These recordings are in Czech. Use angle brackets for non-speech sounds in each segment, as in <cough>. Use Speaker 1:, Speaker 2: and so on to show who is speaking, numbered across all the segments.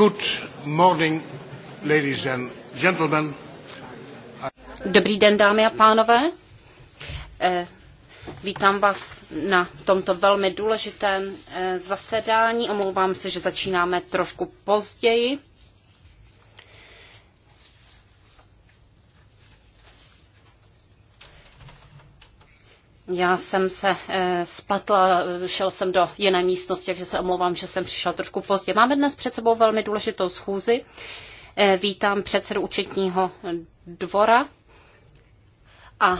Speaker 1: Good morning, ladies and gentlemen. Dobrý den, dámy a
Speaker 2: pánové. Eh, vítám vás na tomto velmi důležitém eh, zasedání. Omlouvám se, že začínáme trošku později. Já jsem se e, spletla, šel jsem do jiné místnosti, takže se omlouvám, že jsem přišel trošku pozdě. Máme dnes před sebou velmi důležitou schůzi. E, vítám předsedu účetního dvora, a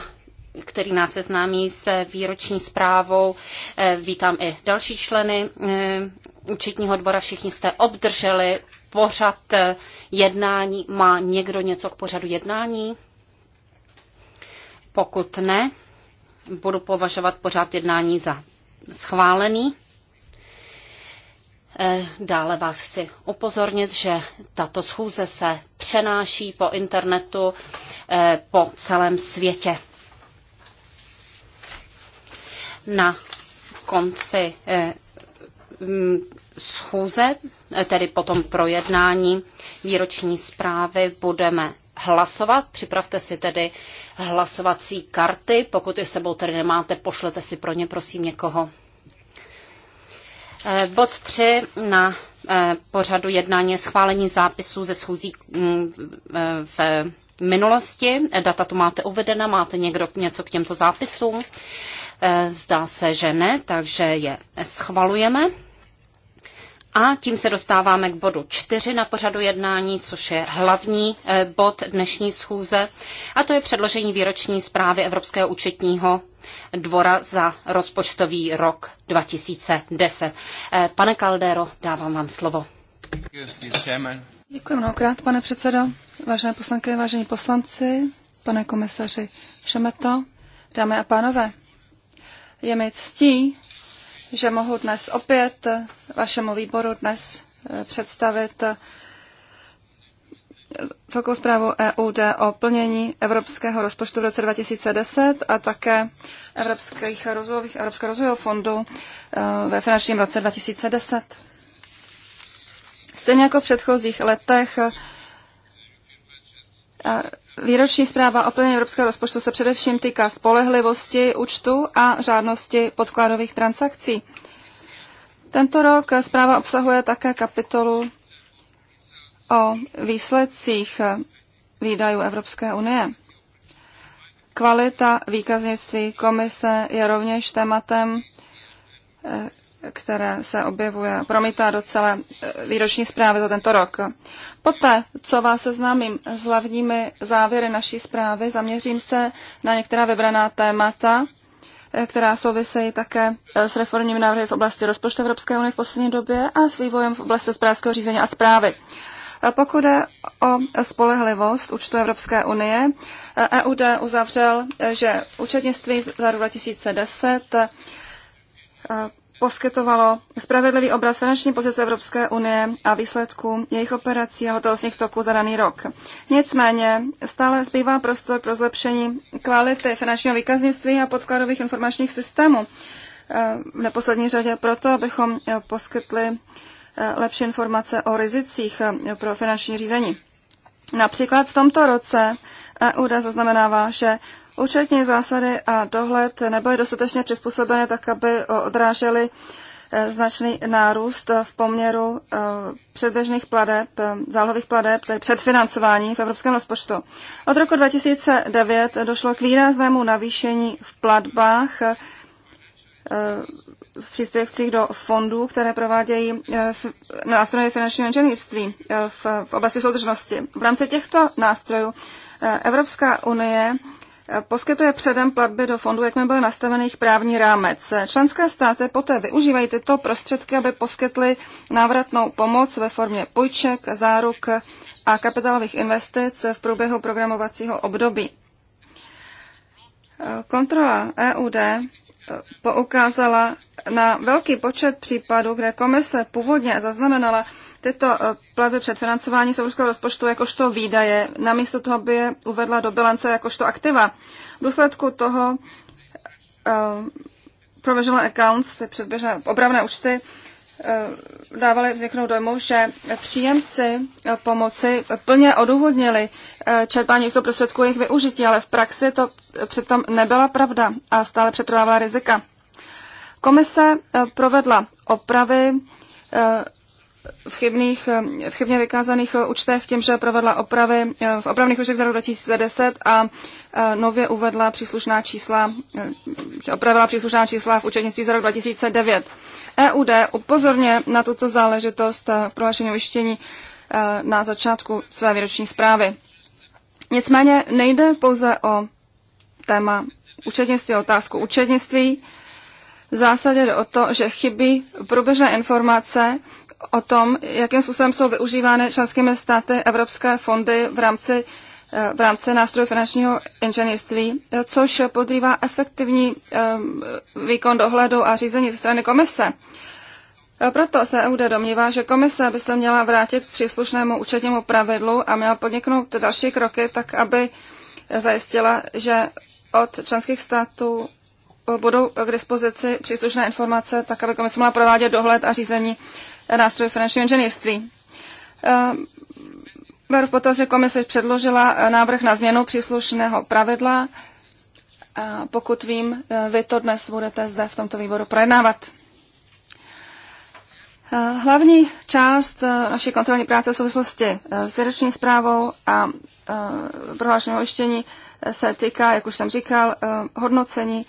Speaker 2: který nás seznámí se výroční zprávou. E, vítám i další členy e, účetního dvora. Všichni jste obdrželi pořad jednání. Má někdo něco k pořadu jednání? Pokud ne, budu považovat pořád jednání za schválený. Eh, dále vás chci upozornit, že tato schůze se přenáší po internetu eh, po celém světě. Na konci eh, schůze, tedy potom projednání výroční zprávy, budeme hlasovat. Připravte si tedy hlasovací karty. Pokud je sebou tedy nemáte, pošlete si pro ně prosím někoho. Eh, bod 3 na eh, pořadu jednání schválení zápisů ze schůzí mm, eh, v minulosti. Data tu máte uvedena, máte někdo něco k těmto zápisům? Zdá se, že ne, takže je schvalujeme. A tím se dostáváme k bodu čtyři na pořadu jednání, což je hlavní eh, bod dnešní schůze, a to je předložení výroční zprávy Evropského účetního dvora za rozpočtový rok 2010. Eh, pane Caldero, dávám vám slovo.
Speaker 1: Děkuji mnohokrát, pane předsedo, vážené poslankyně, vážení poslanci, pane komisaři Šemeto, dámy a pánové. Je mi ctí že mohu dnes opět vašemu výboru dnes eh, představit eh, celkovou zprávu EUD o plnění evropského rozpočtu v roce 2010 a také Evropských rozvojových, Evropského rozvojového fondu eh, ve finančním roce 2010. Stejně jako v předchozích letech Výroční zpráva o plnění evropského rozpočtu se především týká spolehlivosti účtu a řádnosti podkladových transakcí. Tento rok zpráva obsahuje také kapitolu o výsledcích výdajů Evropské unie. Kvalita výkaznictví komise je rovněž tématem, které se objevuje, promítá do celé eh, výroční zprávy za tento rok. Poté, co vás seznámím s hlavními závěry naší zprávy, zaměřím se na některá vybraná témata, eh, která souvisejí také eh, s reformními návrhy v oblasti rozpočtu Evropské unie v poslední době a s vývojem v oblasti hospodářského řízení a zprávy. Pokud je o spolehlivost účtu Evropské unie, EUD e uzavřel, že účetnictví za rok 2010 poskytovalo spravedlivý obraz finanční pozice Evropské unie a výsledků jejich operací a hotovostních toků za daný rok. Nicméně stále zbývá prostor pro zlepšení kvality finančního výkaznictví a podkladových informačních systémů. Eh, v neposlední řadě proto, abychom eh, poskytli eh, lepší informace o rizicích pro finanční řízení. Například v tomto roce EUDA zaznamenává, že Účetní zásady a dohled nebyly dostatečně přizpůsobeny tak, aby odrážely eh, značný nárůst v poměru eh, předběžných pladeb, eh, zálohových pladeb, tedy předfinancování v evropském rozpočtu. Od roku 2009 došlo k výraznému navýšení v platbách v příspěvcích do fondů, které provádějí nástroje finančního inženýrství v oblasti soudržnosti. V rámci těchto nástrojů Evropská unie poskytuje předem platby do fondu, mi byl nastavený jejich právní rámec. Členské státy poté využívají tyto prostředky, aby poskytly návratnou pomoc ve formě půjček, záruk a kapitálových investic v průběhu programovacího období. Kontrola EUD poukázala na velký počet případů, kde komise původně zaznamenala Tyto eh, platby předfinancování z evropského rozpočtu jakožto výdaje, namísto toho by je uvedla do bilance jakožto aktiva. V důsledku toho uh, provisional accounts, ty předběžné obravné účty, eh, dávali vzniknout dojmu, že příjemci pomoci plně odůvodnili čerpání těchto prostředků jejich využití, ale v praxi to přitom nebyla pravda a stále přetrvávala rizika. Komise provedla opravy v, chybných, v chybně vykázaných účtech tím, že provedla opravy eh, v opravných účtech za rok 2010 a eh, nově uvedla příslušná čísla, eh, že opravila příslušná čísla v účetnictví za rok 2009. EUD upozorně na tuto záležitost v prohlášení ujištění na začátku své výroční zprávy. Nicméně nejde pouze o téma účetnictví, otázku účetnictví. V zásadě jde o to, že chybí průběžné informace, o tom, jakým způsobem jsou využívány členskými státy evropské fondy v rámci, eh, v rámci nástrojů finančního inženýrství, což podrývá efektivní eh, výkon dohledu a řízení ze strany komise. Eh, proto se EUD domnívá, že komise by se měla vrátit k příslušnému účetnímu pravidlu a měla podniknout další kroky, tak aby zajistila, že od členských států budou k dispozici příslušné informace, tak aby komise mohla provádět dohled a řízení nástrojů finančního inženýrství. Eh, beru v potaz, že komise předložila eh, návrh na změnu příslušného pravidla. A pokud vím, eh, vy to dnes budete zde v tomto výboru projednávat. Hlavní část naší kontrolní práce v souvislosti s výroční zprávou a prohlášením ojištění se týká, jak už jsem říkal, hodnocení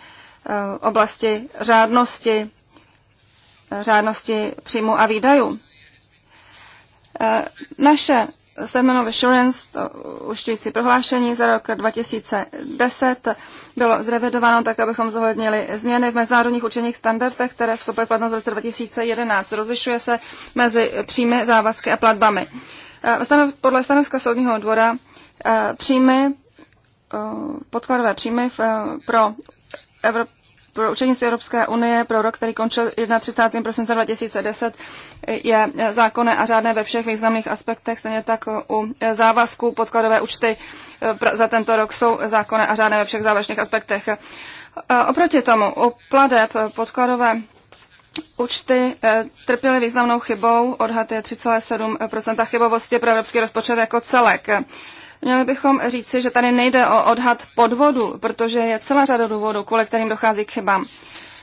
Speaker 1: Eh, oblasti řádnosti, eh, řádnosti příjmu a výdajů. Eh, naše Statement of Assurance, to ušťující prohlášení za rok 2010, bylo zrevidováno tak, abychom zohlednili změny v mezinárodních učeních standardech, které v v platnost v roce 2011. Rozlišuje se mezi příjmy, závazky a platbami. Podle stanoviska soudního dvora příjmy, podkladové příjmy pro Evrop, pro učenictví Evropské unie pro rok, který končil 31. prosince 2010, je zákonné a řádné ve všech významných aspektech, stejně tak u závazků podkladové účty za tento rok jsou zákonné a řádné ve všech závažných aspektech. Oproti tomu, u pladeb podkladové Účty eh, trpěly významnou chybou, odhad je 3,7 chybovosti pro evropský rozpočet jako celek. Měli bychom říci, že tady nejde o odhad podvodu, protože je celá řada důvodů, kvůli kterým dochází k chybám.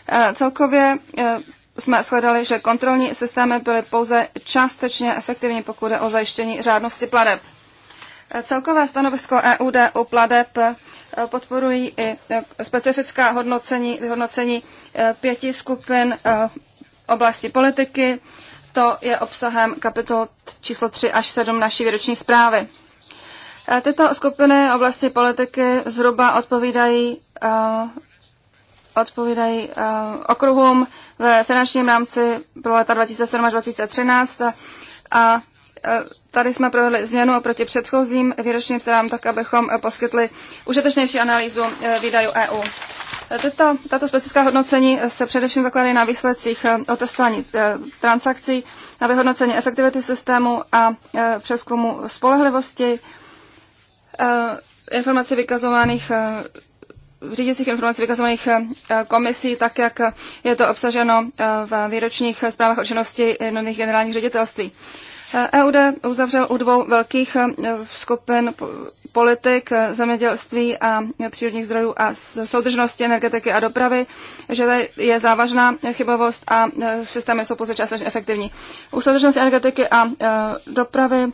Speaker 1: Eh, celkově eh, jsme sledali, že kontrolní systémy byly pouze částečně efektivní, pokud je o zajištění řádnosti pladeb. Eh, celkové stanovisko EUD u pladeb podporují i specifická hodnocení, vyhodnocení pěti skupin oblasti politiky. To je obsahem kapitol číslo 3 až 7 naší výroční zprávy. Tyto skupiny oblasti politiky zhruba odpovídají odpovídají okruhům ve finančním rámci pro leta 2007 až 2013 a tady jsme provedli změnu oproti předchozím výročním stranám, tak abychom poskytli užitečnější analýzu e, výdajů EU. Tato, tato specifická hodnocení se především zakládají na výsledcích e, otestování e, transakcí, na vyhodnocení efektivity systému a přeskumu spolehlivosti Eh, informací vykazovaných eh, řídicích informací vykazovaných eh, komisí, tak jak je to obsaženo v výročních zprávách o činnosti jednotlivých generálních ředitelství. EUD uzavřel u dvou velkých e, skupin politik e, zemědělství a přírodních zdrojů a soudržnosti energetiky a dopravy, že tady je závažná chybovost a e, systémy jsou pouze částečně efektivní. U soudržnosti energetiky a dopravy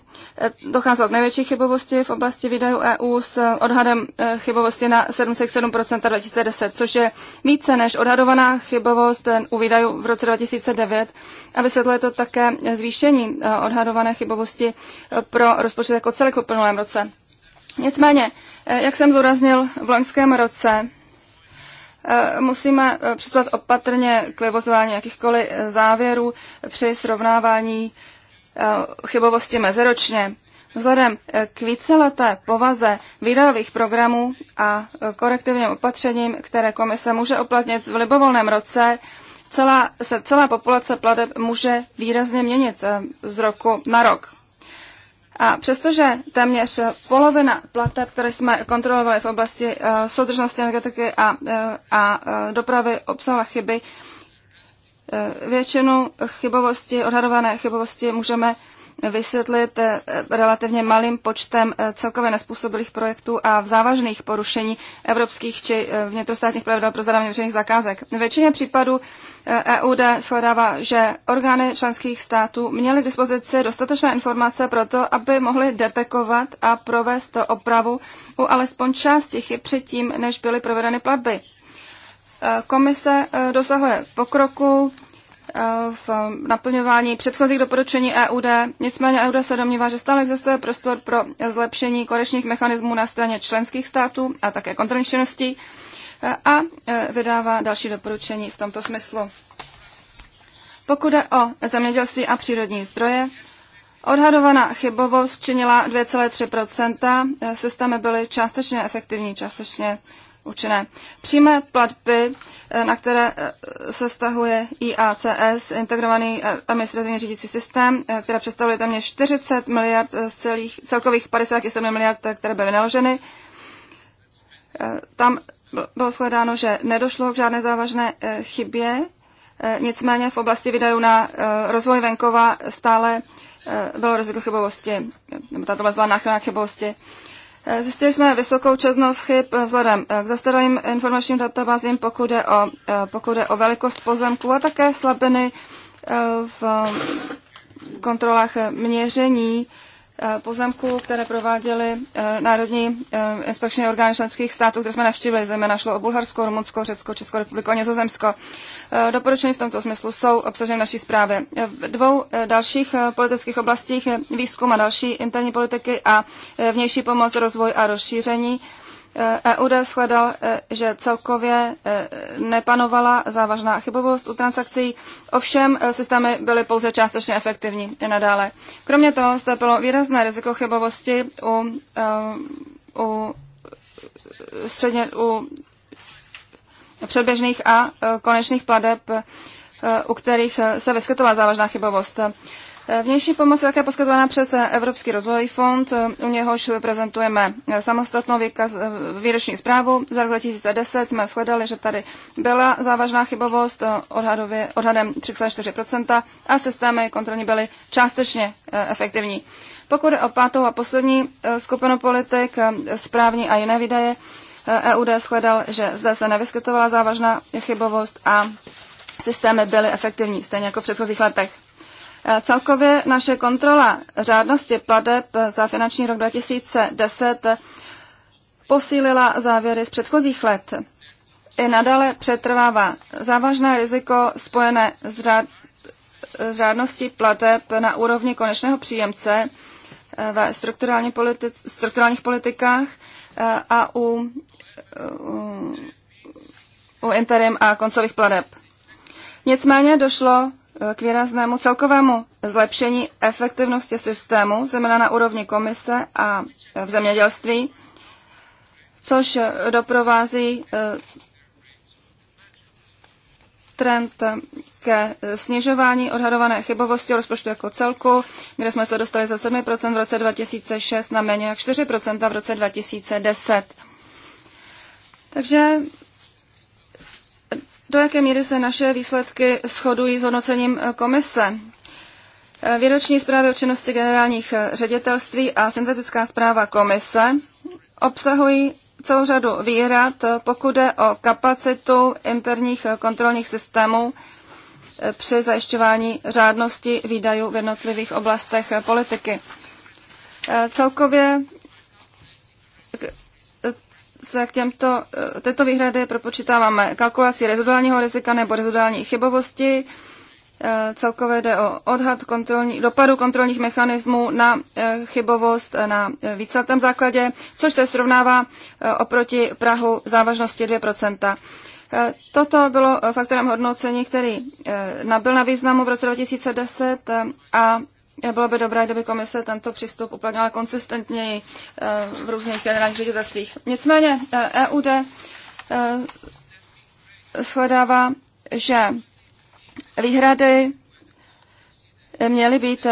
Speaker 1: docházelo k největší chybovosti v oblasti výdajů EU s odhadem chybovosti na 7,7% 2010, což je více než odhadovaná chybovost u výdajů v roce 2009 a vysvětluje to také zvýšení odhadu odhadované chybovosti eh, pro rozpočet jako celek v uplynulém roce. Nicméně, eh, jak jsem zdůraznil v loňském roce, eh, musíme přistupovat opatrně k vyvozování jakýchkoliv závěrů při srovnávání chybovosti mezeročně. Vzhledem k víceleté povaze výdajových programů a korektivním opatřením, které komise může uplatnit v libovolném roce, celá, se celá populace pladeb může výrazně měnit eh, z roku na rok. A přestože téměř polovina plateb, které jsme kontrolovali v oblasti uh, soudržnosti energetiky a, uh, a dopravy, obsahla chyby, uh, většinu chybovosti, odhadované chybovosti můžeme uh, vysvětlit eh, relativně malým počtem eh, celkově nespůsobilých projektů a v závažných porušení evropských či eh, vnitrostátních pravidel pro zadávání veřejných zakázek. V většině případů EUD e shledává, že orgány členských států měly k dispozici dostatečné informace pro to, aby mohly detekovat a provést opravu u alespoň části chyb předtím, než byly provedeny platby. Komise dosahuje pokroku v naplňování předchozích doporučení EUD. Nicméně EUD se domnívá, že stále existuje prostor pro zlepšení konečných mechanismů na straně členských států a také kontrolních činností a e, vydává další doporučení v tomto smyslu. Pokud jde o zemědělství a přírodní zdroje, odhadovaná chybovost činila 2,3 e, Systémy byly částečně efektivní, částečně účinné. Přímé platby, eh, na které eh, se vztahuje IACS, integrovaný eh, administrativní řídící systém, které představuje téměř 40 miliard z celých, celkových 57 miliard, které byly naloženy. Tam bylo shledáno, že nedošlo k žádné závažné chybě, nicméně v oblasti výdajů na rozvoj venkova stále bylo riziko chybovosti, nebo tato oblast byla náchylná chybovosti Zjistili jsme vysokou četnost chyb vzhledem eh, k zastaralým informačním databázím, pokud o, eh, pokud je o velikost pozemku a také slabiny eh, v kontrolách měření Eh, pozemků, které prováděly eh, Národní eh, inspekční orgány členských států, které jsme navštívili, zejména šlo o Bulharsko, Rumunsko, Řecko, Českou republiku a Nizozemsko. Doporučení v tomto smyslu jsou obsaženy v naší zprávě. V dvou dalších politických oblastích výzkum a další interní politiky a vnější pomoc, rozvoj a rozšíření EUD eh, e shledal, eh, že celkově eh, nepanovala závažná chybovost u transakcí, ovšem systémy byly pouze částečně efektivní i nadále. Kromě toho zde bylo výrazné riziko chybovosti u, u, středně, u předběžných a konečných pladeb, u kterých se vyskytovala závažná chybovost. Vnější pomoc je také poskytována přes eh, Evropský rozvojový fond, u něhož prezentujeme eh, samostatnou eh, výroční zprávu. Za rok 2010 jsme shledali, že tady byla závažná chybovost odhadově, odhadem 3,4% a systémy kontrolní byly částečně efektivní. Pokud je o pátou a poslední skupinu politik, správní a jiné výdaje, EUD e shledal, že zde se nevyskytovala závažná chybovost a systémy byly efektivní, stejně jako v předchozích letech. Celkově naše kontrola řádnosti pladeb za finanční rok 2010 posílila závěry z předchozích let. I nadále přetrvává závažné riziko spojené s, řád, s řádností plateb na úrovni konečného příjemce eh, ve strukturální politi, strukturálních politikách eh, a u, eh, u, u interim a koncových plateb. Nicméně došlo Eh, k výraznému celkovému zlepšení efektivnosti systému, zejména na úrovni komise a v zemědělství, což doprovází eh, trend ke snižování odhadované chybovosti rozpočtu jako celku, kde jsme se dostali za 7% v roce 2006 na méně jak 4% v roce 2010. Takže do jaké míry se naše výsledky shodují s hodnocením komise. Výroční zprávy o činnosti generálních ředitelství a syntetická zpráva komise obsahují celou řadu výhrad, pokud jde o kapacitu interních kontrolních systémů při zajišťování řádnosti výdajů v jednotlivých oblastech politiky. Celkově se k těmto, eh, této výhrady propočítáváme kalkulaci rezidualního rizika nebo rezidualní chybovosti. Eh, celkově jde o odhad kontrolní, dopadu kontrolních mechanismů na eh, chybovost na víceletém základě, což se srovnává oproti Prahu závažnosti 2 Toto bylo faktorem hodnocení, který nabyl na významu v roce 2010 a bylo by dobré, kdyby komise tento přístup uplatňovala konsistentněji eh, v různých generálních ředitelstvích. Nicméně EUD eh, e eh, shledává, že výhrady měly být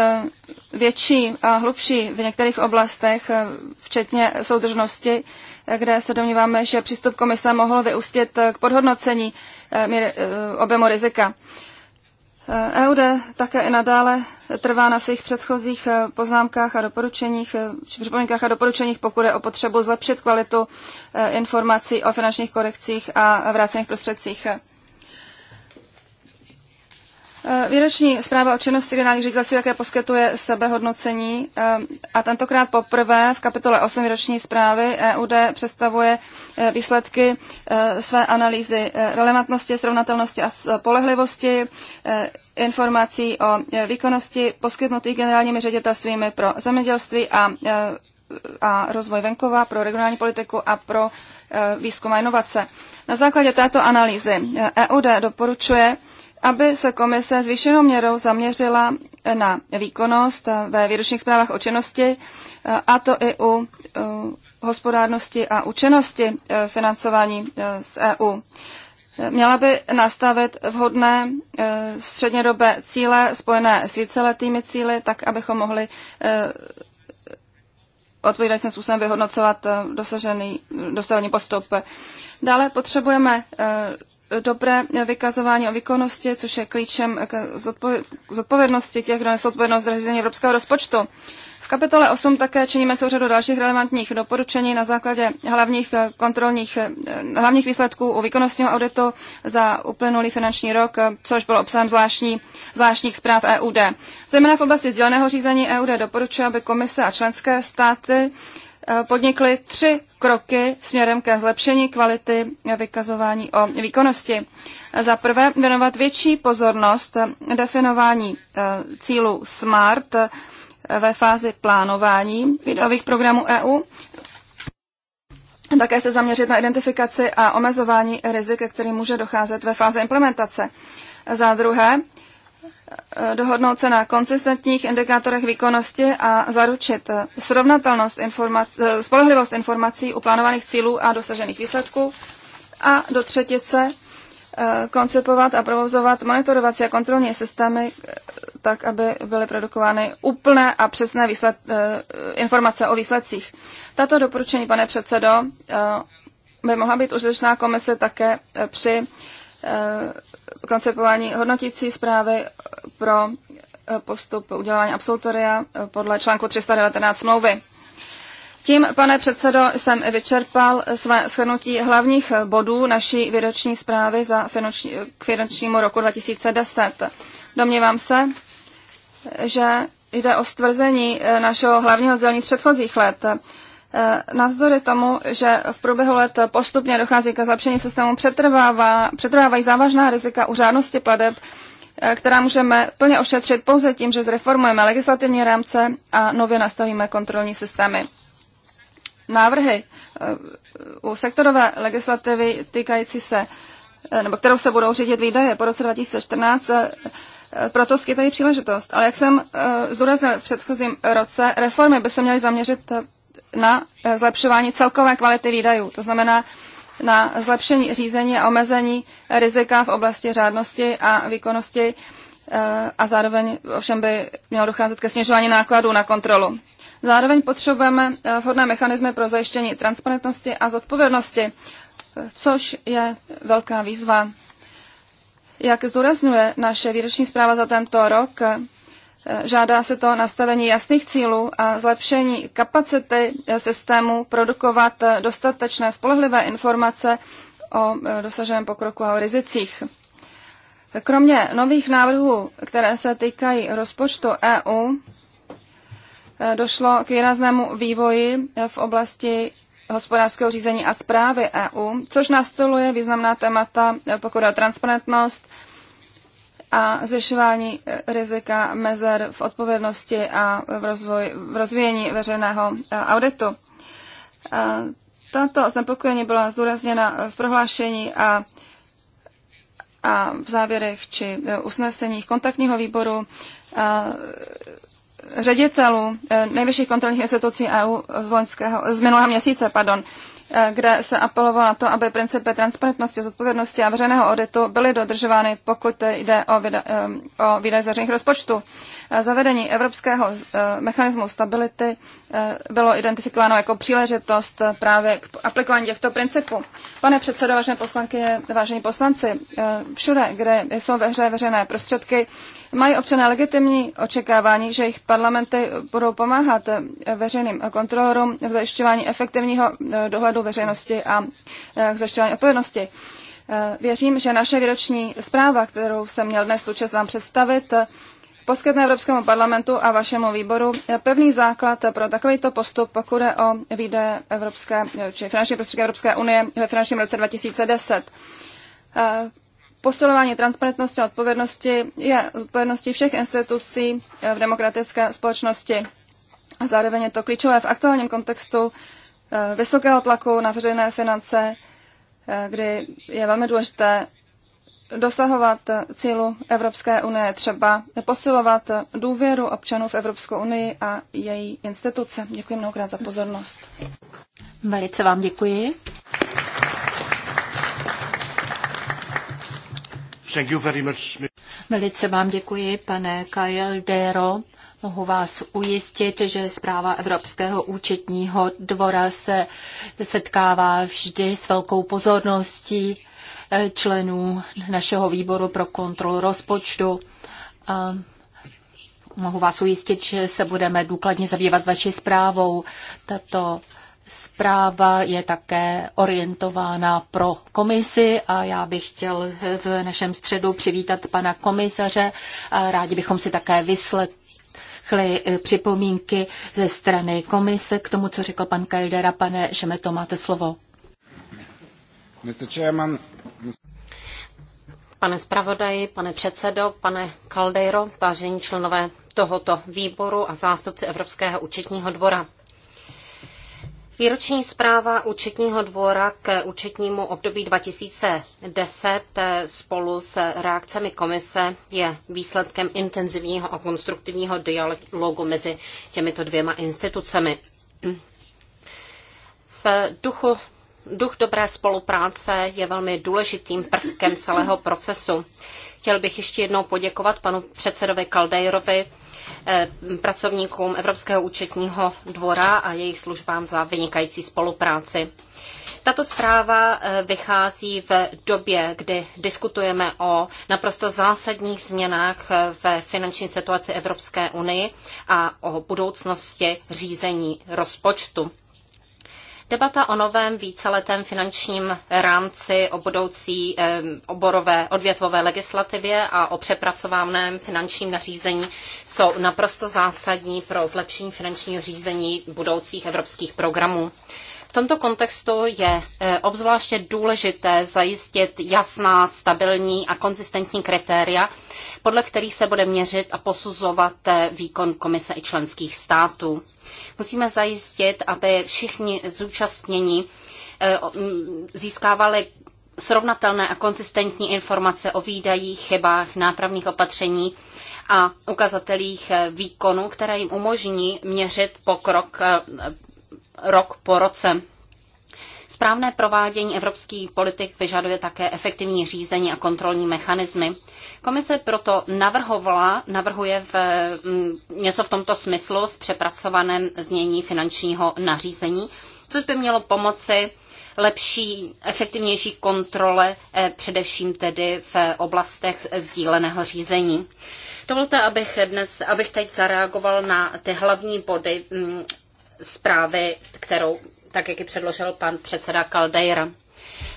Speaker 1: větší a hlubší v některých oblastech, včetně soudržnosti, kde se domníváme, že přístup komise mohl vyústit k podhodnocení objemu rizika. Eh, EUD také i nadále trvá na svých předchozích eh, poznámkách a doporučeních, eh, či připomínkách a doporučeních, pokud je o potřebu zlepšit kvalitu informací o finančních korekcích a vrácených prostředcích. Eh, výroční zpráva o činnosti generálních ředitelství také poskytuje sebehodnocení eh, a tentokrát poprvé v kapitole 8 výroční zprávy EUD představuje eh, výsledky své analýzy relevantnosti, srovnatelnosti a spolehlivosti informací o výkonnosti poskytnutých generálními ředitelstvími pro zemědělství a, a rozvoj venkova, pro regionální politiku a pro výzkum a inovace. Na základě této analýzy EUD e doporučuje aby se komise zvýšenou měrou zaměřila na výkonnost ve výročních zprávách o činnosti, eh, a to i u eh, hospodárnosti a účinnosti eh, financování z EU. Měla by nastavit vhodné střednědobé cíle spojené s víceletými cíly, tak abychom mohli odpovídajícím způsobem vyhodnocovat dosažený, dosažený postup. Dále potřebujeme dobré vykazování o výkonnosti, což je klíčem k zodpovědnosti těch, kdo nesou odpovědnost za řízení evropského rozpočtu. V kapitole 8 také činíme celou řadu dalších relevantních doporučení na základě hlavních eh, kontrolních, eh, hlavních výsledků u výkonnostního auditu za uplynulý finanční rok, eh, což bylo obsahem zvláštní, zvláštních zpráv EUD. Zejména v oblasti sděleného řízení EUD doporučuje, aby komise a členské státy Eh, Podnikly tři kroky směrem ke zlepšení kvality vykazování o výkonnosti. Za prvé věnovat větší pozornost definování eh, cílů SMART eh, ve fázi plánování videových programů EU. Také se zaměřit na identifikaci a omezování rizik, který může docházet ve fázi implementace. Za druhé, Eh, dohodnout se na konsistentních indikátorech výkonnosti a zaručit srovnatelnost informací, eh, spolehlivost informací u plánovaných cílů a dosažených výsledků a do třetice eh, koncipovat a provozovat monitorovací a kontrolní systémy tak, aby byly produkovány úplné a přesné výsled, informace o výsledcích. Tato doporučení, pane předsedo, by mohla být užitečná komise také při Eh, koncepování hodnotící zprávy pro eh, postup udělování absolutoria eh, podle článku 319 smlouvy. Tím, pane předsedo, jsem vyčerpal své shrnutí hlavních bodů naší výroční zprávy za finanční, k finančnímu roku 2010. Domnívám se, že jde o stvrzení našeho hlavního sdělení z předchozích let. Eh, navzdory tomu, že v průběhu let postupně dochází ke zlepšení systému, přetrvává, přetrvávají závažná rizika u řádnosti pladeb, eh, která můžeme plně ošetřit pouze tím, že zreformujeme legislativní rámce a nově nastavíme kontrolní systémy. Návrhy eh, u sektorové legislativy týkající se, nebo kterou se budou řídit výdaje po roce 2014, proto skytají příležitost. Ale jak jsem zdůraznil v předchozím roce, reformy by se měly zaměřit na zlepšování celkové kvality výdajů, to znamená na zlepšení řízení a omezení rizika v oblasti řádnosti a výkonnosti eh, a zároveň ovšem by mělo docházet ke snižování nákladů na kontrolu. Zároveň potřebujeme eh, vhodné mechanismy pro zajištění transparentnosti a zodpovědnosti, eh, což je velká výzva. Jak zdůrazňuje naše výroční zpráva za tento rok, Eh, žádá se to nastavení jasných cílů a zlepšení kapacity eh, systému produkovat eh, dostatečné spolehlivé informace o dosaženém pokroku a o rizicích. Kromě nových návrhů, které se týkají rozpočtu EU, došlo k výraznému vývoji v oblasti hospodářského řízení a zprávy EU, což nastoluje významná témata, pokud o transparentnost, a zvyšování eh, rizika mezer v odpovědnosti a v, rozvoj, v rozvíjení veřejného eh, auditu. Eh, tato znepokojení byla zdůrazněna v prohlášení a, a v závěrech či usneseních kontaktního výboru ředitelů nejvyšších kontrolních institucí EU z, loňského, z minulého měsíce. Pardon. Eh, kde se apelovalo na to, aby principy transparentnosti, zodpovědnosti a veřejného auditu byly dodržovány, pokud jde o, vida, eh, o výdaj z veřejných rozpočtů. Eh, zavedení evropského mechanismu stability bylo identifikováno jako příležitost právě k aplikování těchto principů. Pane předsedo, vážené poslankyně, vážení poslanci, všude, kde jsou ve hře veřejné prostředky, mají občané legitimní očekávání, že jejich parlamenty budou pomáhat veřejným kontrolorům v zajišťování efektivního eh, dohledu veřejnosti a eh, k zajišťování odpovědnosti. Eh, věřím, že naše výroční zpráva, kterou jsem měl dnes tu čest vám představit, poskytne Evropskému parlamentu a vašemu výboru pevný základ pro takovýto postup, pokud je o výdaje Evropské, či finanční prostředky Evropské unie ve finančním roce 2010. Posilování transparentnosti a odpovědnosti je odpovědností všech institucí eh, v demokratické společnosti. A zároveň je to klíčové v aktuálním kontextu eh, vysokého tlaku na veřejné finance, eh, kdy je velmi důležité dosahovat cílu Evropské unie, třeba posilovat důvěru občanů v Evropskou unii a její instituce. Děkuji mnohokrát za pozornost.
Speaker 3: Velice vám děkuji.
Speaker 1: Thank you very much.
Speaker 3: Velice vám děkuji, pane Dero. Mohu vás ujistit, že zpráva Evropského účetního dvora se setkává vždy s velkou pozorností eh, členů našeho výboru pro kontrolu rozpočtu. A mohu vás ujistit, že se budeme důkladně zabývat vaší zprávou. Tato Zpráva je také orientována pro komisi a já bych chtěl v našem středu přivítat pana komisaře. A rádi bychom si také vyslechli e, připomínky ze strany komise k tomu, co řekl pan Kajdera. Pane Šemeto, máte slovo.
Speaker 2: Mr. Chairman,
Speaker 3: Pane zpravodaji,
Speaker 2: pane předsedo, pane Caldeiro, vážení členové tohoto výboru a zástupci Evropského účetního dvora. Výroční zpráva účetního dvora k účetnímu období 2010 eh, spolu s reakcemi komise je výsledkem intenzivního a konstruktivního dialogu mezi těmito dvěma institucemi. V duchu Duch dobré spolupráce je velmi důležitým prvkem celého procesu. Chtěl bych ještě jednou poděkovat panu předsedovi Kaldejrovi, eh, pracovníkům Evropského účetního dvora a jejich službám za vynikající spolupráci. Tato zpráva eh, vychází v době, kdy diskutujeme o naprosto zásadních změnách eh, ve finanční situaci Evropské unie a o budoucnosti řízení rozpočtu. Debata o novém víceletém finančním rámci o budoucí oborové odvětvové legislativě a o přepracovaném finančním nařízení jsou naprosto zásadní pro zlepšení finančního řízení budoucích evropských programů tomto kontextu je e, obzvláště důležité zajistit jasná, stabilní a konzistentní kritéria, podle kterých se bude měřit a posuzovat e, výkon komise i členských států. Musíme zajistit, aby všichni zúčastnění e, získávali srovnatelné a konzistentní informace o výdajích, chybách, nápravných opatření a ukazatelích výkonu, které jim umožní měřit pokrok rok po roce. Správné provádění evropských politik vyžaduje také efektivní řízení a kontrolní mechanismy. Komise proto navrhovala, navrhuje v, mm, něco v tomto smyslu v přepracovaném znění finančního nařízení, což by mělo pomoci lepší, efektivnější kontrole, eh, především tedy v oblastech sdíleného řízení. Dovolte, abych, dnes, abych teď zareagoval na ty hlavní body mm, zprávy, kterou, tak jak ji předložil pan předseda Caldeira.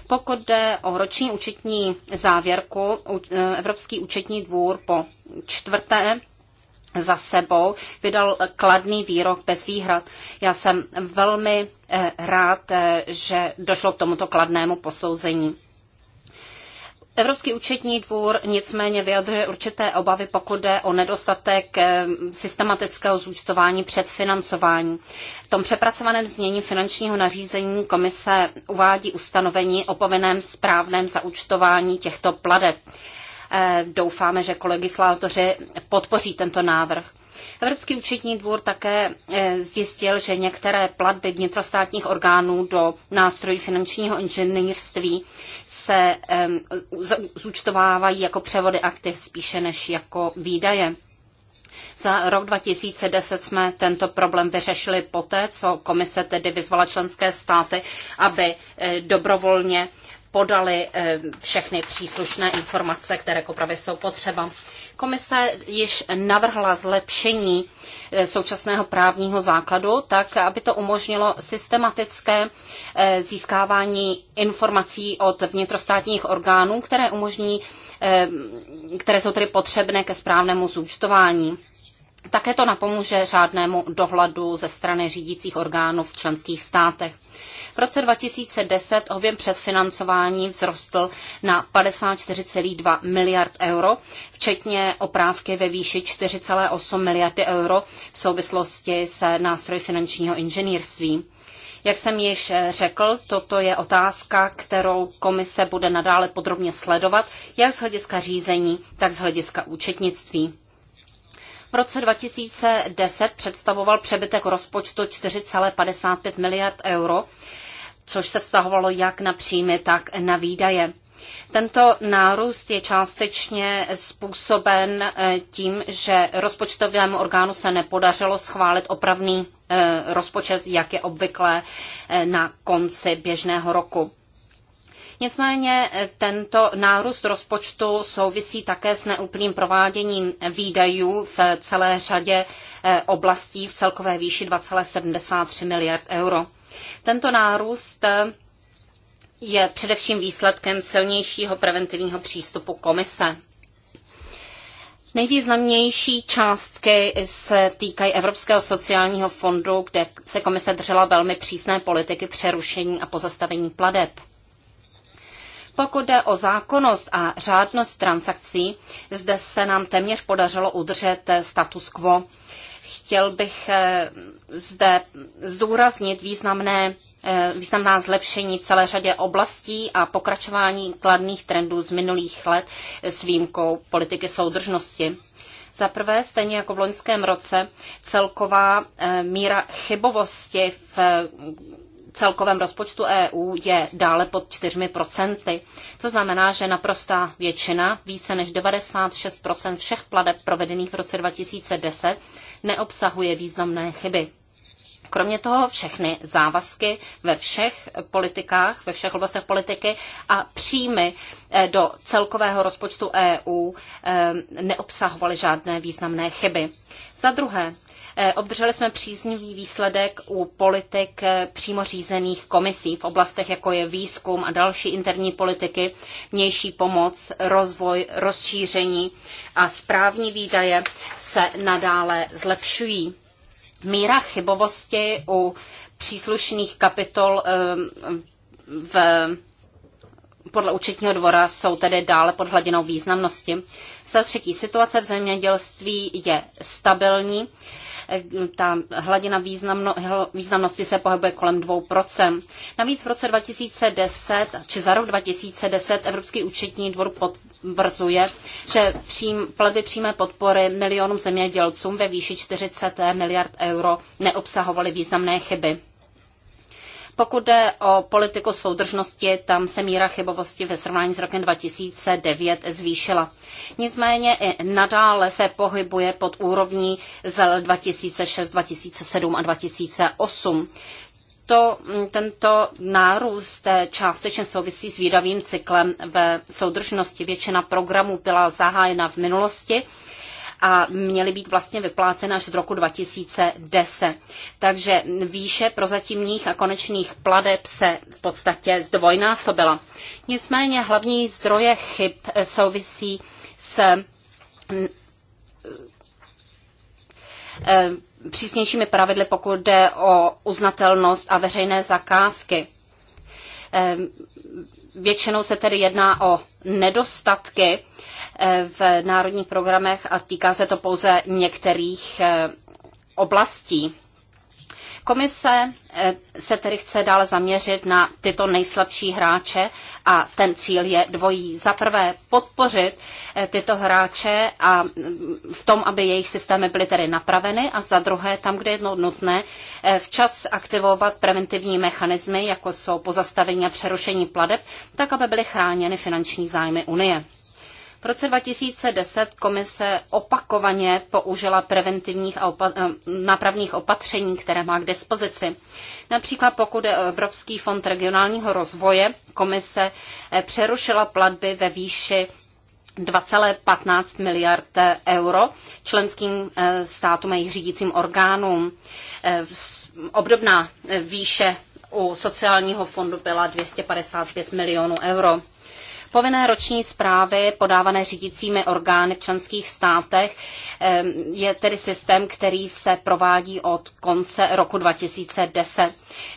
Speaker 2: Pokud jde o roční účetní závěrku, e, Evropský účetní dvůr po čtvrté za sebou vydal kladný výrok bez výhrad. Já jsem velmi e, rád, e, že došlo k tomuto kladnému posouzení. Evropský účetní dvůr nicméně vyjadřuje určité obavy, pokud jde o nedostatek eh, systematického zúčtování předfinancování. V tom přepracovaném znění finančního nařízení komise uvádí ustanovení o povinném správném zaúčtování těchto plade. Eh, doufáme, že kolegislátoři podpoří tento návrh. Evropský účetní dvůr také eh, zjistil, že některé platby vnitrostátních orgánů do nástrojů finančního inženýrství se zúčtovávají jako převody aktiv spíše než jako výdaje. Za rok 2010 jsme tento problém vyřešili poté, co komise tedy vyzvala členské státy, aby eh, dobrovolně podali eh, všechny příslušné informace, které k opravě jsou potřeba. Komise již navrhla zlepšení eh, současného právního základu, tak aby to umožnilo systematické eh, získávání informací od vnitrostátních orgánů, které umožní které jsou tedy potřebné ke správnému zúčtování. Také to napomůže řádnému dohledu ze strany řídících orgánů v členských státech. V roce 2010 objem předfinancování vzrostl na 54,2 miliard euro, včetně oprávky ve výši 4,8 miliardy euro v souvislosti se nástroji finančního inženýrství. Jak jsem již eh, řekl, toto je otázka, kterou komise bude nadále podrobně sledovat, jak z hlediska řízení, tak z hlediska účetnictví. V roce 2010 představoval přebytek rozpočtu 4,55 miliard euro, což se vztahovalo jak na příjmy, tak na výdaje. Tento nárůst je částečně způsoben eh, tím, že rozpočtovému orgánu se nepodařilo schválit opravný eh, rozpočet, jak je obvyklé eh, na konci běžného roku. Nicméně eh, tento nárůst rozpočtu souvisí také s neúplným prováděním výdajů v celé řadě eh, oblastí v celkové výši 2,73 miliard euro. Tento nárůst eh, je především výsledkem silnějšího preventivního přístupu komise. Nejvýznamnější částky se týkají Evropského sociálního fondu, kde se komise držela velmi přísné politiky přerušení a pozastavení pladeb. Pokud jde o zákonnost a řádnost transakcí, zde se nám téměř podařilo udržet eh, status quo. Chtěl bych eh, zde zdůraznit významné eh, významná zlepšení v celé řadě oblastí a pokračování kladných trendů z minulých let s výjimkou politiky soudržnosti. Za prvé, stejně jako v loňském roce, celková míra chybovosti v celkovém rozpočtu EU je dále pod 4%. To znamená, že naprostá většina, více než 96% všech pladeb provedených v roce 2010, neobsahuje významné chyby. Kromě toho všechny závazky ve všech politikách, ve všech oblastech politiky a příjmy eh, do celkového rozpočtu EU eh, neobsahovaly žádné významné chyby. Za druhé, Eh, obdrželi jsme příznivý výsledek u politik eh, přímo řízených komisí v oblastech, jako je výzkum a další interní politiky, vnější pomoc, rozvoj, rozšíření a správní výdaje se nadále zlepšují. Míra chybovosti u příslušných kapitol ehm, v podle účetního dvora jsou tedy dále pod hladinou významnosti. Za třetí, situace v zemědělství je stabilní ta hladina významno, významnosti se pohybuje kolem 2%. Navíc v roce 2010, či za rok 2010, Evropský účetní dvor potvrzuje, že přím, platby přímé podpory milionům zemědělcům ve výši 40 miliard euro neobsahovaly významné chyby. Pokud jde o politiku soudržnosti, tam se míra chybovosti ve srovnání s rokem 2009 zvýšila. Nicméně i nadále se pohybuje pod úrovní z 2006, 2007 a 2008 to, mm, tento nárůst eh, částečně souvisí s výdavým cyklem ve soudržnosti. Většina programů byla zahájena v minulosti a měly být vlastně vypláceny až v roku 2010. Takže výše prozatímních a konečných pladeb se v podstatě zdvojnásobila. Nicméně hlavní zdroje chyb souvisí s eh, přísnějšími pravidly, pokud jde o uznatelnost a veřejné zakázky. Eh, Většinou se tedy jedná o nedostatky eh, v národních programech a týká se to pouze některých eh, oblastí. Komise eh, se tedy chce dále zaměřit na tyto nejslabší hráče a ten cíl je dvojí. Za prvé podpořit eh, tyto hráče a mm, v tom, aby jejich systémy byly tedy napraveny a za druhé tam, kde je nutné, eh, včas aktivovat preventivní mechanismy, jako jsou pozastavení a přerušení pladeb, tak, aby byly chráněny finanční zájmy Unie roce 2010 komise opakovaně použila preventivních a opa- eh, nápravných opatření, které má k dispozici. Například pokud je Evropský fond regionálního rozvoje, komise eh, přerušila platby ve výši 2,15 miliard euro členským eh, státům a jejich řídícím orgánům. Obdobná výše u sociálního fondu byla 255 milionů euro. Povinné roční zprávy podávané řídícími orgány v členských státech je tedy systém, který se provádí od konce roku 2010.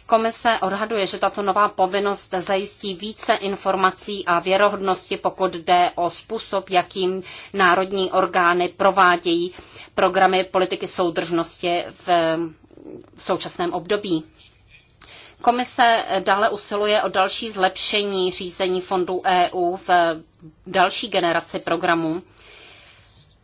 Speaker 2: Komise odhaduje, že tato nová povinnost zajistí více informací a věrohodnosti, pokud jde o způsob, jakým národní orgány provádějí programy politiky soudržnosti v v současném období. Komise dále usiluje o další zlepšení řízení fondů EU v další generaci programů.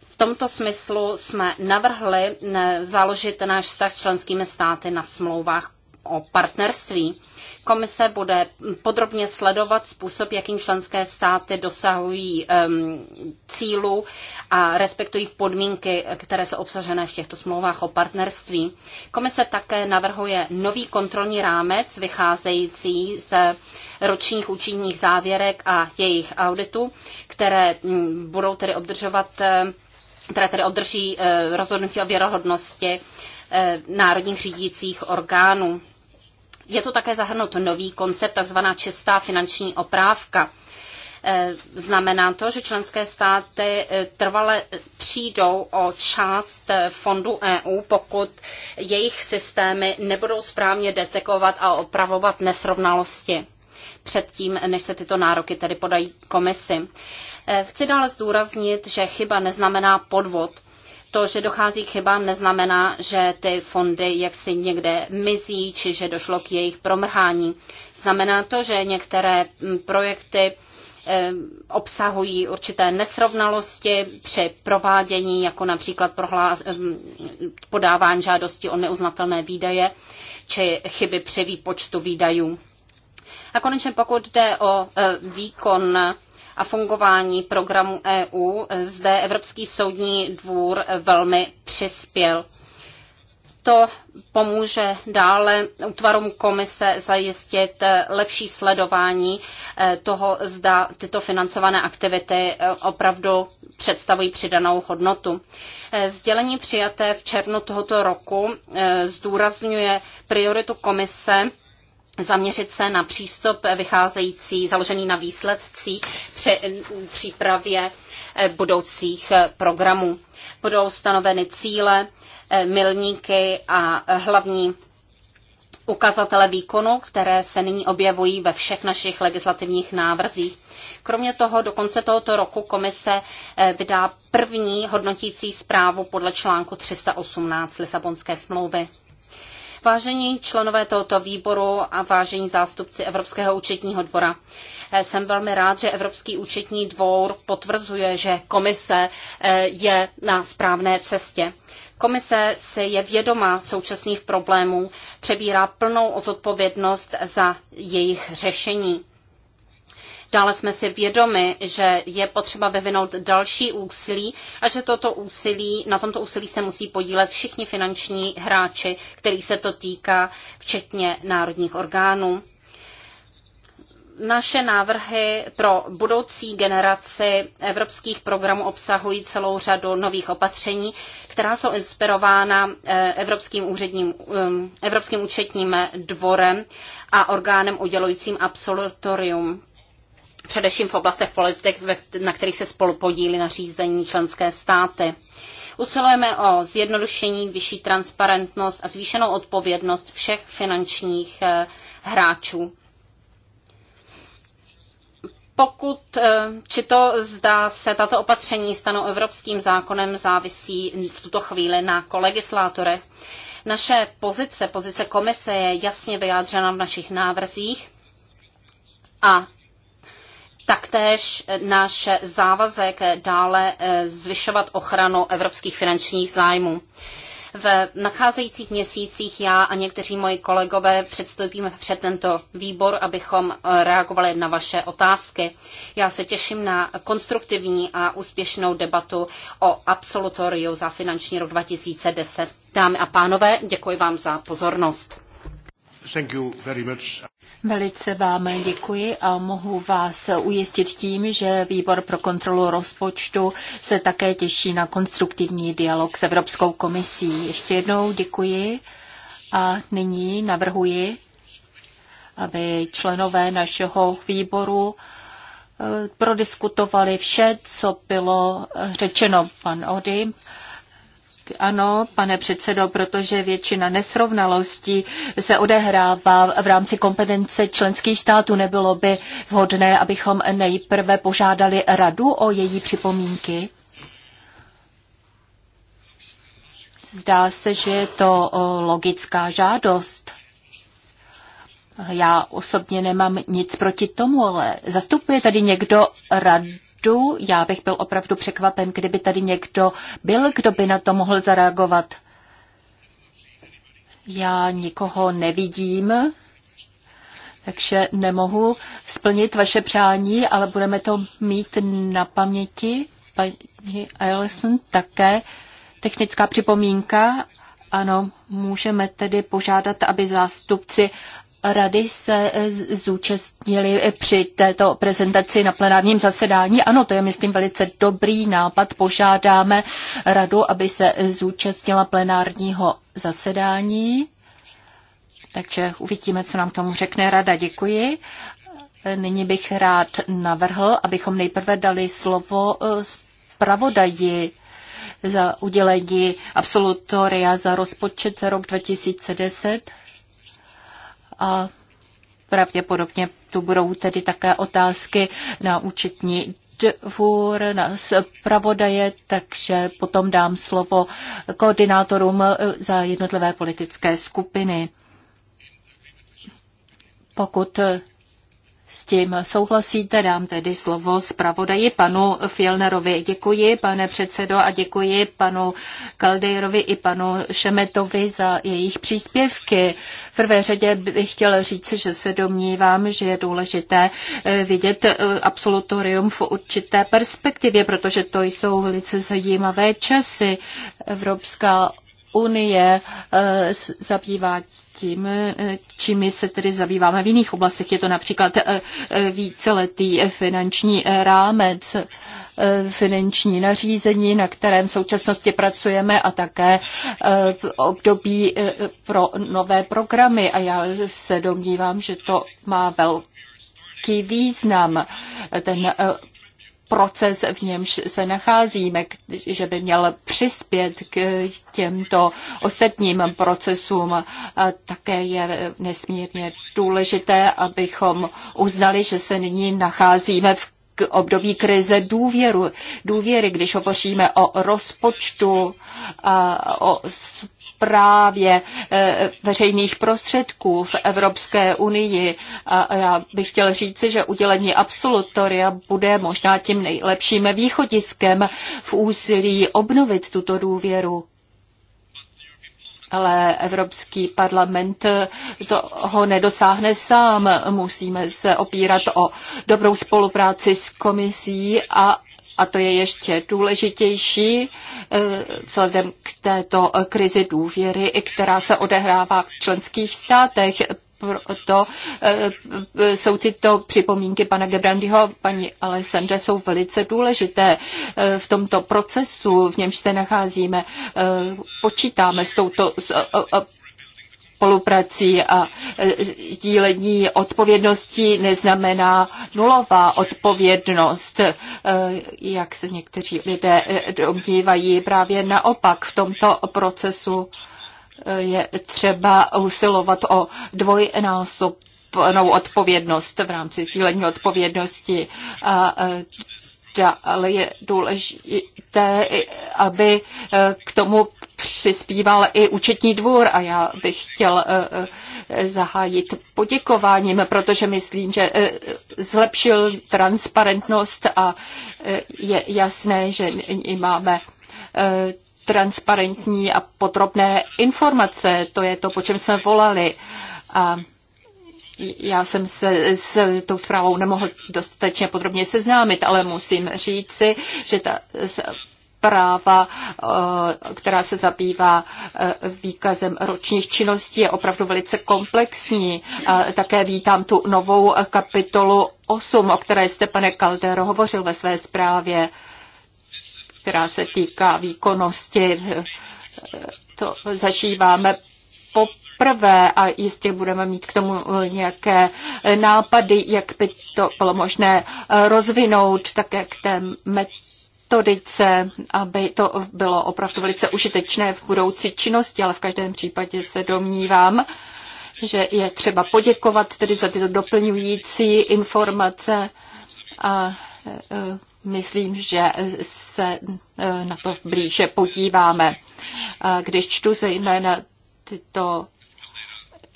Speaker 2: V tomto smyslu jsme navrhli založit náš vztah s členskými státy na smlouvách o partnerství. Komise bude podrobně sledovat způsob, jakým členské státy dosahují um, cílů a respektují podmínky, které jsou obsažené v těchto smlouvách o partnerství. Komise také navrhuje nový kontrolní rámec vycházející z ročních účinních závěrek a jejich auditů, které mm, budou tedy obdržovat, eh, které tedy obdrží eh, rozhodnutí o věrohodnosti eh, národních řídících orgánů. Je to také zahrnut nový koncept, takzvaná čistá finanční oprávka. Eh, znamená to, že členské státy eh, trvale přijdou o část eh, fondu EU, pokud jejich systémy nebudou správně detekovat a opravovat nesrovnalosti předtím, než se tyto nároky tedy podají komisi. Chci dále zdůraznit, že chyba neznamená podvod to, že dochází k chybám, neznamená, že ty fondy jaksi někde mizí, či že došlo k jejich promrhání. Znamená to, že některé mm, projekty eh, obsahují určité nesrovnalosti při provádění, jako například eh, mm, podávání žádosti o neuznatelné výdaje či chyby při výpočtu výdajů. A konečně pokud jde o eh, výkon a fungování programu EU zde Evropský soudní dvůr velmi přispěl. To pomůže dále útvarům komise zajistit lepší sledování eh, toho, zda tyto financované aktivity eh, opravdu představují přidanou hodnotu. Eh, sdělení přijaté v červnu tohoto roku zdůrazňuje prioritu komise zaměřit se na přístup vycházející, založený na výsledcích při přípravě eh, budoucích eh, programů. Budou stanoveny cíle, eh, milníky a hlavní ukazatele výkonu, které se nyní objevují ve všech našich legislativních návrzích. Kromě toho do konce tohoto roku komise vydá první hodnotící zprávu podle článku 318 Lisabonské smlouvy. Vážení členové tohoto výboru a vážení zástupci Evropského účetního dvora, eh, jsem velmi rád, že Evropský účetní dvor potvrzuje, že komise eh, je na správné cestě. Komise se je vědoma současných problémů, přebírá plnou odpovědnost za jejich řešení. Dále jsme si vědomi, že je potřeba vyvinout další úsilí a že toto úsilí, na tomto úsilí se musí podílet všichni finanční hráči, kterých se to týká, včetně národních orgánů naše návrhy pro budoucí generaci evropských programů obsahují celou řadu nových opatření, která jsou inspirována eh, Evropským, úředním, eh, Evropským účetním dvorem a orgánem udělujícím absolutorium především v oblastech politik, na kterých se spolu podílí na řízení členské státy. Usilujeme o zjednodušení, vyšší transparentnost a zvýšenou odpovědnost všech finančních eh, hráčů pokud eh, či to zdá se tato opatření stanou evropským zákonem, závisí v tuto chvíli na kolegislátorech. Naše pozice, pozice komise je jasně vyjádřena v našich návrzích a taktéž náš závazek dále eh, zvyšovat ochranu evropských finančních zájmů. V nacházejících měsících já a někteří moji kolegové předstoupíme před tento výbor, abychom eh, reagovali na vaše otázky. Já se těším na konstruktivní a úspěšnou debatu o absolutoriu za finanční rok 2010. Dámy a pánové, děkuji vám za pozornost.
Speaker 3: Thank you very much. Velice vám děkuji a mohu vás ujistit tím, že Výbor pro kontrolu rozpočtu se také těší na konstruktivní dialog s Evropskou komisí. Ještě jednou děkuji a nyní navrhuji, aby členové našeho výboru eh, prodiskutovali vše, co bylo řečeno pan Ody. Ano, pane předsedo, protože většina nesrovnalostí se odehrává v rámci kompetence členských států. Nebylo by vhodné, abychom nejprve požádali radu o její připomínky? Zdá se, že je to logická žádost. Já osobně nemám nic proti tomu, ale zastupuje tady někdo radu? pravdu. Já bych byl opravdu překvapen, kdyby tady někdo byl, kdo by na to mohl zareagovat. Já nikoho nevidím, takže nemohu splnit vaše přání, ale budeme to mít na paměti. Paní Ellison také. Technická připomínka. Ano, můžeme tedy požádat, aby zástupci rady se eh, zúčastnili eh, při této prezentaci na plenárním zasedání. Ano, to je, myslím, velice dobrý nápad. Požádáme radu, aby se eh, zúčastnila plenárního zasedání. Takže uvidíme, co nám tomu řekne rada. Děkuji. Nyní bych rád navrhl, abychom nejprve dali slovo zpravodaji za udělení absolutoria za rozpočet za rok 2010 a pravděpodobně tu budou tedy také otázky na účetní dvůr, na zpravodaje, takže potom dám slovo koordinátorům za jednotlivé politické skupiny. Pokud s tím souhlasíte, dám tedy slovo zpravodaji panu Fielnerovi. Děkuji, pane předsedo, a děkuji panu Kaldejrovi i panu Šemetovi za jejich příspěvky. V prvé řadě bych chtěl říct, že se domnívám, že je důležité eh, vidět eh, absolutorium v určité perspektivě, protože to jsou velice zajímavé časy. Evropská unie eh, zabývá tím, eh, čím se tedy zabýváme v jiných oblastech. Je to například eh, eh, víceletý finanční rámec, finanční nařízení, na kterém v současnosti pracujeme a také v období pro nové programy. A já se domnívám, že to má velký velký význam. Ten proces, v němž se nacházíme, že by měl přispět k těmto ostatním procesům. A také je nesmírně důležité, abychom uznali, že se nyní nacházíme v k období krize důvěru. Důvěry, když hovoříme o rozpočtu a o právě eh, veřejných prostředků v Evropské unii. A já bych chtěl říci, že udělení absolutoria bude možná tím nejlepším východiskem v úsilí obnovit tuto důvěru. Ale Evropský parlament toho nedosáhne sám. Musíme se opírat o dobrou spolupráci s komisí a a to je ještě důležitější eh, vzhledem k této eh, krizi důvěry, která se odehrává v členských státech. Proto eh, jsou tyto připomínky pana Gebrandyho a paní Alessandra jsou velice důležité v tomto procesu, v němž se nacházíme. Počítáme s touto spoluprací a e, dílení odpovědností neznamená nulová odpovědnost, e, jak se někteří lidé e, domnívají. Právě naopak v tomto procesu je třeba usilovat o dvojnásob odpovědnost v rámci sdílení odpovědnosti a Dále je důležité, aby e, k tomu přispíval i účetní dvůr a já bych chtěl e, e, zahájit poděkováním, protože myslím, že zlepšil transparentnost a je jasné, že i máme transparentní a podrobné informace. To je to, po čem jsme volali. A já jsem se s tou zprávou nemohl dostatečně podrobně seznámit, ale musím říci, že ta práva, eh, která se zabývá eh, výkazem ročních činností, je opravdu velice komplexní. také vítám tu novou kapitolu 8, o které jste, pane Caldero, hovořil ve své zprávě, která se týká výkonnosti. To zažíváme po prvé a jistě budeme mít k tomu eh, nějaké eh, nápady, jak by to bylo možné eh, rozvinout také k té metodice, aby to bylo opravdu velice užitečné v budoucí činnosti, ale v každém případě se domnívám, že je třeba poděkovat tedy za tyto doplňující informace a myslím, že se na to blíže podíváme. Když čtu zejména tyto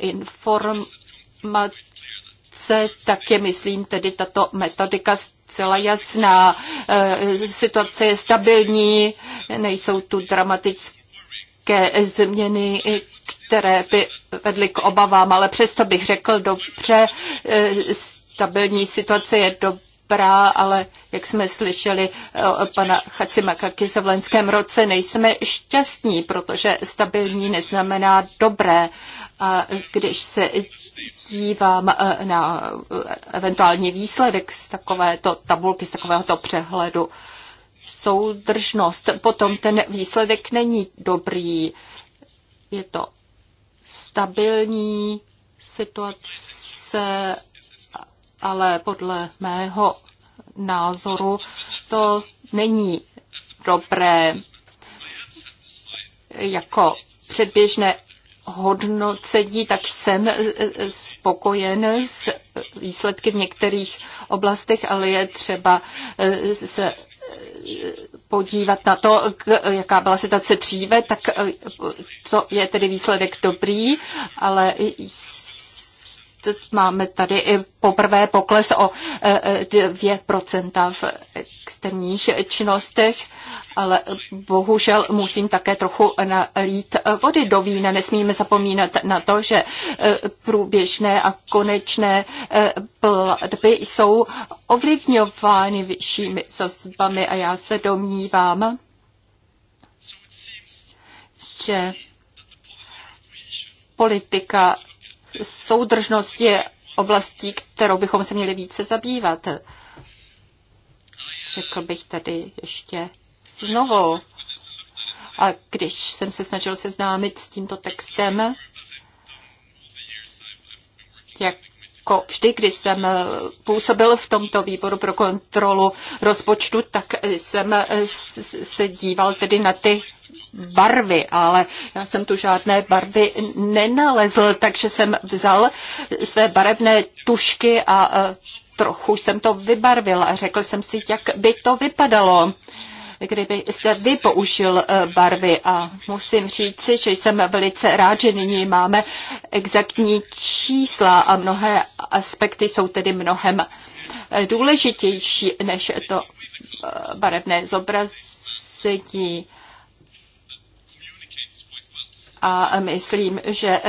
Speaker 3: informace, tak je, myslím, tedy tato metodika zcela jasná. E, situace je stabilní, nejsou tu dramatické změny, které by vedly k obavám, ale přesto bych řekl dobře, e, stabilní situace je dobrá dobrá, ale jak jsme slyšeli od eh, pana Chacimakakise v loňském roce, nejsme šťastní, protože stabilní neznamená dobré. A když se dívám eh, na eh, eventuální výsledek z takovéto tabulky, z takovéhoto přehledu, soudržnost, potom ten výsledek není dobrý. Je to stabilní situace ale podle mého názoru to není dobré jako předběžné hodnocení, tak jsem spokojen s výsledky v některých oblastech, ale je třeba eh, se eh, podívat na to, jaká byla situace dříve, tak eh, to je tedy výsledek dobrý, ale máme tady i poprvé pokles o 2% e, e, v externích činnostech, ale bohužel musím také trochu nalít vody do vína. Nesmíme zapomínat na to, že e, průběžné a konečné platby jsou ovlivňovány vyššími sazbami a já se domnívám, že politika soudržnost je oblastí, kterou bychom se měli více zabývat. Řekl bych tady ještě znovu. A když jsem se snažil seznámit s tímto textem, jako vždy, když jsem působil v tomto výboru pro kontrolu rozpočtu, tak jsem se díval tedy na ty barvy, ale já jsem tu žádné barvy nenalezl, takže jsem vzal své barevné tušky a e, trochu jsem to vybarvil a řekl jsem si, jak by to vypadalo jste vy použil e, barvy. A musím říci, že jsem velice rád, že nyní máme exaktní čísla a mnohé aspekty jsou tedy mnohem e, důležitější než to barevné zobrazení a myslím, že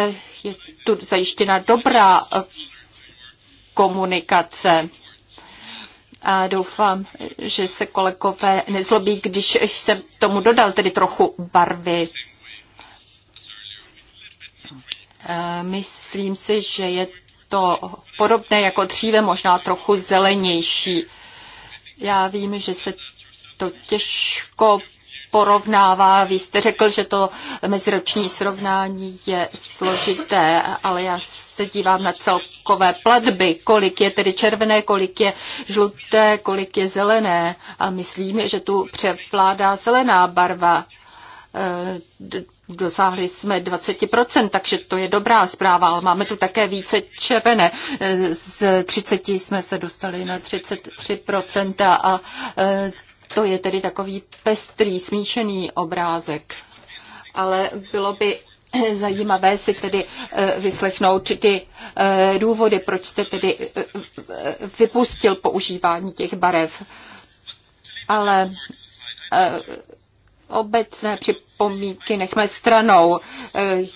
Speaker 3: je tu zajištěna dobrá komunikace. A doufám, že se kolegové nezlobí, když jsem tomu dodal tedy trochu barvy. Myslím si, že je to podobné jako dříve, možná trochu zelenější. Já vím, že se to těžko porovnává. Vy jste řekl, že to meziroční srovnání je složité, ale já se dívám na celkové platby, kolik je tedy červené, kolik je žluté, kolik je zelené. A myslím, že tu převládá zelená barva. Eh, dosáhli jsme 20%, takže to je dobrá zpráva, ale máme tu také více červené. Eh, z 30 jsme se dostali na 33% a eh, to je tedy takový pestrý, smíšený obrázek. Ale bylo by <clears throat> zajímavé si tedy eh, vyslechnout ty eh, důvody, proč jste tedy eh, vypustil používání těch barev. Ale obecné připomínky nechme stranou.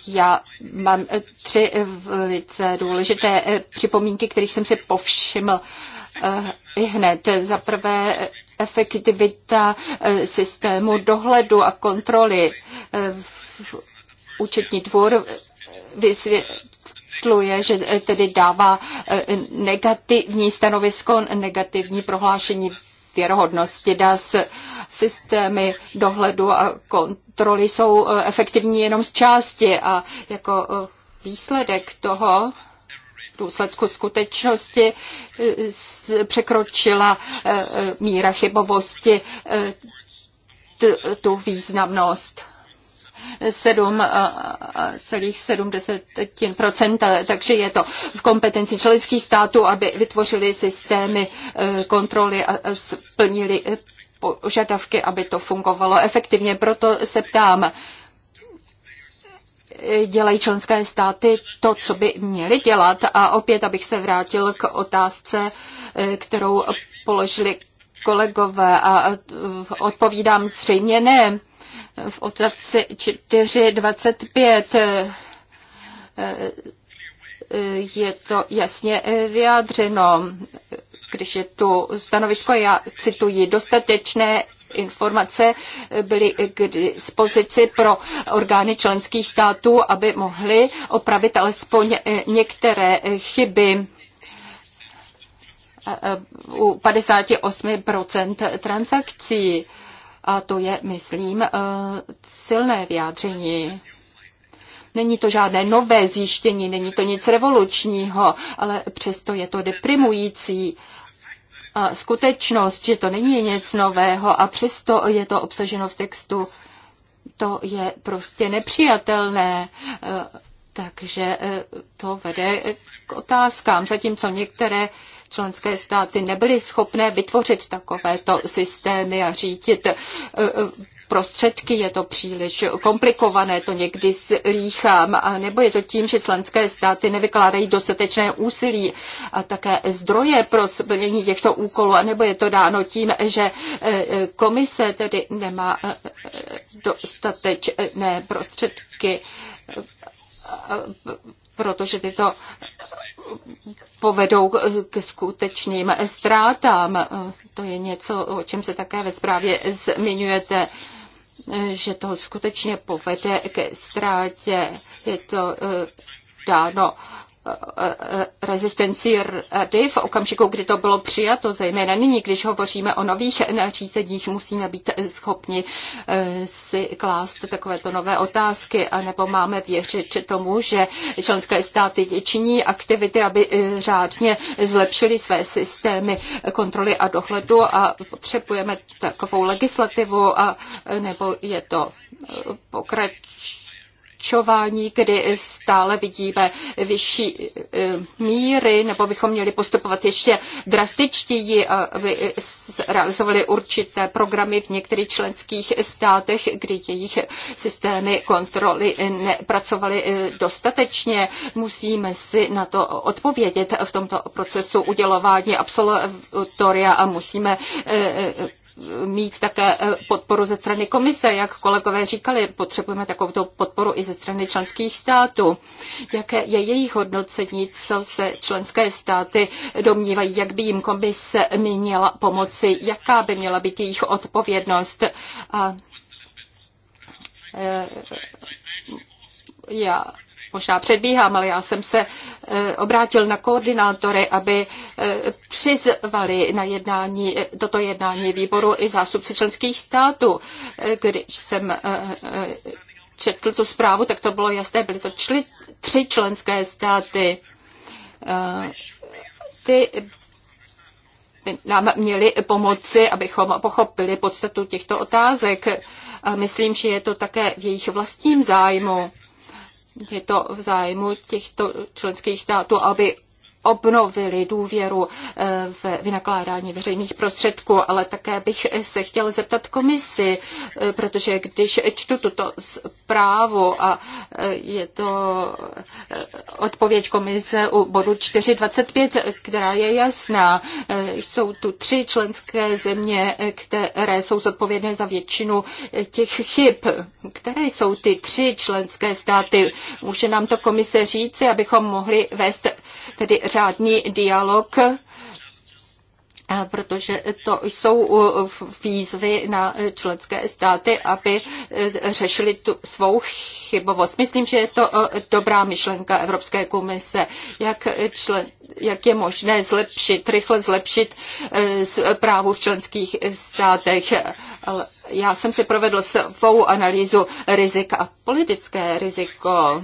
Speaker 3: Já mám tři velice důležité připomínky, kterých jsem si povšiml i hned. Za prvé efektivita eh, systému dohledu a kontroly. Eh, účetní dvůr vysvětluje, že eh, tedy dává negativní stanovisko, negativní prohlášení věrohodnosti DAS. Systémy dohledu a kontroly jsou efektivní jenom z části a jako výsledek toho důsledku skutečnosti eh, překročila eh, eh, míra chybovosti tu významnost. 7,7%, takže je to v kompetenci členských států, aby vytvořili systémy kontroly a splnili požadavky, aby to fungovalo efektivně. Proto se ptám, dělají členské státy to, co by měly dělat. A opět, abych se vrátil k otázce, eh, kterou položili kolegové a odpovídám zřejmě ne. V otázce 425 eh, eh, je to jasně vyjádřeno, když je tu stanovisko, já cituji, dostatečné informace byly k dispozici pro orgány členských států, aby mohly opravit alespoň eh, některé eh, chyby eh, u 58% transakcí. A to je, myslím, silné vyjádření. Není to žádné nové zjištění, není to nic revolučního, ale přesto je to deprimující skutečnost, že to není nic nového a přesto je to obsaženo v textu, to je prostě nepřijatelné. E, takže e, to vede k otázkám, zatímco některé členské státy nebyly schopné vytvořit takovéto systémy a řídit e, prostředky, je to příliš komplikované, to někdy slýchám, a nebo je to tím, že členské státy nevykládají dostatečné úsilí a také zdroje pro splnění těchto úkolů, a nebo je to dáno tím, že e, e, komise tedy nemá e, dostatečné prostředky protože tyto povedou k skutečným ztrátám. To je něco, o čem se také ve zprávě zmiňujete že to skutečně povede ke ztrátě. Je to eh, dáno Eh, eh, rezistenci rady v okamžiku, kdy to bylo přijato, zejména nyní, když hovoříme o nových nařízeních, musíme být schopni eh, si klást takovéto nové otázky, anebo máme věřit tomu, že členské státy činí aktivity, aby řádně zlepšili své systémy kontroly a dohledu a potřebujeme takovou legislativu, a, nebo je to pokrač označování, kdy stále vidíme vyšší eh, míry, nebo bychom měli postupovat ještě drastičtěji, eh, aby realizovali určité programy v některých členských státech, kdy jejich systémy kontroly nepracovaly eh, dostatečně. Musíme si na to odpovědět v tomto procesu udělování absolutoria a musíme mít také eh, podporu ze strany komise, jak kolegové říkali, potřebujeme takovou podporu i ze strany členských států. Jaké je jejich hodnocení, co se členské státy domnívají, jak by jim komise měla pomoci, jaká by měla být jejich odpovědnost. A, eh, já možná předbíhám, ale já jsem se eh, obrátil na koordinátory, aby eh, přizvali na jednání, eh, toto jednání výboru i zástupce členských států. Když jsem četl tu zprávu, tak to bylo jasné, byly to čli, tři členské státy. Ty nám měli pomoci, abychom pochopili podstatu těchto otázek. A myslím, že je to také v jejich vlastním zájmu. Je to v zájmu těchto členských států, aby obnovili důvěru eh, v vynakládání veřejných prostředků, ale také bych se chtěl zeptat komisi, eh, protože když čtu tuto zprávu a eh, je to odpověď komise u bodu 425, která je jasná, jsou tu tři členské země, které jsou zodpovědné za většinu těch chyb. Které jsou ty tři členské státy? Může nám to komise říci, abychom mohli vést tedy řádný dialog, eh, protože to jsou eh, výzvy na členské státy, aby eh, řešili tu svou chybovost. Myslím, že je to dobrá myšlenka Evropské komise, jak, člen, jak je možné zlepšit, rychle zlepšit právu v členských státech. Já jsem si provedl svou analýzu rizika, politické riziko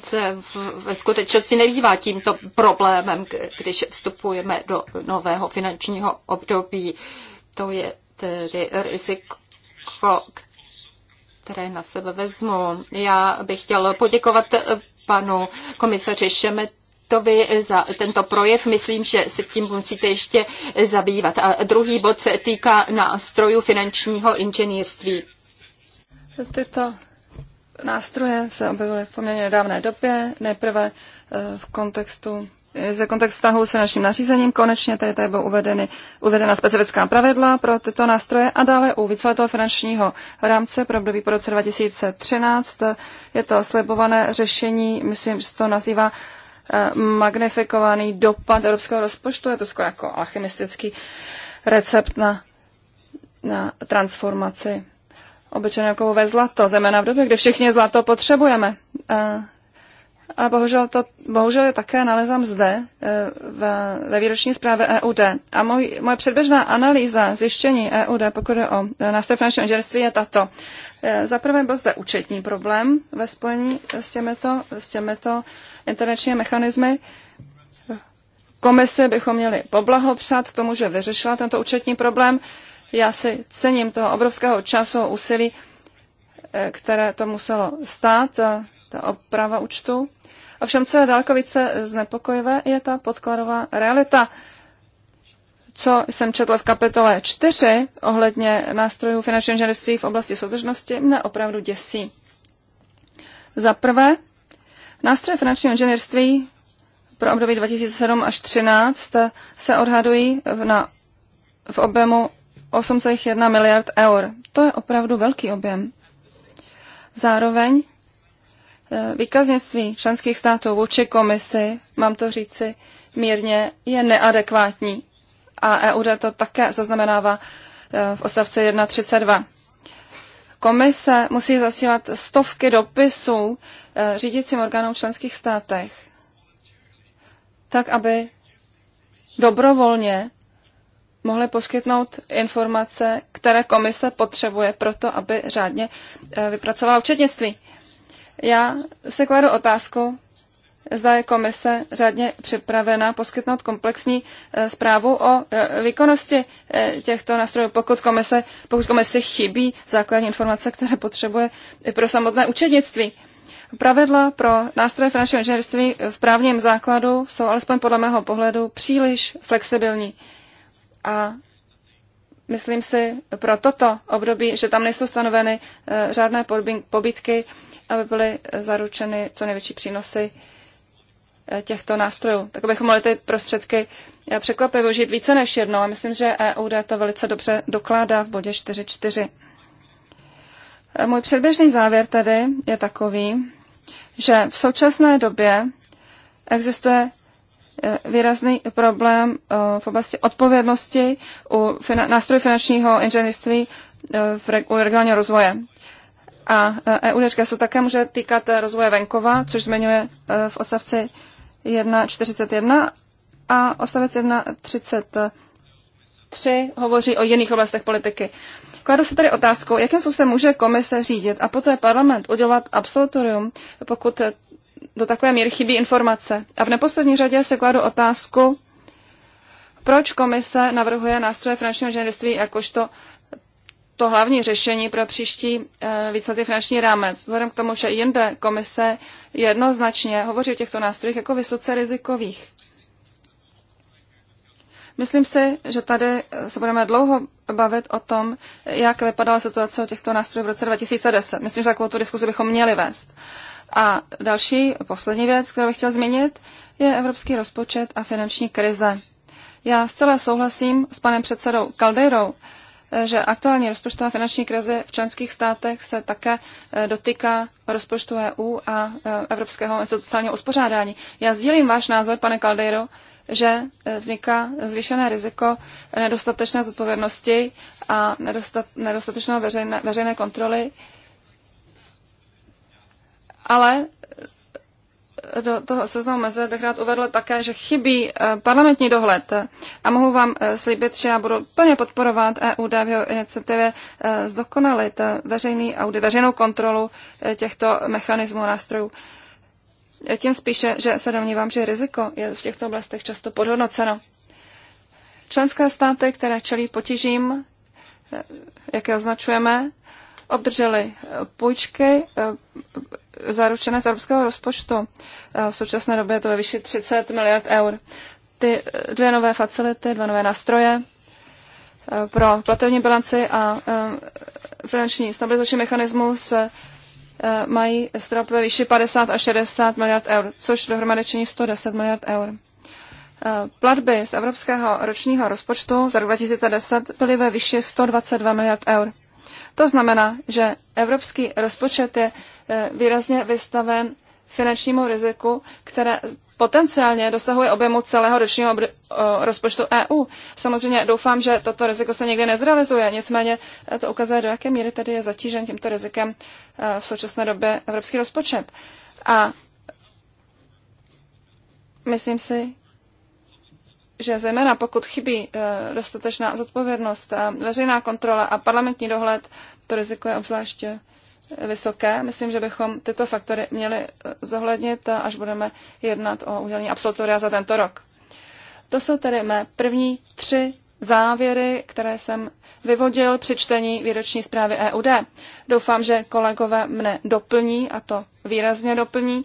Speaker 3: se ve skutečnosti nebývá tímto problémem, když vstupujeme do nového finančního období. To je tedy riziko, které na sebe vezmu. Já bych chtěl poděkovat panu komisaři Šemetovi za tento projev. Myslím, že se tím musíte ještě zabývat. A druhý bod se týká nástrojů finančního
Speaker 1: inženýrství. Tyto nástroje se objevily v poměrně nedávné době. Nejprve eh, v kontextu ze kontext vztahu s finančním nařízením. Konečně tady, tady byly uvedeny, uvedena specifická pravidla pro tyto nástroje a dále u víceletého finančního rámce pro období po roce 2013 eh, je to slibované řešení, myslím, že to nazývá eh, magnifikovaný dopad evropského rozpočtu. Je to skoro jako alchemistický recept na, na transformaci obyčejné kovové jako zlato, zejména v době, kdy všichni zlato potřebujeme. A bohužel, to, bohužel je také nalezám zde ve, ve výroční zprávě EUD. A můj, moje předběžná analýza zjištění EUD, pokud je o e, nástroj finančního inženýrství, je tato. E, za prvé byl zde účetní problém ve spojení s těmito, s těmito intervenčními mechanismy. Komise bychom měli poblahopřát k tomu, že vyřešila tento účetní problém. Já si cením toho obrovského času úsilí, eh, které to muselo stát, eh, ta oprava účtu. Ovšem, co je daleko více znepokojivé, je ta podkladová realita. Co jsem četl v kapitole 4 ohledně nástrojů finančního inženýrství v oblasti soudržnosti, mne opravdu děsí. Za prvé, nástroje finančního inženýrství pro období 2007 až 2013 se odhadují na, v objemu 8,1 miliard eur. To je opravdu velký objem. Zároveň eh, výkaznictví členských států vůči komisi, mám to říci mírně, je neadekvátní. A EU to také zaznamenává eh, v odstavci 1.32. Komise musí zasílat stovky dopisů eh, řídícím orgánům v členských státech, tak aby dobrovolně mohli poskytnout informace, které komise potřebuje pro to, aby řádně eh, vypracovala účetnictví. Já se kladu otázku, zda je komise řádně připravena poskytnout komplexní eh, zprávu o eh, výkonnosti těchto nástrojů, pokud komise, pokud komise chybí základní informace, které potřebuje i pro samotné účetnictví. Pravidla pro nástroje finančního inženýrství v právním základu jsou alespoň podle mého pohledu příliš flexibilní. A myslím si pro toto období, že tam nejsou stanoveny žádné eh, pobytky, aby byly zaručeny co největší přínosy eh, těchto nástrojů. Tak abychom mohli ty prostředky eh, překvapivě využít více než jednou. A myslím, že EUD to velice dobře dokládá v bodě 4.4. Můj předběžný závěr tedy je takový, že v současné době existuje Eh, výrazný problém eh, v oblasti odpovědnosti u nástrojů finančního inženýrství eh, u regionálního rozvoje. A EU e se také může týkat rozvoje venkova, což zmiňuje v osavci 1.41 a osavec 1.33 hovoří o jiných oblastech politiky. Kladu se tady otázkou, jakým způsobem může komise řídit a poté parlament udělat absolutorium, pokud do takové míry chybí informace. A v neposlední řadě se kladu otázku, proč komise navrhuje nástroje finančního inženýrství jakožto to hlavní řešení pro příští eh, výsledky finanční rámec. Vzhledem k tomu, že jinde komise jednoznačně hovoří o těchto nástrojích jako vysoce rizikových. Myslím si, že tady eh, se budeme dlouho bavit o tom, jak vypadala situace o těchto nástrojů v roce 2010. Myslím, že takovou tu diskuzi bychom měli vést. A další, poslední věc, kterou bych chtěl zmínit, je evropský rozpočet a finanční krize. Já zcela souhlasím s panem předsedou Kaldejrou, že aktuální rozpočtová finanční krize v členských státech se také eh, dotýká rozpočtu EU a eh, Evropského institucionálního uspořádání. Já sdílím váš názor, pane Kaldejro, že eh, vzniká zvýšené riziko nedostatečné zodpovědnosti a nedostatečné veřejné, veřejné kontroly ale eh, do toho seznamu meze bych rád uvedl také, že chybí eh, parlamentní dohled a mohu vám eh, slíbit, že já budu plně podporovat EUD v jeho iniciativě zdokonalit veřejný audit, veřejnou kontrolu těchto mechanismů a nástrojů. Tím spíše, že se domnívám, že riziko je v těchto oblastech často podhodnoceno. Členské státy, které čelí potížím, jaké označujeme, obdrželi eh, půjčky eh, zaručené z evropského rozpočtu. Eh, v současné době je to ve výši 30 miliard eur. Ty dvě nové facility, dva nové nástroje pro platební bilanci a finanční stabilizační mechanismus mají strop ve výši 50 až 60 miliard eur, což dohromady činí 110 miliard eur. Platby z evropského ročního rozpočtu za rok 2010 byly ve výši 122 miliard eur. To znamená, že evropský rozpočet je eh, výrazně vystaven finančnímu riziku, které potenciálně dosahuje objemu celého ročního rozpočtu EU. Samozřejmě doufám, že toto riziko se nikdy nezrealizuje, nicméně eh, to ukazuje, do jaké míry tedy je zatížen tímto rizikem eh, v současné době evropský rozpočet. A myslím si, že zejména pokud chybí eh, dostatečná zodpovědnost a veřejná kontrola a parlamentní dohled, to riziko je obzvlášť eh, vysoké. Myslím, že bychom tyto faktory měli eh, zohlednit, až budeme jednat o udělení absolutoria za tento rok. To jsou tedy mé první tři závěry, které jsem vyvodil při čtení výroční zprávy EUD. Doufám, že kolegové mne doplní, a to výrazně doplní,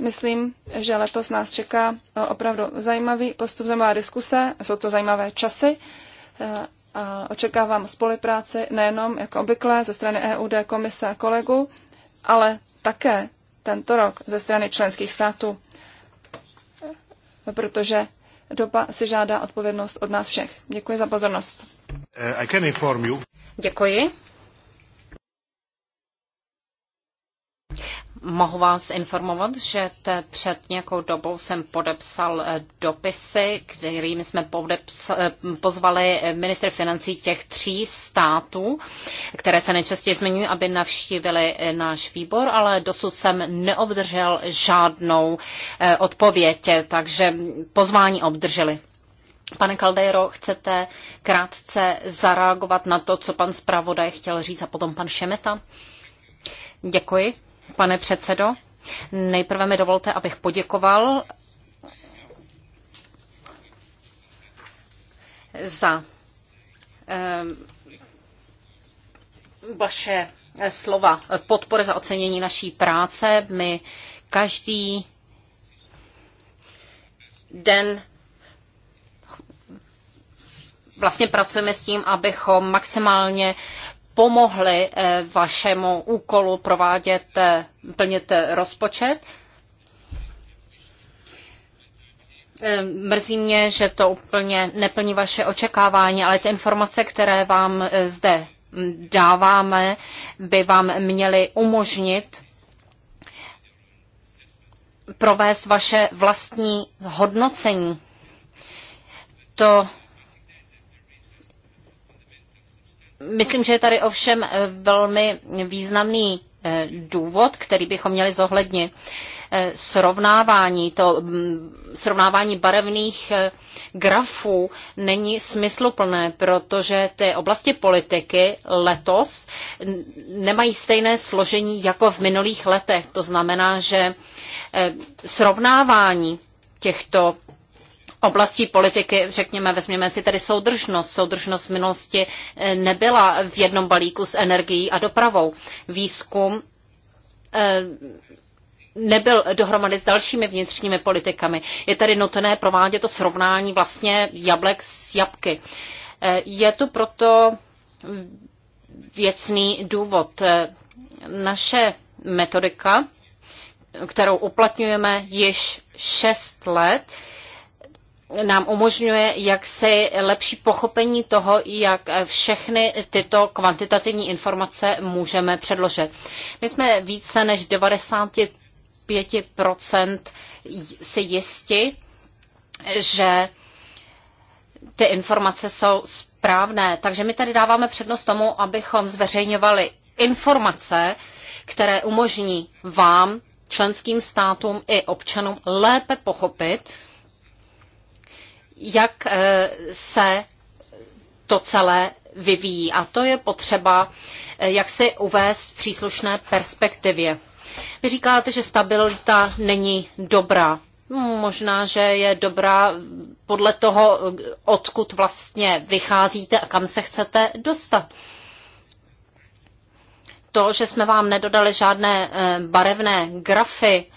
Speaker 1: Myslím, že letos nás čeká e, opravdu zajímavý postup, zajímavá diskuse, jsou to zajímavé časy e, a očekávám spolupráci nejenom jako obvykle ze strany EUD, komise a kolegu, ale také tento rok ze strany členských států, e, protože doba si žádá odpovědnost od nás všech. Děkuji za pozornost. Děkuji. Mohu vás
Speaker 2: informovat, že te před nějakou dobou jsem podepsal eh, dopisy, kterými jsme eh, pozvali eh, ministry financí těch tří států, které se nejčastěji zmiňují, aby navštívili náš výbor, ale dosud jsem neobdržel žádnou odpověď, takže pozvání obdrželi. Pane Caldero, chcete krátce zareagovat na to, co pan zpravodaj chtěl říct a potom pan Šemeta? Děkuji pane předsedo. Nejprve mi dovolte, abych poděkoval za eh, vaše slova podpory za ocenění naší práce. My každý den vlastně pracujeme s tím, abychom maximálně Pomohly eh, vašemu úkolu provádět, eh, plnit eh, rozpočet. Mrzí mě, že to úplně neplní vaše očekávání, ale ty informace, které vám zde hm, dáváme, by vám měly umožnit provést vaše vlastní hodnocení. To Myslím, že je tady ovšem eh, velmi významný eh, důvod, který bychom měli zohlednit. Eh, srovnávání, to mm, srovnávání barevných grafů není smysluplné, protože ty oblasti politiky letos nemají stejné složení jako v minulých letech. To znamená, že srovnávání těchto oblastí politiky, řekněme, vezměme si tedy soudržnost. Soudržnost v minulosti eh, nebyla v jednom balíku s energií a dopravou. Výzkum eh, nebyl dohromady s dalšími vnitřními politikami. Je tady nutné provádět to srovnání vlastně jablek s jabky. Eh, je to proto věcný důvod. Naše metodika, kterou uplatňujeme již šest let, nám umožňuje jaksi lepší pochopení toho, jak všechny tyto kvantitativní informace můžeme předložit. My jsme více než 95% si jisti, že ty informace jsou správné. Takže my tady dáváme přednost tomu, abychom zveřejňovali informace, které umožní vám, členským státům i občanům lépe pochopit, jak eh, se to celé vyvíjí. A to je potřeba, eh, jak si uvést v příslušné perspektivě. Vy říkáte, že stabilita není dobrá. Možná, že je dobrá podle toho, odkud vlastně vycházíte a kam se chcete dostat. To, že jsme vám nedodali žádné eh, barevné grafy,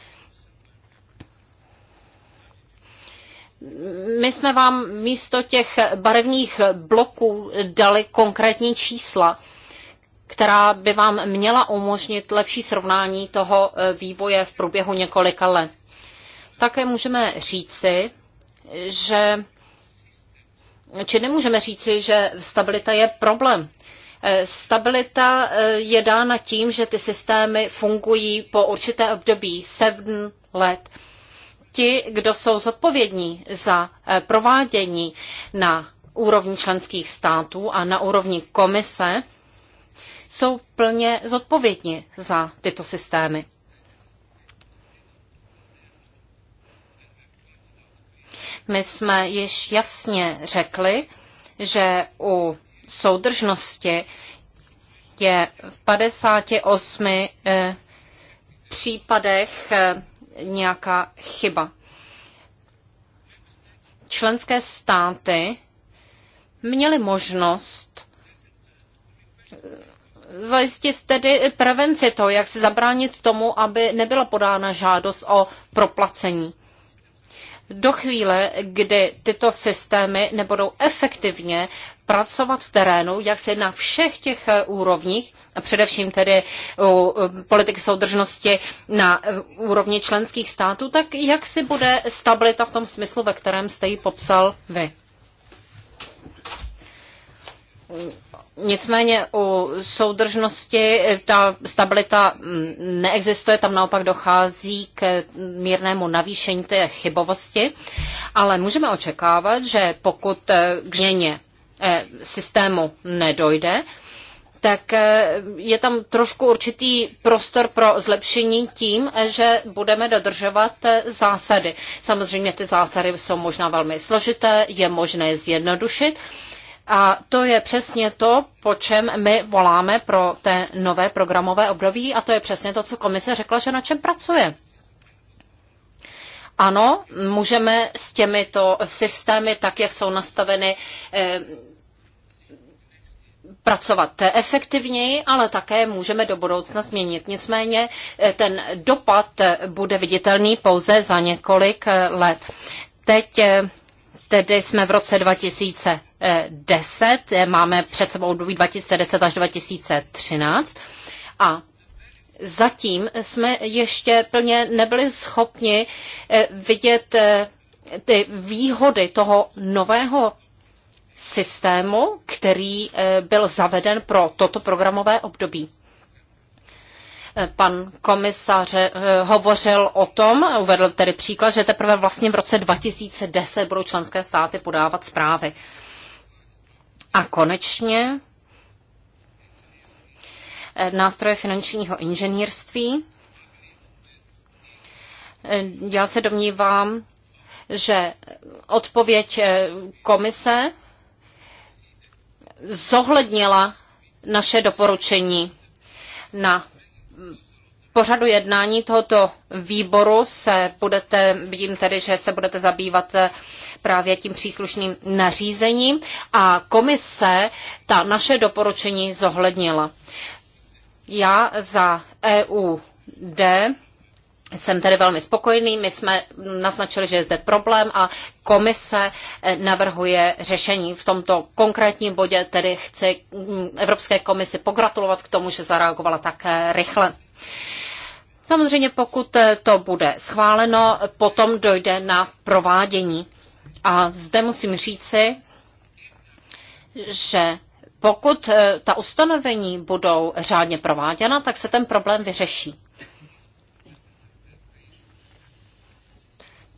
Speaker 2: my jsme vám místo těch barevných bloků dali konkrétní čísla, která by vám měla umožnit lepší srovnání toho e, vývoje v průběhu několika let. Také můžeme říci, že či nemůžeme říci, že stabilita je problém. E, stabilita e, je dána tím, že ty systémy fungují po určité období, sedm let ti, kdo jsou zodpovědní za eh, provádění na úrovni členských států a na úrovni komise, jsou plně zodpovědní za tyto systémy. My jsme již jasně řekli, že u soudržnosti je v 58 eh, případech eh, nějaká chyba. Členské státy měly možnost eh, zajistit tedy prevenci toho, jak se zabránit tomu, aby nebyla podána žádost o proplacení. Do chvíle, kdy tyto systémy nebudou efektivně pracovat v terénu, jak se na všech těch eh, úrovních, a především tedy u politiky soudržnosti na úrovni členských států, tak jak si bude stabilita v tom smyslu, ve kterém jste ji popsal vy? Nicméně u soudržnosti ta stabilita neexistuje, tam naopak dochází k mírnému navýšení té chybovosti, ale můžeme očekávat, že pokud k změně eh, systému nedojde, tak eh, je tam trošku určitý prostor pro zlepšení tím, eh, že budeme dodržovat eh, zásady. Samozřejmě ty zásady jsou možná velmi složité, je možné je zjednodušit. A to je přesně to, po čem my voláme pro té nové programové období a to je přesně to, co komise řekla, že na čem pracuje. Ano, můžeme s těmito systémy, tak jak jsou nastaveny, pracovat efektivněji, ale také můžeme do budoucna změnit. Nicméně eh, ten dopad eh, bude viditelný pouze za několik eh, let. Teď tedy jsme v roce 2010, máme před sebou období 2010 až 2013 a zatím jsme ještě plně nebyli schopni vidět ty výhody toho nového systému, který eh, byl zaveden pro toto programové období. Eh, pan komisař eh, hovořil o tom, uvedl tedy příklad, že teprve vlastně v roce 2010 budou členské státy podávat zprávy. A konečně nástroje finančního inženýrství. Já se domnívám, že odpověď komise zohlednila naše doporučení. Na pořadu jednání tohoto výboru se budete, vidím tedy, že se budete zabývat eh, právě tím příslušným nařízením a komise ta naše doporučení zohlednila. Já za EUD jsem tedy velmi spokojený. My jsme naznačili, že je zde problém a komise eh, navrhuje řešení. V tomto konkrétním bodě tedy chci mm, Evropské komisi pogratulovat k tomu, že zareagovala tak eh, rychle. Samozřejmě, pokud eh, to bude schváleno, potom dojde na provádění. A zde musím říci, že pokud ta ustanovení budou řádně prováděna, tak se ten problém vyřeší.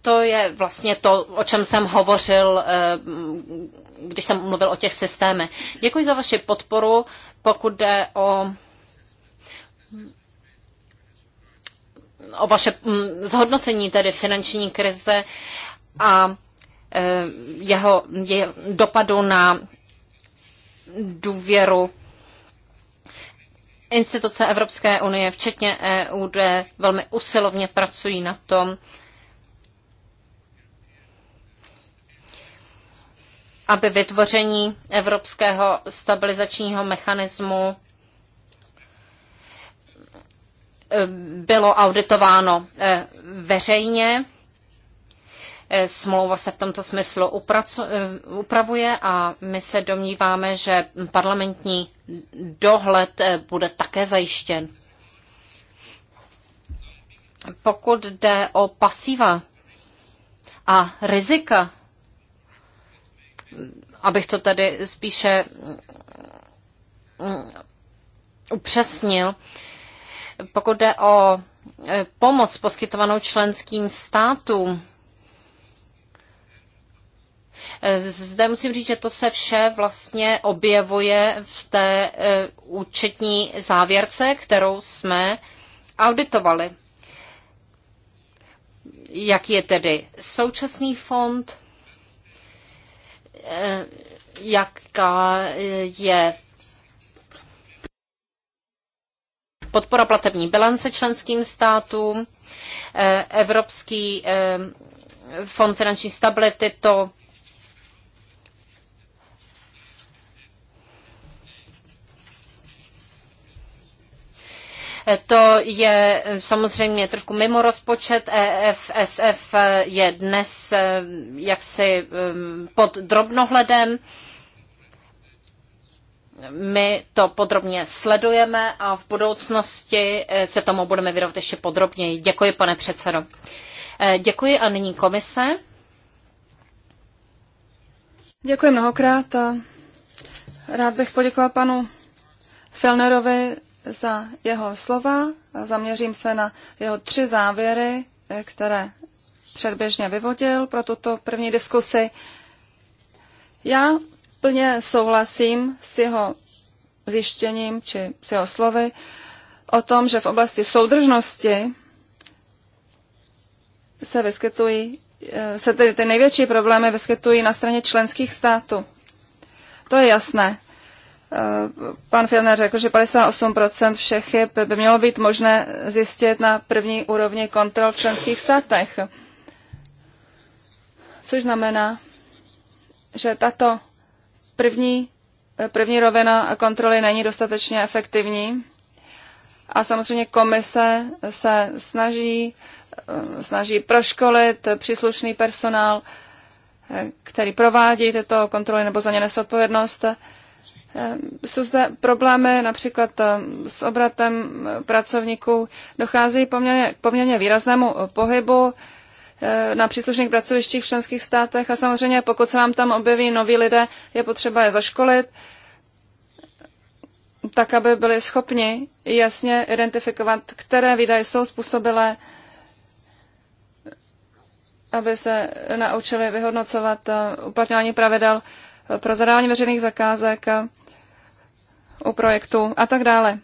Speaker 2: to je vlastně to, o čem jsem hovořil, eh, když jsem mluvil o těch systémech. Děkuji za vaši podporu, pokud jde o o vaše mm, zhodnocení tedy finanční krize a eh, jeho, jeho dopadu na důvěru instituce Evropské unie, včetně EUD, velmi usilovně pracují na tom, aby vytvoření evropského stabilizačního mechanismu eh, bylo auditováno eh, veřejně. Eh, smlouva se v tomto smyslu upravuje a my se domníváme, že parlamentní dohled bude také zajištěn. Pokud jde o pasiva a rizika abych to tady spíše mm, upřesnil, pokud jde o e, pomoc poskytovanou členským státům, e, zde musím říct, že to se vše vlastně objevuje v té e, účetní závěrce, kterou jsme auditovali. Jaký je tedy současný fond? Eh, jaká je podpora platební bilance členským státům, eh, Evropský eh, fond finanční stability to To je eh, samozřejmě trošku mimo rozpočet. EFSF eh, je dnes eh, jaksi pod drobnohledem. My to podrobně sledujeme a v budoucnosti se tomu budeme věnovat ještě podrobněji. Děkuji, pane předsedo. Děkuji a nyní komise.
Speaker 1: Děkuji mnohokrát. Rád bych poděkoval panu Felnerovi za jeho slova. Zaměřím se na jeho tři závěry, eh, které předběžně vyvodil pro tuto první diskusi. Já plně souhlasím s jeho zjištěním či s jeho slovy o tom, že v oblasti soudržnosti se vyskytují, eh, se tedy ty největší problémy vyskytují na straně členských států. To je jasné. Pan Filner řekl, že 58% všech chyb by mělo být možné zjistit na první úrovni kontrol v členských státech. Což znamená, že tato první, první rovina kontroly není dostatečně efektivní. A samozřejmě komise se snaží, snaží proškolit příslušný personál, který provádí tyto kontroly nebo za ně nesodpovědnost. odpovědnost. Ehm, jsou zde problémy například eh, s obratem eh, pracovníků. Dochází poměrně, poměrně výraznému eh, pohybu na příslušných pracovištích v členských státech a samozřejmě pokud se vám tam objeví noví lidé, je potřeba je zaškolit tak, aby byli schopni jasně identifikovat, které výdaje jsou způsobilé, aby se naučili vyhodnocovat uplatňování pravidel pro zadávání veřejných zakázek u projektu a tak dále.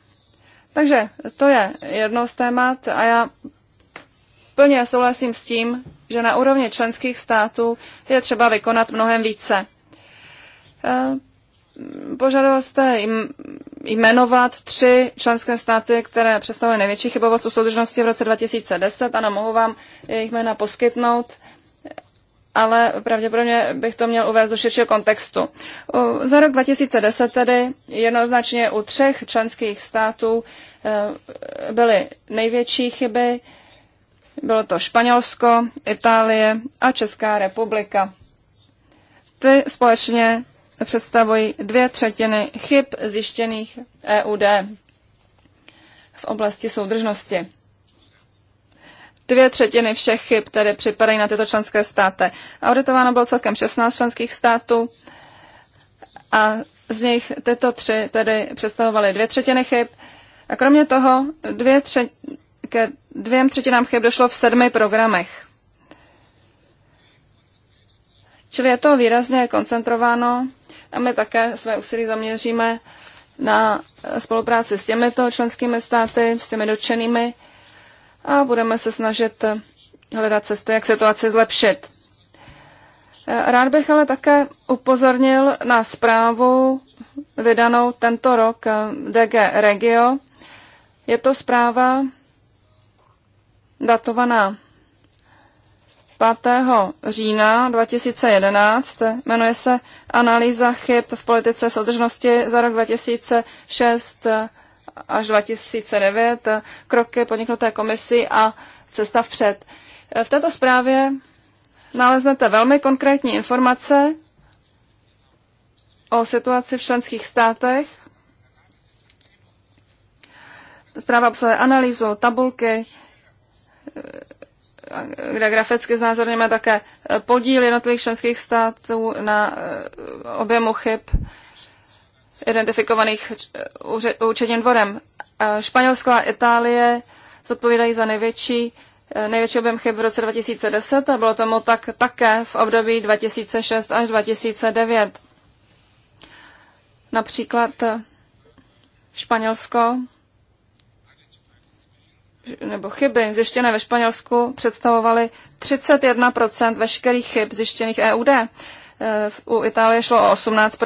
Speaker 1: Takže to je jedno z témat a já plně souhlasím s tím, že na úrovni členských států je třeba vykonat mnohem více. E, požadoval jste jmenovat tři členské státy, které představují největší chybovost u soudržnosti v roce 2010. Ano, mohu vám jejich jména poskytnout ale pravděpodobně bych to měl uvést do širšího kontextu. Za rok 2010 tedy jednoznačně u třech členských států eh, byly největší chyby. Bylo to Španělsko, Itálie a Česká republika. Ty společně představují dvě třetiny chyb zjištěných EUD v oblasti soudržnosti dvě třetiny všech chyb, které připadají na tyto členské státy. Auditováno bylo celkem 16 členských států a z nich tyto tři tedy představovaly dvě třetiny chyb. A kromě toho dvě tře- ke dvěm třetinám chyb došlo v sedmi programech. Čili je to výrazně koncentrováno a my také své úsilí zaměříme na spolupráci s těmito členskými státy, s těmi dotčenými a budeme se snažit hledat cesty, jak situaci zlepšit. Rád bych ale také upozornil na zprávu vydanou tento rok DG Regio. Je to zpráva datovaná 5. října 2011. Jmenuje se Analýza chyb v politice soudržnosti za rok 2006 až 2009, kroky podniknuté komisi a cesta vpřed. V této zprávě naleznete velmi konkrétní informace o situaci v členských státech. Zpráva obsahuje analýzu, tabulky, kde graficky znázorněme také podíl jednotlivých členských států na eh, objemu chyb identifikovaných eh, účetním dvorem. Španělsko a Itálie zodpovídají za největší, eh, největší objem chyb v roce 2010 a bylo tomu tak také v období 2006 až 2009. Například eh, Španělsko nebo chyby zjištěné ve Španělsku představovaly 31 veškerých chyb zjištěných EUD. Eh, u Itálie šlo o 18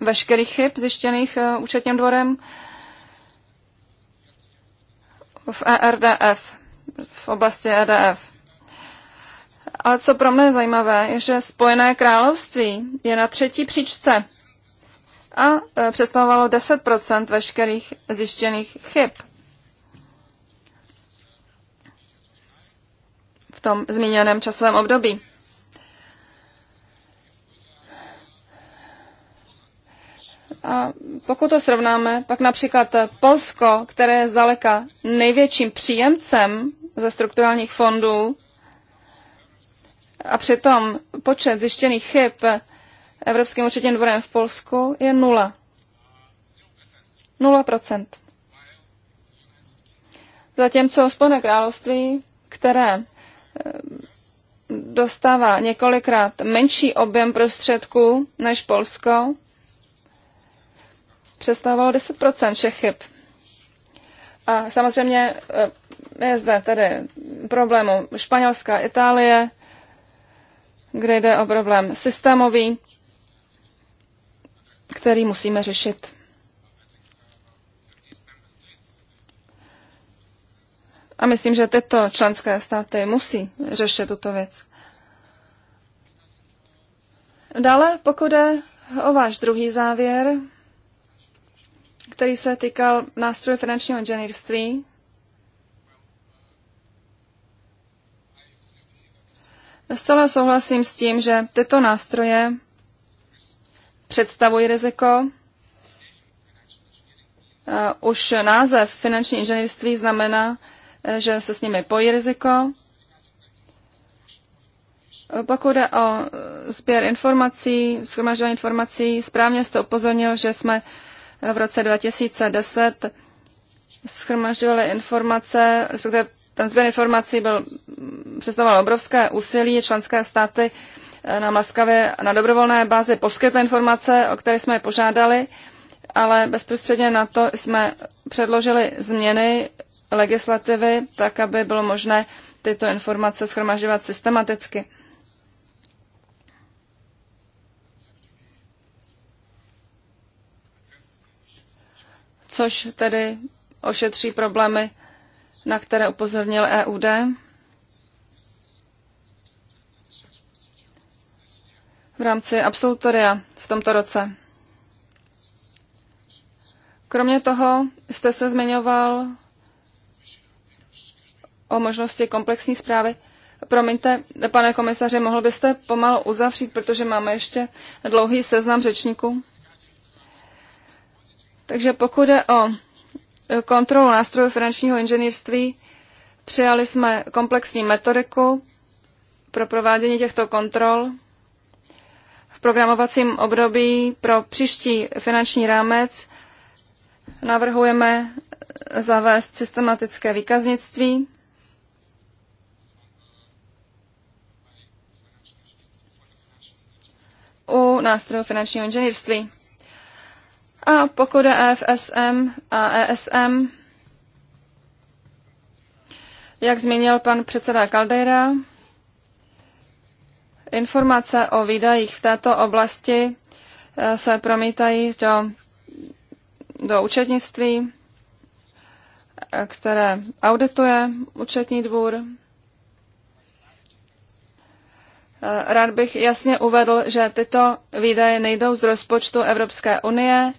Speaker 1: veškerých chyb zjištěných eh, účetním dvorem. V ERDF, v oblasti EDF. Ale co pro mě je zajímavé, je, že Spojené království je na třetí příčce a eh, představovalo 10 veškerých zjištěných chyb. V tom zmíněném časovém období. A pokud to srovnáme, pak například Polsko, které je zdaleka největším příjemcem ze strukturálních fondů, a přitom počet zjištěných chyb Evropským určitým dvorem v Polsku je nula. Nula procent. Zatímco Spojené království, které eh, dostává několikrát menší objem prostředků než Polsko, představovalo 10 všech chyb. A samozřejmě eh, je zde tedy problému Španělská, Itálie, kde jde o problém systémový, který musíme řešit. A myslím, že tyto členské státy musí řešit tuto věc. Dále, pokud jde o váš druhý závěr, který se týkal nástrojů finančního inženýrství. Zcela souhlasím s tím, že tyto nástroje představují riziko. Už název finanční inženýrství znamená, že se s nimi pojí riziko. Pokud jde o sběr informací, schromažďování informací, správně jste upozornil, že jsme v roce 2010 schromažďovali informace, respektive ten sběr informací byl, představoval obrovské úsilí. Členské státy eh, na maskavě na dobrovolné bázi poskytly informace, o které jsme je požádali, ale bezprostředně na to jsme předložili změny legislativy, tak aby bylo možné tyto informace schromažďovat systematicky. což tedy ošetří problémy, na které upozornil EUD. v rámci absolutoria v tomto roce. Kromě toho jste se zmiňoval o možnosti komplexní zprávy. Promiňte, pane komisaři, mohl byste pomalu uzavřít, protože máme ještě dlouhý seznam řečníků. Takže pokud je o e, kontrolu nástrojů finančního inženýrství, přijali jsme komplexní metodiku pro provádění těchto kontrol. V programovacím období pro příští finanční rámec navrhujeme zavést systematické výkaznictví, u nástrojů finančního inženýrství. A pokud je EFSM a ESM, jak zmínil pan předseda Caldeira, informace o výdajích v této oblasti eh, se promítají do, do účetnictví, které audituje účetní dvůr. Eh, rád bych jasně uvedl, že tyto výdaje nejdou z rozpočtu Evropské unie,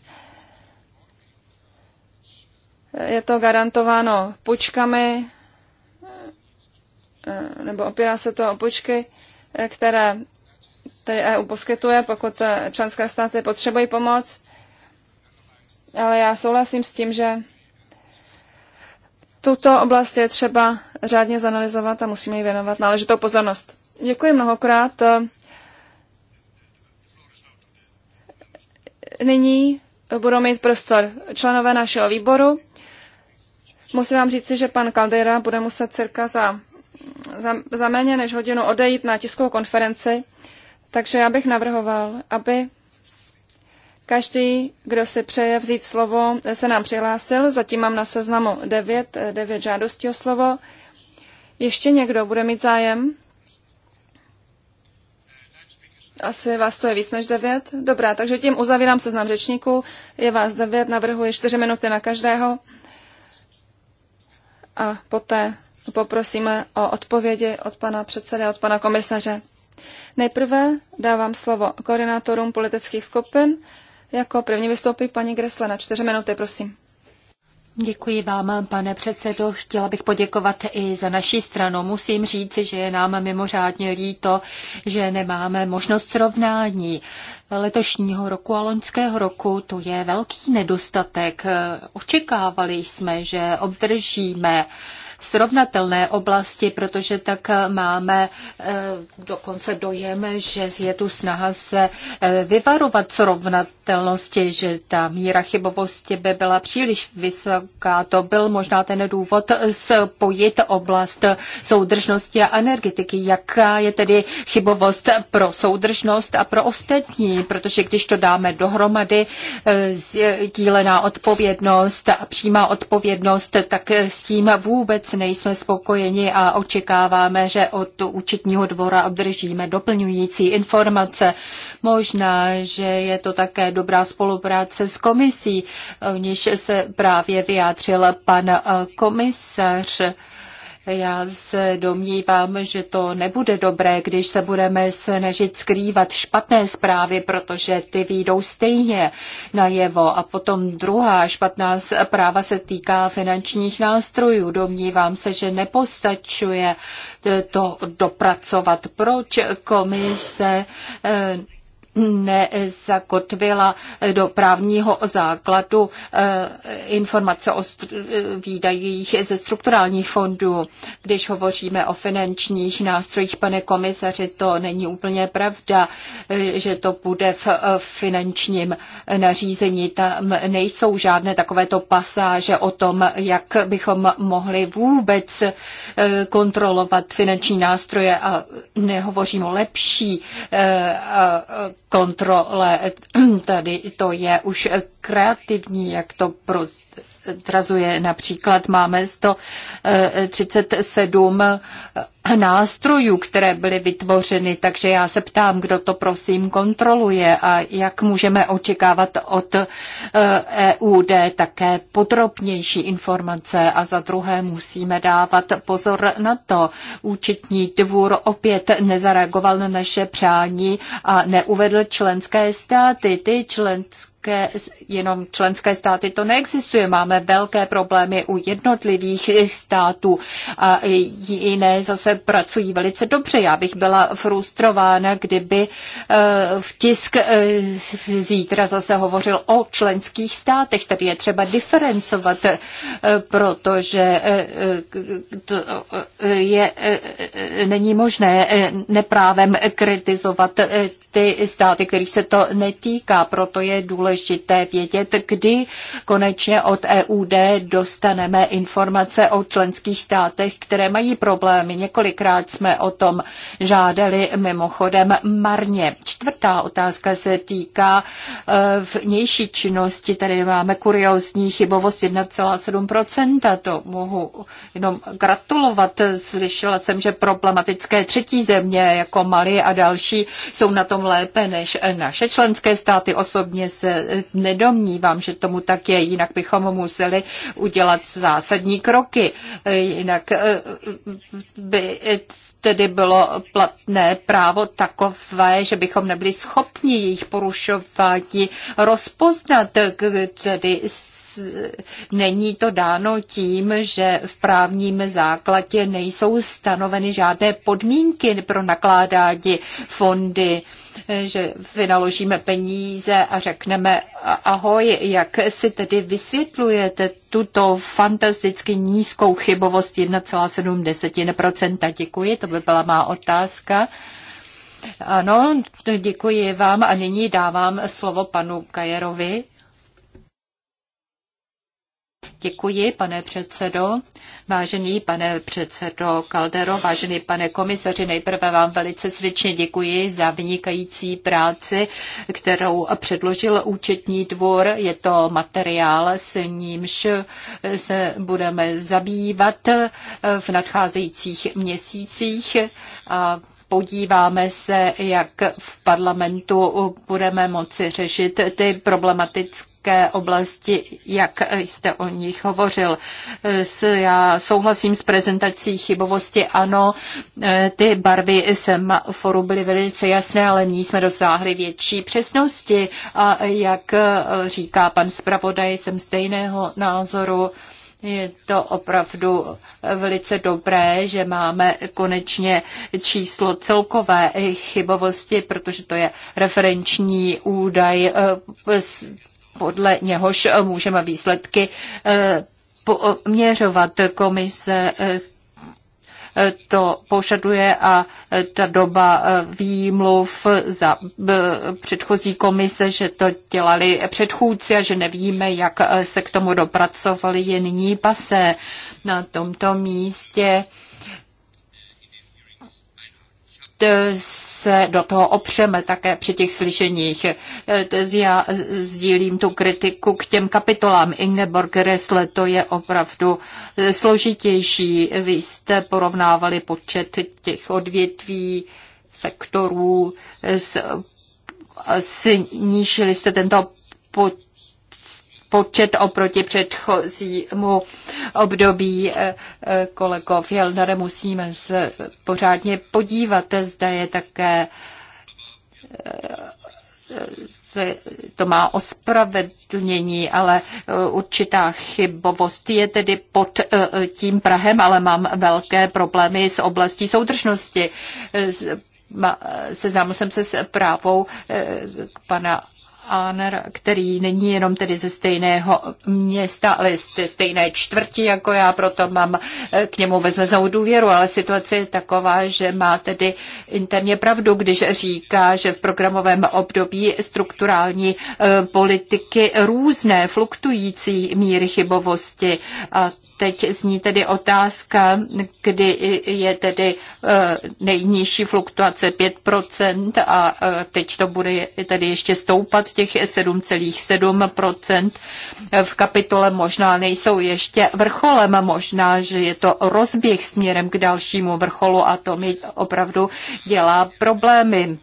Speaker 1: je to garantováno počkami, nebo opírá se to o počky, které tady EU poskytuje, pokud členské státy potřebují pomoc. Ale já souhlasím s tím, že tuto oblast je třeba řádně zanalizovat a musíme ji věnovat náležitou pozornost. Děkuji mnohokrát. Nyní budou mít prostor členové našeho výboru. Musím vám říci, že pan Caldera bude muset cirka za, za, za méně než hodinu odejít na tiskovou konferenci, takže já bych navrhoval, aby každý, kdo si přeje vzít slovo, se nám přihlásil. Zatím mám na seznamu devět, devět žádostí o slovo. Ještě někdo bude mít zájem? Asi vás to je víc než devět. Dobrá, takže tím uzavírám seznam řečníků. Je vás devět, navrhuji čtyři minuty na každého a poté poprosíme o odpovědi od pana předsedy a od pana komisaře. Nejprve dávám slovo koordinátorům politických skupin. Jako první vystoupí paní Gresle na čtyři minuty, prosím.
Speaker 3: Děkuji vám, pane předsedo. Chtěla bych poděkovat i za naši stranu. Musím říct, že je nám mimořádně líto, že nemáme možnost srovnání letošního roku a loňského roku. To je velký nedostatek. Očekávali jsme, že obdržíme srovnatelné oblasti, protože tak máme eh, dokonce dojem, že je tu snaha se eh, vyvarovat srovnatelnosti, že ta míra chybovosti by byla příliš vysoká. To byl možná ten důvod spojit oblast soudržnosti a energetiky. Jaká je tedy chybovost pro soudržnost a pro ostatní? Protože když to dáme dohromady, eh, dílená odpovědnost a přímá odpovědnost, tak s tím vůbec nejsme spokojeni a očekáváme, že od účetního dvora obdržíme doplňující informace. Možná, že je to také dobrá spolupráce s komisí, o níž se právě vyjádřil pan eh, komisař. Já se domnívám, že to nebude dobré, když se budeme snažit skrývat špatné zprávy, protože ty výjdou stejně najevo. A potom druhá špatná zpráva se týká finančních nástrojů. Domnívám se, že nepostačuje to dopracovat. Proč komise eh, nezakotvila do právního základu eh, informace o výdajích ze strukturálních fondů. Když hovoříme o finančních nástrojích, pane komisaři, to není úplně pravda, eh, že to bude v eh, finančním nařízení. Tam nejsou žádné takovéto pasáže o tom, jak bychom mohli vůbec kontrolovat finanční nástroje a nehovořím o lepší kontrole. <clears throat> Tady to je už kreativní, jak to prozrazuje. Například máme 137 nástrojů, které byly vytvořeny, takže já se ptám, kdo to prosím kontroluje a jak můžeme očekávat od EUD eh, e také podrobnější informace a za druhé musíme dávat pozor na to. Účetní dvůr opět nezareagoval na naše přání a neuvedl členské státy. Ty členské také jenom členské státy to neexistuje. Máme velké problémy u jednotlivých států a jiné zase pracují velice dobře. Já bych byla frustrována, kdyby eh, v tisk eh, zítra zase hovořil o členských státech. Tady je třeba diferencovat, eh, protože to je, není možné neprávem kritizovat ty státy, kterých se to netýká. Proto je důležité důležité vědět, kdy konečně od EUD dostaneme informace o členských státech, které mají problémy. Několikrát jsme o tom žádali mimochodem marně. Čtvrtá otázka se týká eh, vnější činnosti. Tady máme kuriozní chybovost 1,7%. To mohu jenom gratulovat. Slyšela jsem, že problematické třetí země jako Mali a další jsou na tom lépe než naše členské státy. Osobně se nedomnívám, že tomu tak je, jinak bychom museli udělat zásadní kroky. Jinak eh, by tedy bylo platné právo takové, že bychom nebyli schopni jejich porušování rozpoznat, tedy není to dáno tím, že v právním základě nejsou stanoveny žádné podmínky pro nakládání fondy. Eh, že vynaložíme peníze a řekneme ahoj, jak si tedy vysvětlujete tuto fantasticky nízkou chybovost 1,7%. Děkuji, to by byla má otázka. Ano, děkuji vám a nyní dávám slovo panu Kajerovi. Děkuji, pane předsedo. Vážený pane předsedo Caldero, vážený pane komisaři, nejprve vám velice srdečně děkuji za vynikající práci, kterou předložil účetní dvor. Je to materiál, s nímž se budeme zabývat v nadcházejících měsících a podíváme se, jak v parlamentu budeme moci řešit ty problematické oblasti, jak jste o nich hovořil. Já souhlasím s prezentací chybovosti, ano, ty barvy semaforu byly velice jasné, ale ní jsme dosáhli větší přesnosti a jak říká pan zpravodaj, jsem stejného názoru. Je to opravdu velice dobré, že máme konečně číslo celkové chybovosti, protože to je referenční údaj, eh, podle něhož můžeme výsledky eh, poměřovat komise eh, to požaduje a ta doba výmluv za předchozí komise, že to dělali předchůdci a že nevíme, jak se k tomu dopracovali, je nyní pase na tomto místě se do toho opřeme také při těch slyšeních. E, já sdílím tu kritiku k těm kapitolám. Ingeborg Ressle, to je opravdu e, složitější. Vy jste porovnávali počet těch odvětví, sektorů, e, snížili jste tento počet počet oproti předchozímu období. Eh, eh, kolego Fjellnere musíme se pořádně podívat, zda je také eh, se, to má ospravedlnění, ale určitá chybovost je tedy pod tím Prahem, ale mám velké problémy s oblastí soudržnosti. Seznámil jsem se s právou pana Aner, který není jenom tedy ze stejného města, ale ze stejné čtvrti jako já, proto mám eh, k němu za důvěru, ale situace je taková, že má tedy interně pravdu, když říká, že v programovém období strukturální eh, politiky různé, fluktující míry chybovosti. A teď zní tedy otázka, kdy je tedy eh, nejnižší fluktuace 5% a teď to bude tedy ještě stoupat těch těch 7,7% v kapitole možná nejsou ještě vrcholem, možná, že je to rozběh směrem k dalšímu vrcholu a to mi opravdu dělá problémy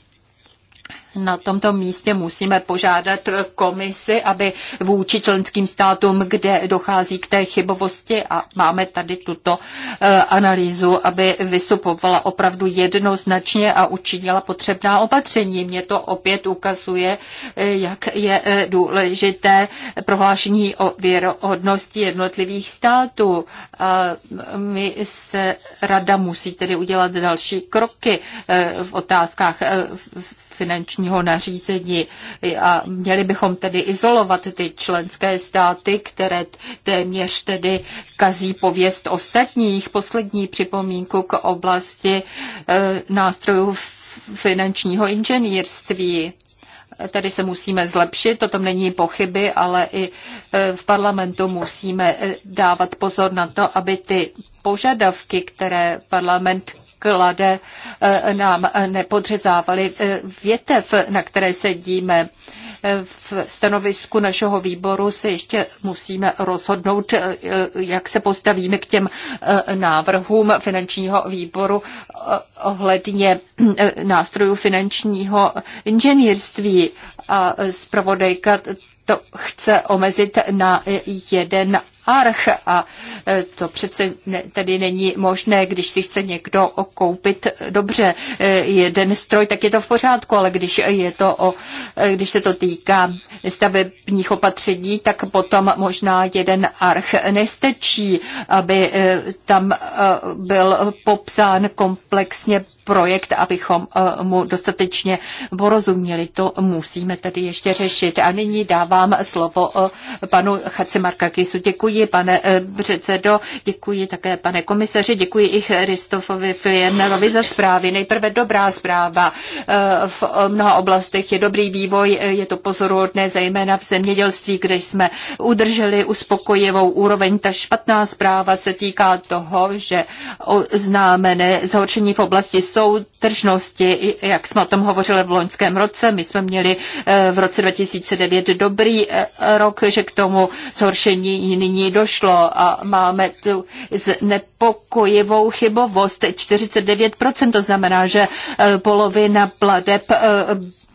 Speaker 3: na tomto místě musíme požádat komisi, aby vůči členským státům, kde dochází k té chybovosti a máme tady tuto eh, analýzu, aby vystupovala opravdu jednoznačně a učinila potřebná opatření. Mě to opět ukazuje, eh, jak je eh, důležité prohlášení o věrohodnosti jednotlivých států. A my se rada musí tedy udělat další kroky v otázkách finančního nařízení a měli bychom tedy izolovat ty členské státy, které téměř tedy kazí pověst ostatních. Poslední připomínku k oblasti e, nástrojů finančního inženýrství tady se musíme zlepšit, o tom není pochyby, ale i e, v parlamentu musíme e, dávat pozor na to, aby ty požadavky, které parlament klade, eh, nám nepodřezávaly eh, větev, na které sedíme. V stanovisku našeho výboru se ještě musíme rozhodnout, eh, jak se postavíme k těm návrhům finančního výboru ohledně nástrojů finančního inženýrství. A zpravodajka to chce omezit na jeden arch a e, to přece ne, tedy není možné, když si chce někdo koupit dobře e, jeden stroj, tak je to v pořádku, ale když, je to o, e, když se to týká stavebních opatření, tak potom možná jeden arch nestečí, aby tam byl popsán komplexně projekt, abychom mu dostatečně porozuměli. To musíme tedy ještě řešit. A nyní dávám slovo panu Kisu. Děkuji Děkuji, pane eh, předsedo, děkuji také, pane komisaři, děkuji i Christofovi Fliernerovi za zprávy. Nejprve dobrá zpráva. Eh, v mnoha oblastech je dobrý vývoj, eh, je to pozoruhodné, zejména v zemědělství, kde jsme udrželi uspokojivou úroveň. Ta špatná zpráva se týká toho, že oznámené zhoršení v oblasti jsou tržnosti, jak jsme o tom hovořili v loňském roce, my jsme měli v roce 2009 dobrý rok, že k tomu zhoršení nyní ní došlo a máme tu nepokojivou chybovost 49%, to znamená, že eh, polovina pladeb eh,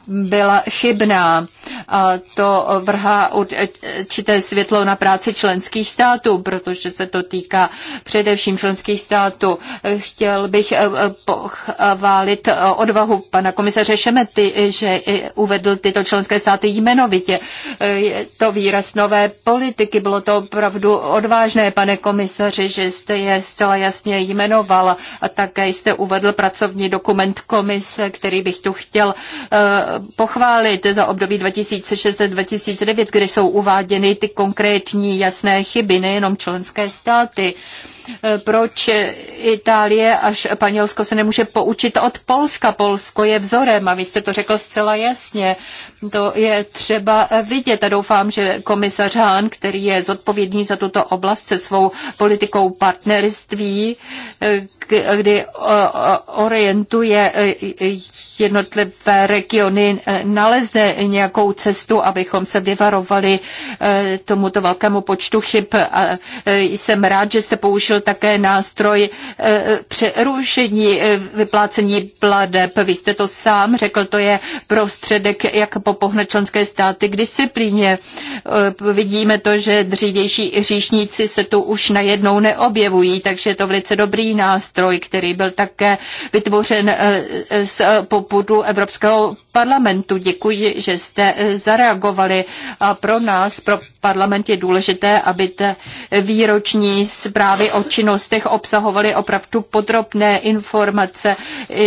Speaker 3: byla chybná. A to vrhá určité světlo na práci členských států, protože se to týká především členských států. Chtěl bych eh, pochválit eh, odvahu pana komisaře Šemety, že uvedl tyto členské státy jmenovitě. Eh, je to výraz nové politiky. Bylo to opravdu odvážné, pane komisaři, že jste je zcela jasně jmenoval a také jste uvedl pracovní dokument komise, který bych tu chtěl pochválit za období 2006-2009, kde jsou uváděny ty konkrétní jasné chyby, nejenom členské státy. Eh, proč Itálie a Španělsko se nemůže poučit od Polska. Polsko je vzorem a vy jste to řekl zcela jasně. To je třeba vidět a doufám, že komisař Hahn, který je zodpovědný za tuto oblast se svou politikou partnerství, eh, kdy eh, orientuje jednotlivé regiony, nalezne nějakou cestu, abychom se vyvarovali tomuto velkému počtu chyb. A jsem rád, že jste použil použil také nástroj eh, přerušení eh, vyplácení pladeb. Vy jste to sám řekl, to je prostředek, jak popohne členské státy k disciplíně. Eh, vidíme to, že dřívější říšníci se tu už najednou neobjevují, takže je to velice dobrý nástroj, který byl také vytvořen z popudu Evropského parlamentu. Děkuji, že jste eh, zareagovali. A pro nás, pro parlament je důležité, aby te výroční zprávy o činnostech obsahovaly opravdu podrobné informace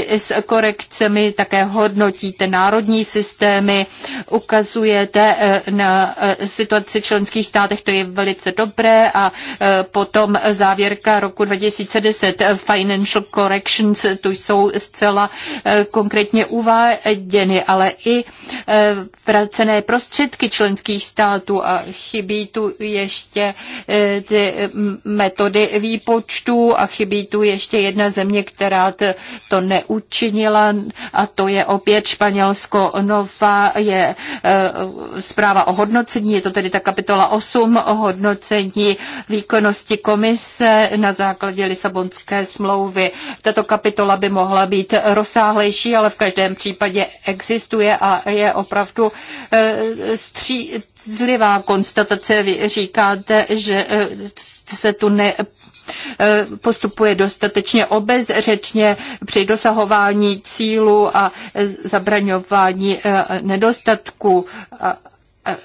Speaker 3: s korekcemi, také hodnotíte národní systémy, ukazujete eh, na eh, situaci v členských státech, to je velice dobré a potom závěrka roku 2010 Financial Corrections, tu jsou zcela konkrétně uváděny unie, ale i e, vracené prostředky členských států a chybí tu ještě e, ty metody výpočtu a chybí tu ještě jedna země, která to neučinila a to je opět Španělsko. Nová je e, zpráva o hodnocení, je to tedy ta kapitola 8 o hodnocení výkonnosti komise na základě Lisabonské smlouvy. Tato kapitola by mohla být rozsáhlejší, ale v každém případě ex existuje a je opravdu eh, střízlivá konstatace. Vy říkáte, že eh, se tu ne eh, postupuje dostatečně obezřetně při dosahování cílu a zabraňování nedostatků Eh,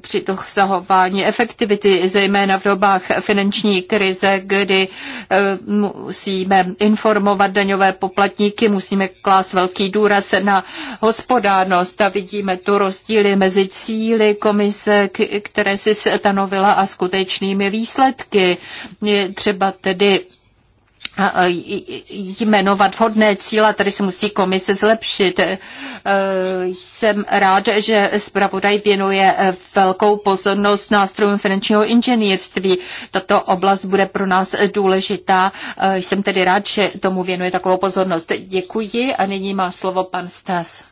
Speaker 3: při dosahování efektivity, zejména v dobách finanční krize, kdy eh, musíme informovat daňové poplatníky, musíme klást velký důraz na hospodárnost a vidíme tu rozdíly mezi cíly komise, které si stanovila a skutečnými výsledky. je Třeba tedy jmenovat vhodné cíle, tady se musí komise zlepšit. E, jsem rád, že zpravodaj věnuje e, velkou pozornost nástrojům finančního inženýrství. Tato oblast bude pro nás důležitá. E, jsem tedy rád, že tomu věnuje takovou pozornost. Děkuji a nyní má slovo pan Stas.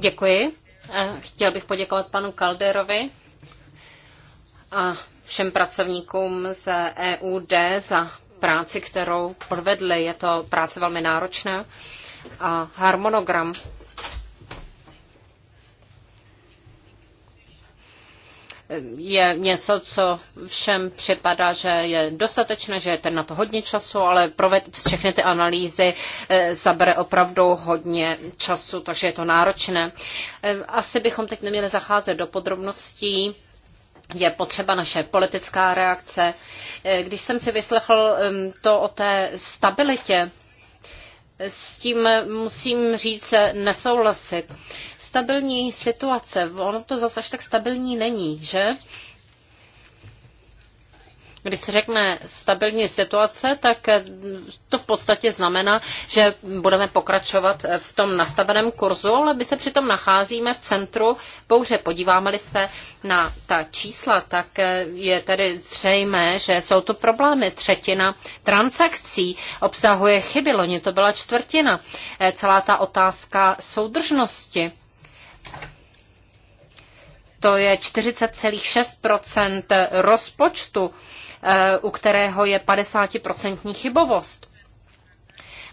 Speaker 3: Děkuji.
Speaker 2: Chtěl bych poděkovat panu Kalderovi a všem pracovníkům z EUD za práci, kterou odvedli. Je to práce velmi náročná a harmonogram je něco, co všem připadá, že je dostatečné, že je ten na to hodně času, ale proved, všechny ty analýzy eh, zabere opravdu hodně času, takže je to náročné. Eh, asi bychom teď neměli zacházet do podrobností je potřeba naše politická reakce. Eh, Když jsem si vyslechl to o té stabilitě, s tím musím říct eh, nesouhlasit. Stabilní situace, ono to zase až tak stabilní není, že? Když se řekne stabilní situace, tak eh, to v podstatě znamená, že budeme pokračovat eh, v tom nastaveném kurzu, ale my se přitom nacházíme v centru bouře. Podíváme-li se na ta čísla, tak eh, je tedy zřejmé, že jsou to problémy. Třetina transakcí obsahuje chyby, loni to byla čtvrtina. Celá ta otázka soudržnosti to je 40,6 rozpočtu, eh, u kterého je 50% chybovost.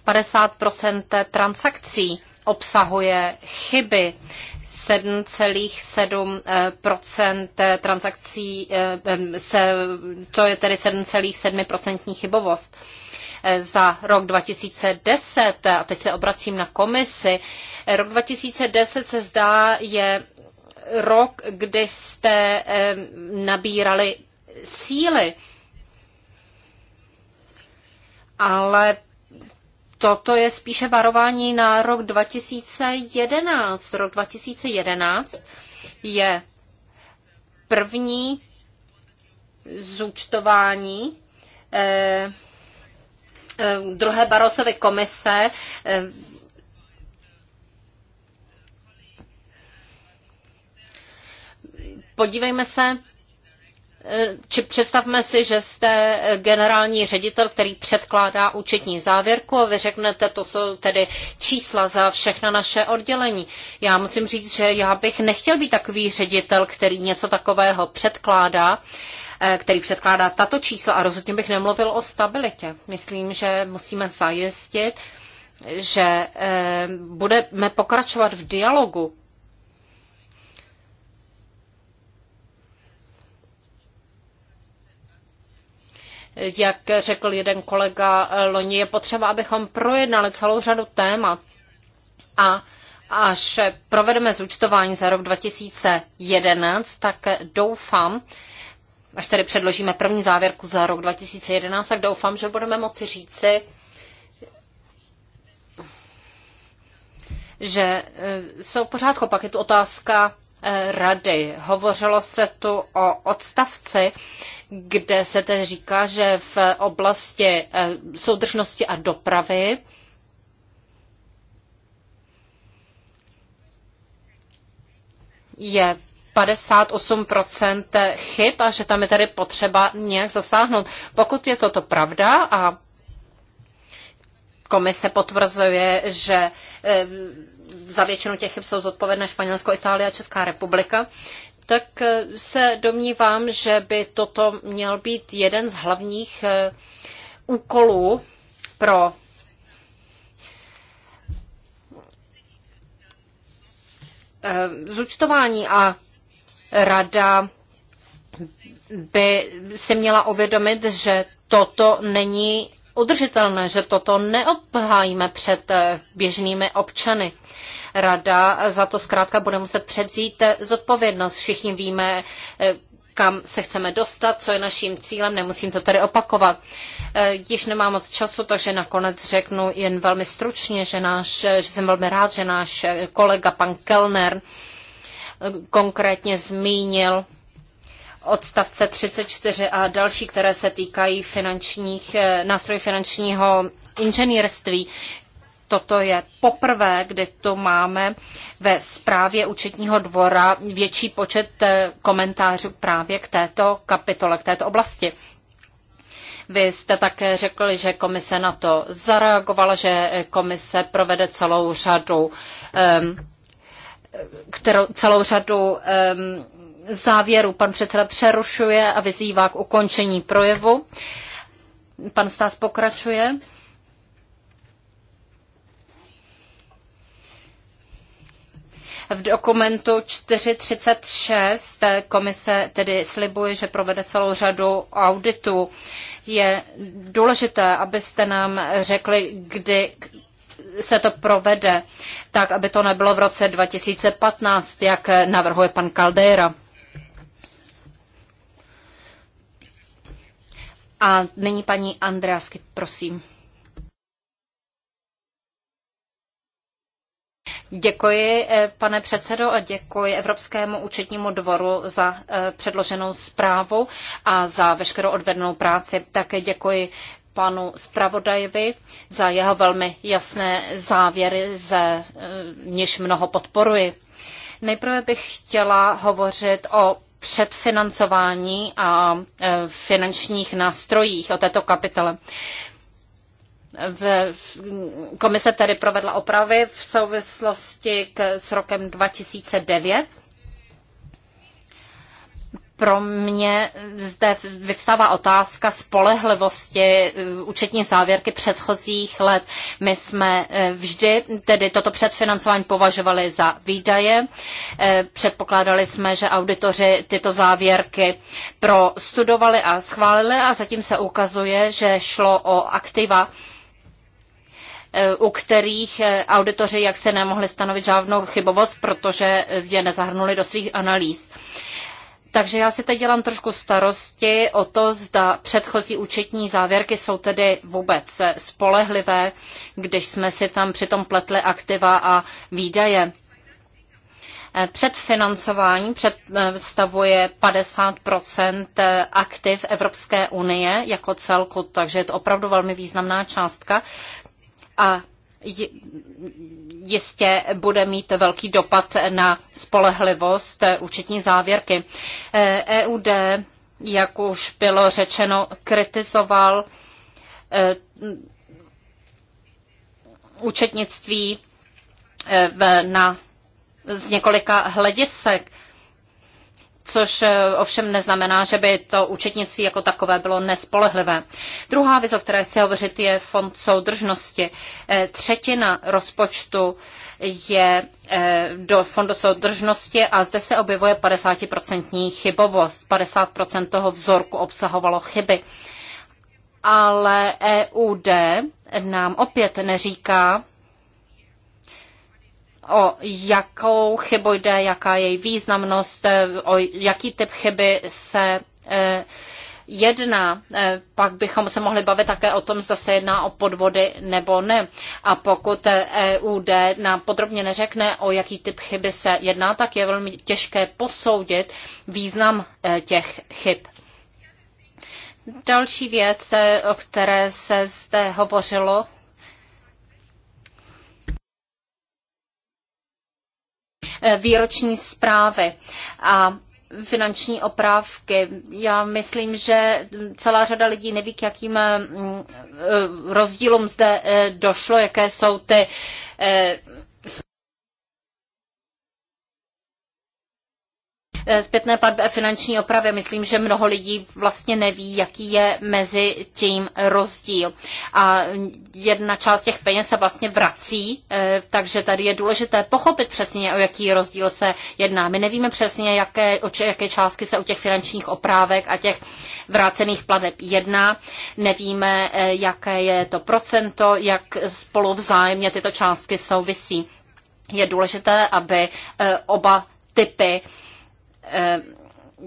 Speaker 2: 50 transakcí obsahuje chyby. 7,7 transakcí, eh, se, to je tedy 7,7% chybovost. Eh, za rok 2010, a teď se obracím na komisi, rok 2010 se zdá je rok, kdy jste nabírali síly. Ale toto je spíše varování na rok 2011. Rok 2011 je první zúčtování eh, eh druhé Barosovy komise eh, Podívejme se, eh, či představme si, že jste generální ředitel, který předkládá účetní závěrku a vy řeknete, to jsou tedy čísla za všechna naše oddělení. Já musím říct, že já bych nechtěl být takový ředitel, který něco takového předkládá, eh, který předkládá tato čísla a rozhodně bych nemluvil o stabilitě. Myslím, že musíme zajistit, že eh, budeme pokračovat v dialogu Jak řekl jeden kolega eh, loni, je potřeba, abychom projednali celou řadu témat a až provedeme zúčtování za rok 2011, tak doufám, až tady předložíme první závěrku za rok 2011, tak doufám, že budeme moci říci, že eh, jsou pořád pak je tu otázka eh, rady. Hovořilo se tu o odstavci, kde se tedy říká, že v oblasti eh, soudržnosti a dopravy je 58% chyb a že tam je tady potřeba nějak zasáhnout. Pokud je toto pravda a komise potvrzuje, že eh, za většinu těch chyb jsou zodpovědné Španělsko, Itálie a Česká republika, tak eh, se domnívám, že by toto měl být jeden z hlavních eh, úkolů pro eh, zúčtování a rada by se měla uvědomit, že toto není udržitelné, že toto neobhájíme před eh, běžnými občany. Rada za to zkrátka bude muset předzít eh, zodpovědnost. Všichni víme, eh, kam se chceme dostat, co je naším cílem, nemusím to tady opakovat. Již nemám moc času, takže nakonec řeknu jen velmi stručně, že, náš, že jsem velmi rád, že náš kolega pan Kellner konkrétně zmínil odstavce 34 a další, které se týkají finančních, eh, nástrojů finančního inženýrství. Toto je poprvé, kdy to máme ve zprávě účetního dvora větší počet eh, komentářů právě k této kapitole, k této oblasti. Vy jste také řekli, že komise na to zareagovala, že komise provede celou řadu, um, kterou, celou řadu um, závěru. Pan předseda přerušuje a vyzývá k ukončení projevu. Pan Stás pokračuje. V dokumentu 436 komise tedy slibuje, že provede celou řadu auditů. Je důležité, abyste nám řekli, kdy se to provede, tak aby to nebylo v roce 2015, jak navrhuje pan Caldera. A nyní paní Andreasky, prosím. Děkuji, eh, pane předsedo, a děkuji Evropskému účetnímu dvoru za eh, předloženou zprávu a za veškerou odvednou práci. Také děkuji panu zpravodajovi za jeho velmi jasné závěry, ze eh, níž mnoho podporuji. Nejprve bych chtěla hovořit o předfinancování a e, finančních nástrojích o této kapitole. V, komise tedy provedla opravy v souvislosti k, s rokem 2009 pro mě zde vyvstává otázka spolehlivosti eh, účetní závěrky předchozích let. My jsme eh, vždy tedy toto předfinancování považovali za výdaje. Eh, předpokládali jsme, že auditoři tyto závěrky prostudovali a schválili a zatím se ukazuje, že šlo o aktiva, u kterých auditoři jak se nemohli stanovit žádnou chybovost, protože je nezahrnuli do svých analýz. Takže já si teď dělám trošku starosti o to, zda předchozí účetní závěrky jsou tedy vůbec spolehlivé, když jsme si tam přitom pletli aktiva a výdaje. Eh, předfinancování představuje 50 eh, aktiv Evropské unie jako celku, takže je to opravdu velmi významná částka. A jistě bude mít velký dopad na spolehlivost eh, účetní závěrky. EUD, eh, e jak už bylo řečeno, kritizoval eh, účetnictví na, z několika hledisek což eh, ovšem neznamená, že by to účetnictví jako takové bylo nespolehlivé. Druhá věc, o které chci hovořit, je fond soudržnosti. Eh, třetina rozpočtu je eh, do fondu soudržnosti a zde se objevuje 50% chybovost. 50% toho vzorku obsahovalo chyby. Ale EUD nám opět neříká, o jakou chybu jde, jaká je její významnost, eh, o jaký typ chyby se eh, jedná. Eh, pak bychom se mohli bavit také o tom, zda se jedná o podvody nebo ne. A pokud EUD e nám podrobně neřekne, o jaký typ chyby se jedná, tak je velmi těžké posoudit význam těch chyb. Další věc, o které se zde hovořilo, Eh, výroční zprávy. A finanční oprávky. Já myslím, že celá řada lidí neví, k jakým mm, eh, rozdílům zde eh, došlo, jaké jsou ty Eh, zpětné platby finanční opravy. Myslím, že mnoho lidí vlastně neví, jaký je mezi tím rozdíl. A jedna část těch peněz se vlastně vrací, eh, takže tady je důležité pochopit přesně, o jaký rozdíl se jedná. My nevíme přesně, jaké, jaké částky se u těch finančních oprávek a těch vrácených plateb jedná. Nevíme, eh, jaké je to procento, jak spolu vzájemně tyto částky souvisí. Je důležité, aby oba typy Eh,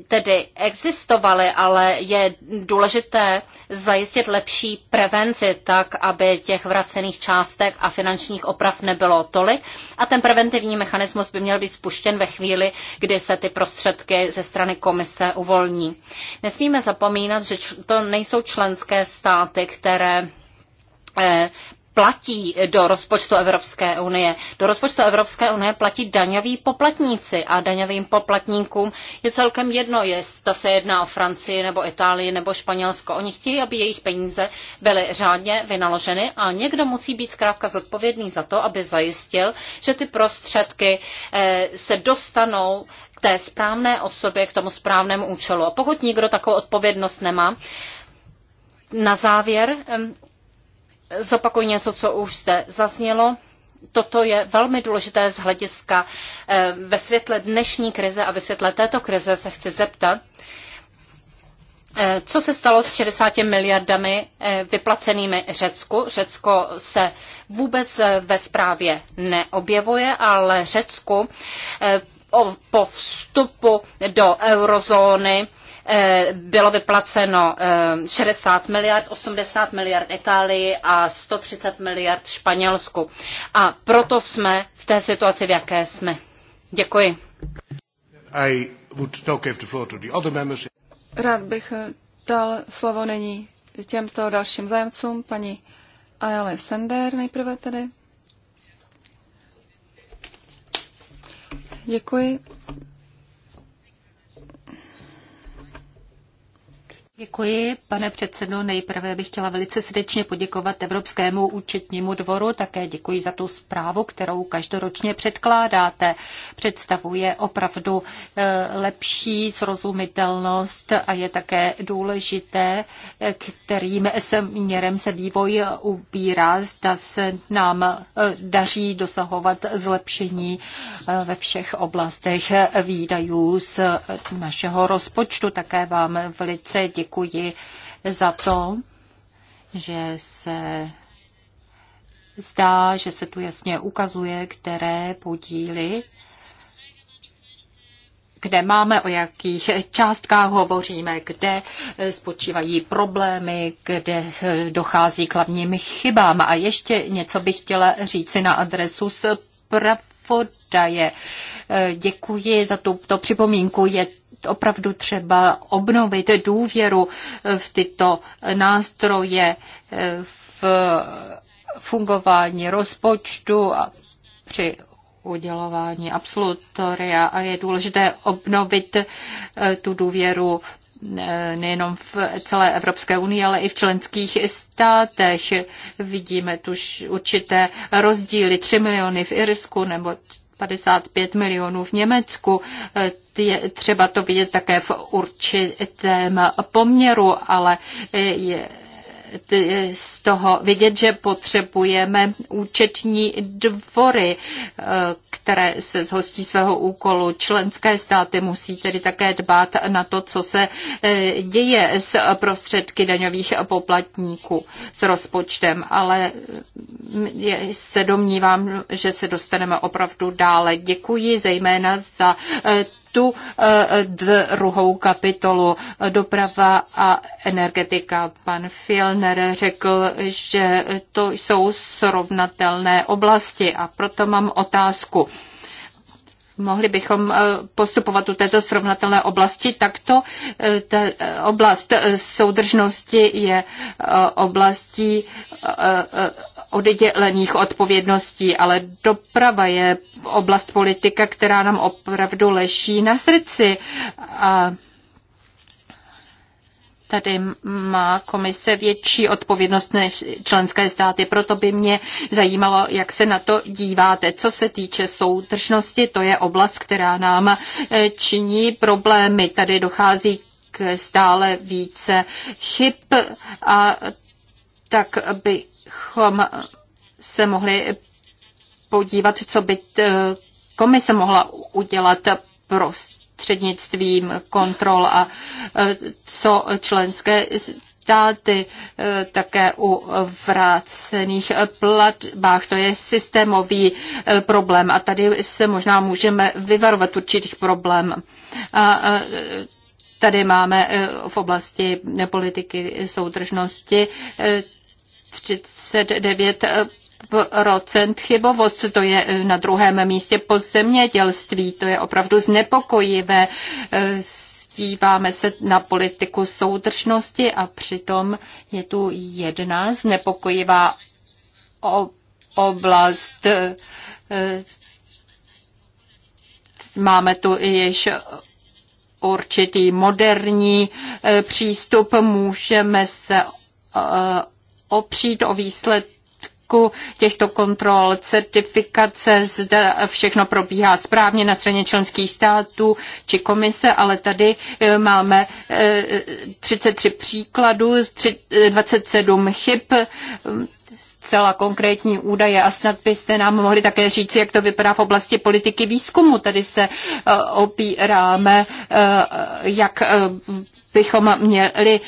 Speaker 2: tedy existovaly, ale je důležité zajistit lepší prevenci tak, aby těch vracených částek a finančních oprav nebylo tolik. A ten preventivní mechanismus by měl být spuštěn ve chvíli, kdy se ty prostředky ze strany komise uvolní. Nesmíme zapomínat, že to nejsou členské státy, které eh, platí do rozpočtu Evropské unie. Do rozpočtu Evropské unie platí daňoví poplatníci a daňovým poplatníkům je celkem jedno, jestli se jedná o Francii nebo Itálii nebo Španělsko. Oni chtějí, aby jejich peníze byly řádně vynaloženy a někdo musí být zkrátka zodpovědný za to, aby zajistil, že ty prostředky eh, se dostanou k té správné osobě, k tomu správnému účelu. A pokud nikdo takovou odpovědnost nemá, na závěr zopakuji něco, co už zde zaznělo. Toto je velmi důležité z hlediska eh, ve světle dnešní krize a ve světle této krize se chci zeptat, eh, co se stalo s 60 miliardami eh, vyplacenými Řecku? Řecko se vůbec ve zprávě neobjevuje, ale Řecku po vstupu do eurozóny Eh, bylo vyplaceno 60 eh, miliard, 80 miliard Itálii a 130 miliard Španělsku. A proto jsme v té situaci, v jaké jsme. Děkuji.
Speaker 1: I would now give the floor to the other members. Rád bych eh, dal slovo nyní těmto dalším zájemcům, paní Ayale Sender nejprve tedy. Děkuji.
Speaker 3: Děkuji, pane předsedo. Nejprve bych chtěla velice srdečně poděkovat Evropskému účetnímu dvoru. Také děkuji za tu zprávu, kterou každoročně předkládáte. Představuje opravdu eh, lepší srozumitelnost a je také důležité, eh, kterým směrem se vývoj ubírá. Zda se nám eh, daří dosahovat zlepšení ve všech oblastech výdajů z našeho rozpočtu. Také vám velice děkuji děkuji za to, že se zdá, že se tu jasně ukazuje, které podíly, kde máme, o jakých částkách hovoříme, kde spočívají problémy, kde dochází k hlavním chybám. A ještě něco bych chtěla říci na adresu zpravodaje. Děkuji za tu to připomínku. Je opravdu třeba obnovit důvěru v tyto nástroje, v fungování rozpočtu a při udělování absolutoria a je důležité obnovit eh, tu důvěru eh, nejenom v celé Evropské unii, ale i v členských státech. Vidíme tu určité rozdíly, 3 miliony v Irsku nebo 55 milionů v Německu. Eh, je třeba to vidět také v určitém poměru, ale eh, je z toho vidět, že potřebujeme účetní dvory, eh, které se zhostí svého úkolu. Členské státy musí tedy také dbát na to, co se eh, děje s prostředky daňových poplatníků s rozpočtem, ale mm, se domnívám, že se dostaneme opravdu dále. Děkuji zejména za eh, tu eh, druhou kapitolu doprava a energetika. Pan Filner řekl, že to jsou srovnatelné oblasti a proto mám otázku. Mohli bychom eh, postupovat u této srovnatelné oblasti takto. Eh, ta oblast soudržnosti je oblastí oddělených odpovědností, ale doprava je oblast politika, která nám opravdu leší na srdci. A tady má komise větší odpovědnost než členské státy. Proto by mě zajímalo, jak se na to díváte. Co se týče soudržnosti, to je oblast, která nám eh, činí problémy. Tady dochází k stále více chyb a tak bychom se mohli podívat, co by eh, komise mohla udělat prostřednictvím kontrol a eh, co členské státy eh, také u vrácených platbách. To je systémový problém a tady se možná můžeme vyvarovat určitých problém. A tady máme v oblasti politiky soudržnosti 39 chybovost, to je na druhém místě po zemědělství, to je opravdu znepokojivé. Díváme se na politiku soudržnosti a přitom je tu jedna znepokojivá oblast. Máme tu již určitý moderní eh, přístup, můžeme se eh, opřít o výsledky výsledku těchto kontrol, certifikace, zda všechno probíhá správně na straně členských států či komise, ale tady eh, máme 33 eh, příkladů, 27 eh, chyb, zcela konkrétní údaje a snad byste nám mohli také říct, jak to vypadá v oblasti politiky výzkumu. Tady se eh, opíráme, eh, jak eh, bychom měli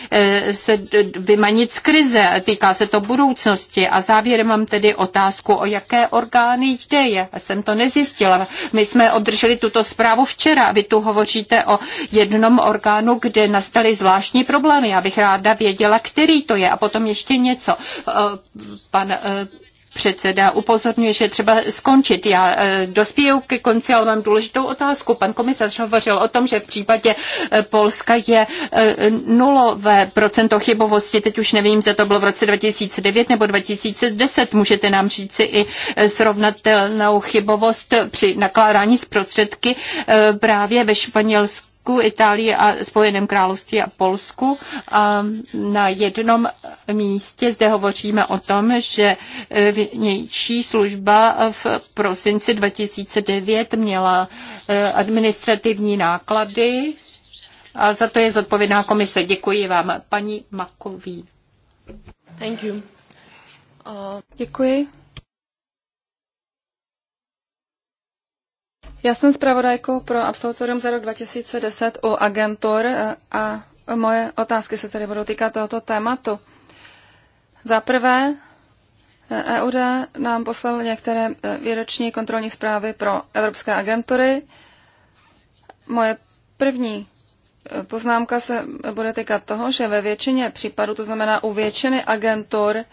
Speaker 3: se vymanit z krize. Týká se to budoucnosti. A závěrem mám tedy otázku, o jaké orgány jde. Já jsem to nezjistila. My jsme obdrželi tuto zprávu včera. Vy tu hovoříte o jednom orgánu, kde nastaly zvláštní problémy. Já bych ráda věděla, který to je. A potom ještě něco. Pan Eh, předseda upozorňuje, že třeba skončit. Já eh, dospěju ke konci, ale mám důležitou otázku. Pan komisař hovořil o tom, že v případě eh, Polska je nulové procento chybovosti. Teď už nevím, zda to bylo v roce 2009 nebo 2010. Můžete nám si i srovnatelnou chybovost při nakládání s prostředky právě ve Španělsku Řecku, Itálii a Spojeném království a Polsku. A na jednom místě zde hovoříme o tom, že vnější služba v prosinci 2009 měla e, administrativní náklady a za to je zodpovědná komise. Děkuji vám, paní Makový. Thank you.
Speaker 1: Uh... Děkuji. Já jsem zpravodajkou pro absolutorium za rok 2010 u agentur eh, a moje otázky se tedy budou týkat tohoto tématu. Za prvé, eh, EUD nám poslal některé eh, výroční kontrolní zprávy pro evropské agentury. Moje první poznámka se bude týkat toho, že ve většině případů, to znamená u většiny agentur,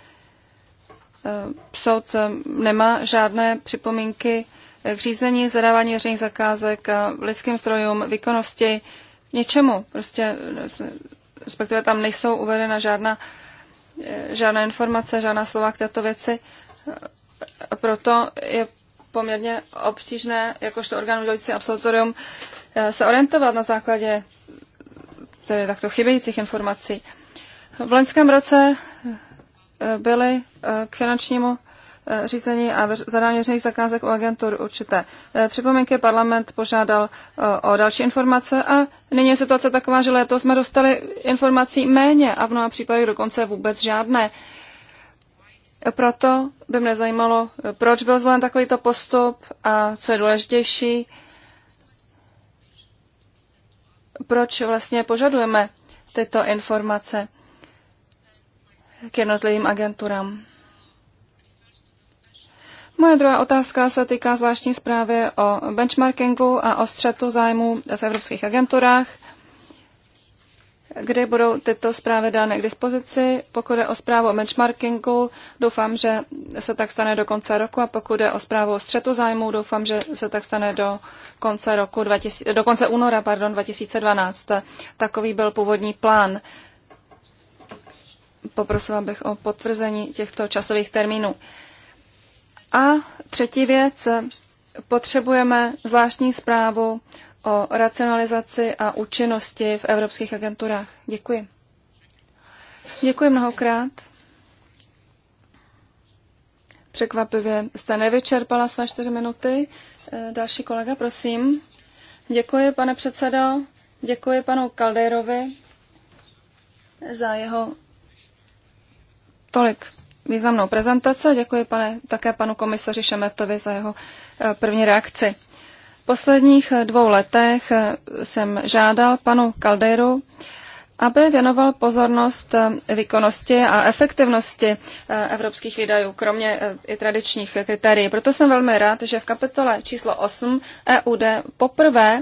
Speaker 1: soud nemá žádné připomínky k řízení, zadávání veřejných zakázek, lidským strojům, výkonnosti, ničemu. Prostě, respektive tam nejsou uvedena žádná, eh, žádná informace, žádná slova k této věci. Eh, proto je poměrně obtížné, jakožto orgán udělující absolutorium, eh, se orientovat na základě tedy takto chybějících informací. V loňském roce byly k finančnímu Eh, řízení a zadání veřejných zakázek u agentur určité eh, připomínky. Parlament požádal eh, o další informace a nyní je situace taková, že letos jsme dostali informací méně a v mnoha případech dokonce vůbec žádné. Proto by mě zajímalo, proč byl zvolen takovýto postup a co je důležitější, proč vlastně požadujeme tyto informace k jednotlivým agenturám. Moje druhá otázka se týká zvláštní zprávy o benchmarkingu a o střetu zájmu v evropských agenturách, kde budou tyto zprávy dány k dispozici. Pokud je o zprávu o benchmarkingu, doufám, že se tak stane do konce roku a pokud je o zprávu o střetu zájmu, doufám, že se tak stane do konce, roku 2000, do konce února pardon, 2012. Takový byl původní plán. Poprosila bych o potvrzení těchto časových termínů. A třetí věc, potřebujeme zvláštní zprávu o racionalizaci a účinnosti v evropských agenturách. Děkuji. Děkuji mnohokrát. Překvapivě jste nevyčerpala své čtyři minuty. Eh, Další kolega, prosím. Děkuji, pane předsedo. Děkuji panu Kaldejrovi za jeho tolik významnou prezentaci a děkuji pane, také panu komisaři Šemetovi za jeho eh, první reakci. V posledních eh, dvou letech eh, jsem žádal panu Kalderu, aby věnoval pozornost výkonnosti a efektivnosti evropských výdajů, kromě i tradičních kritérií. Proto jsem velmi rád, že v kapitole číslo 8 EUD poprvé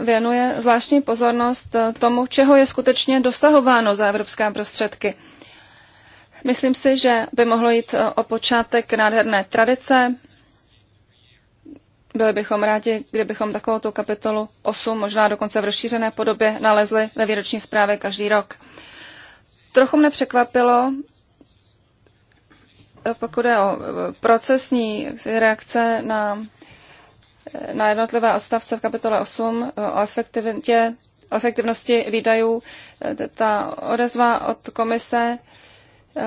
Speaker 1: věnuje zvláštní pozornost tomu, čeho je skutečně dosahováno za evropské prostředky. Myslím si, že by mohlo jít eh, o počátek nádherné tradice. Byli bychom rádi, kdybychom takovou tu kapitolu 8, možná dokonce v rozšířené podobě, nalezli ve výroční zprávě každý rok. Trochu mne překvapilo, eh, pokud je o eh, procesní reakce na, na jednotlivé odstavce v kapitole 8 o efektivitě efektivnosti výdajů, ta odezva od komise Eh,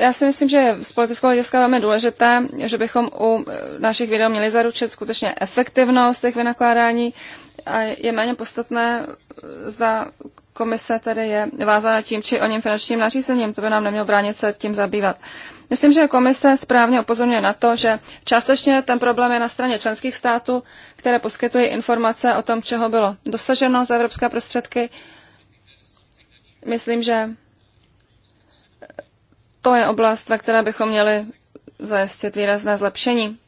Speaker 1: já si myslím, že z politického hlediska velmi důležité, že bychom u eh, našich videí měli zaručit skutečně efektivnost těch vynakládání a je méně podstatné, eh, zda komise tedy je vázána tím či o něm finančním nařízením. To by nám nemělo bránit se tím zabývat. Myslím, že komise správně upozorňuje na to, že částečně ten problém je na straně členských států, které poskytují informace o tom, čeho bylo dosaženo za evropské prostředky. Myslím, že to je oblast, ve které bychom měli zajistit výrazné zlepšení.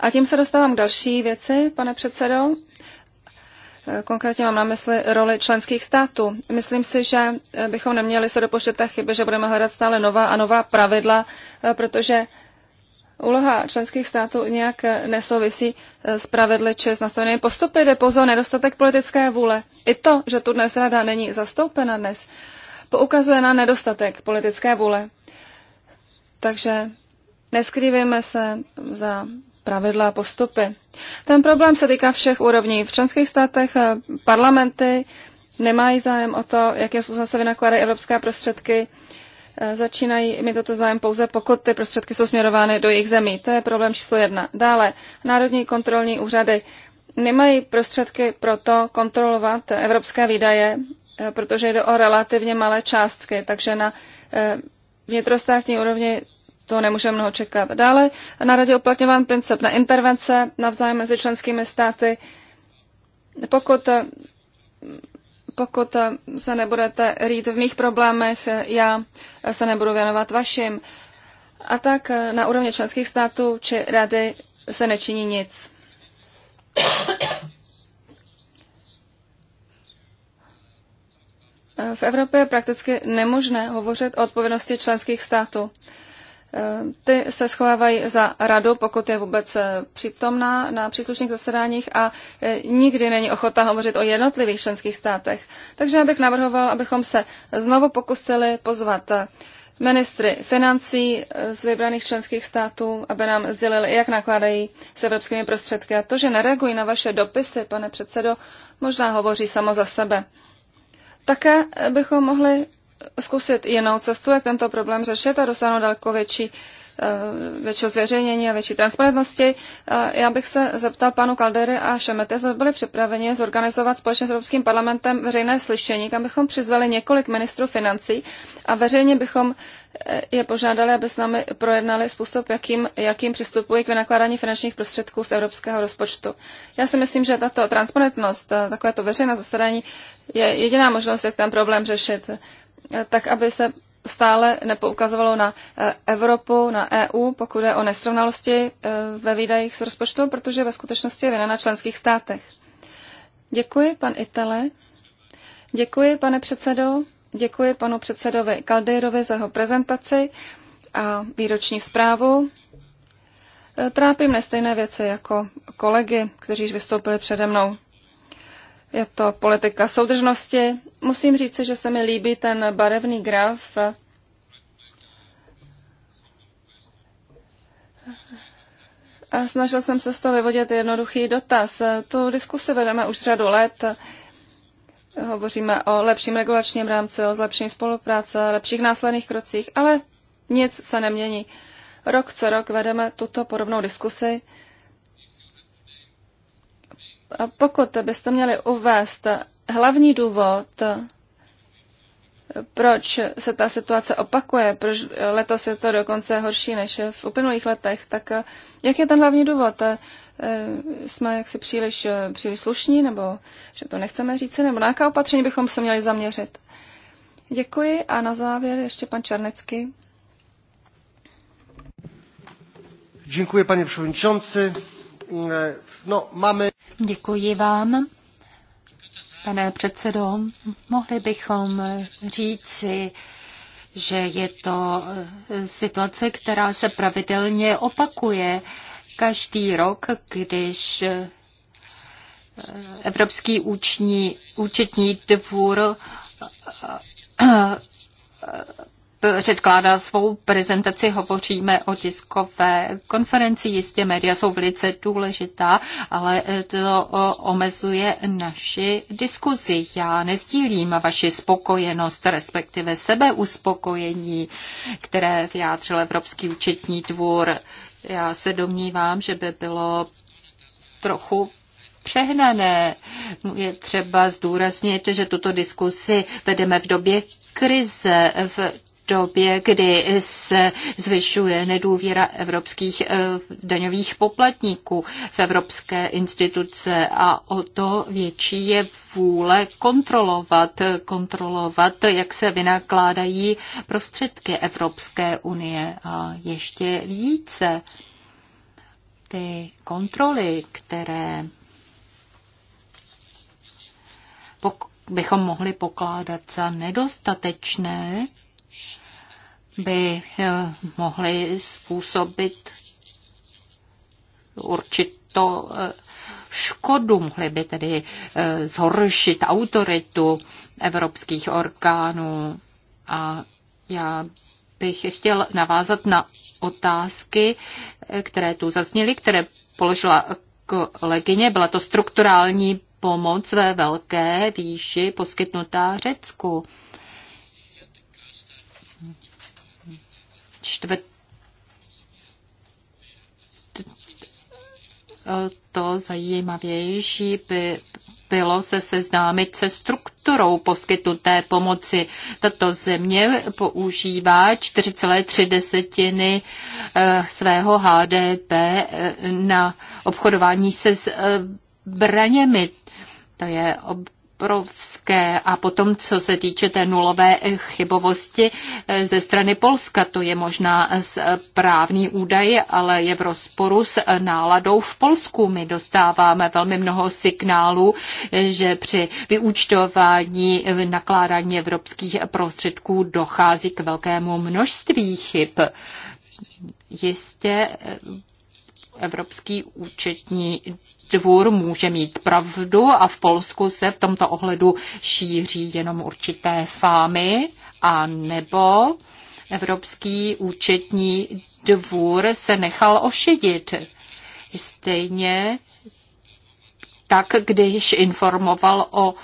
Speaker 1: A tím se dostávám k další věci, pane předsedo. Konkrétně mám na mysli roli členských států. Myslím si, že bychom neměli se dopočet té chyby, že budeme hledat stále nová a nová pravidla, protože úloha členských států nějak nesouvisí s pravidly či s nastavenými postupy. Jde pouze o nedostatek politické vůle. I to, že tu dnes rada není zastoupena dnes, poukazuje na nedostatek politické vůle. Takže neskrývejme se za pravidla a postupy. Ten problém se týká všech úrovní. V členských státech eh, parlamenty nemají zájem o to, jakým způsobem se vynakládají evropské prostředky. Eh, začínají mi toto zájem pouze, pokud ty prostředky jsou směrovány do jejich zemí. To je problém číslo jedna. Dále, národní kontrolní úřady nemají prostředky pro to kontrolovat evropské výdaje, eh, protože jde o relativně malé částky, takže na vnitrostátní úrovni to nemůže mnoho čekat. Dále na radě uplatňován princip na intervence navzájem mezi členskými státy. Pokud, pokud se nebudete rýt v mých problémech, já se nebudu věnovat vašim. A tak na úrovni členských států či rady se nečiní nic. V Evropě je prakticky nemožné hovořit o odpovědnosti členských států. Ty se schovávají za radu, pokud je vůbec eh, přítomná na příslušných zasedáních a eh, nikdy není ochota hovořit o jednotlivých členských státech. Takže já bych navrhoval, abychom se znovu pokusili pozvat eh, ministry financí z vybraných členských států, aby nám sdělili, jak nakládají s evropskými prostředky. A to, že nereagují na vaše dopisy, pane předsedo, možná hovoří samo za sebe. Také bychom mohli zkusit jinou cestu, jak tento problém řešit a dosáhnout daleko větší eh, většího zveřejnění a větší transparentnosti. Eh, já bych se zeptal panu Kaldery a Šemete, zda byli připraveni zorganizovat společně s Evropským parlamentem veřejné slyšení, kam bychom přizvali několik ministrů financí a veřejně bychom eh, je požádali, aby s námi projednali způsob, jakým, jakým přistupují k vynakládání finančních prostředků z evropského rozpočtu. Já si myslím, že tato transparentnost, takovéto veřejné zasedání je jediná možnost, jak ten problém řešit. Eh, tak aby se stále nepoukazovalo na eh, Evropu, na EU, pokud je o nesrovnalosti eh, ve výdajích s rozpočtu, protože ve skutečnosti je vina na členských státech. Děkuji, pan Itale. Děkuji, pane předsedo. Děkuji panu předsedovi Kaldejrovi za jeho prezentaci a výroční zprávu. Trápím nestejné věci jako kolegy, kteří již vystoupili přede mnou je to politika soudržnosti. Musím říct, že se mi líbí ten barevný graf. A snažil jsem se z toho vyvodit jednoduchý dotaz. Tu diskusi vedeme už řadu let. Hovoříme o lepším regulačním rámci, o zlepšení spolupráce, lepších následných krocích, ale nic se nemění. Rok co rok vedeme tuto podobnou diskusi pokud byste měli uvést hlavní důvod, proč se ta situace opakuje, proč letos je to dokonce horší než v uplynulých letech, tak jak je ten hlavní důvod? Eh, jsme jaksi příliš, eh, příliš slušní, nebo že to nechceme říct, nebo na jaká opatření bychom se měli zaměřit? Děkuji a na závěr ještě pan Čarnecký. Děkuji, paní předsedající. No, máme...
Speaker 3: Děkuji vám. Pane předsedo, mohli bychom říci, že je to eh, situace, která se pravidelně opakuje. Každý rok, když eh, Evropský účetní dvůr eh, předkládá svou prezentaci, hovoříme o tiskové konferenci. Jistě média jsou velice důležitá, ale eh, to omezuje naši diskuzi. Já nezdílím vaši spokojenost, respektive sebeuspokojení, které vyjádřil Evropský účetní dvůr. Já se domnívám, že by bylo trochu přehnané. Je třeba zdůraznit, že tuto diskusi vedeme v době krize, v době, kdy se zvyšuje nedůvěra evropských eh, daňových poplatníků v evropské instituce a o to větší je vůle kontrolovat, kontrolovat, jak se vynakládají prostředky Evropské unie a ještě více ty kontroly, které bychom mohli pokládat za nedostatečné, by eh, mohly způsobit určitou eh, škodu, mohly by tedy eh, zhoršit autoritu evropských orgánů. A já bych chtěl navázat na otázky, které tu zazněly, které položila kolegyně. Byla to strukturální pomoc ve velké výši poskytnutá Řecku. čtvrt to zajímavější by bylo se seznámit se strukturou poskytnuté pomoci. Tato země používá 4,3 desetiny eh, svého HDP eh, na obchodování se eh, zbraněmi. To je ob obrovské. A potom, co se týče té nulové chybovosti eh, ze strany Polska, to je možná správný eh, údaj, ale je v rozporu s eh, náladou v Polsku. My dostáváme velmi mnoho signálů, že při vyúčtování nakládání evropských prostředků dochází k velkému množství chyb. Jistě Evropský účetní dvůr může mít pravdu a v Polsku se v tomto ohledu šíří jenom určité fámy a nebo Evropský účetní dvůr se nechal ošidit. Stejně tak, když informoval o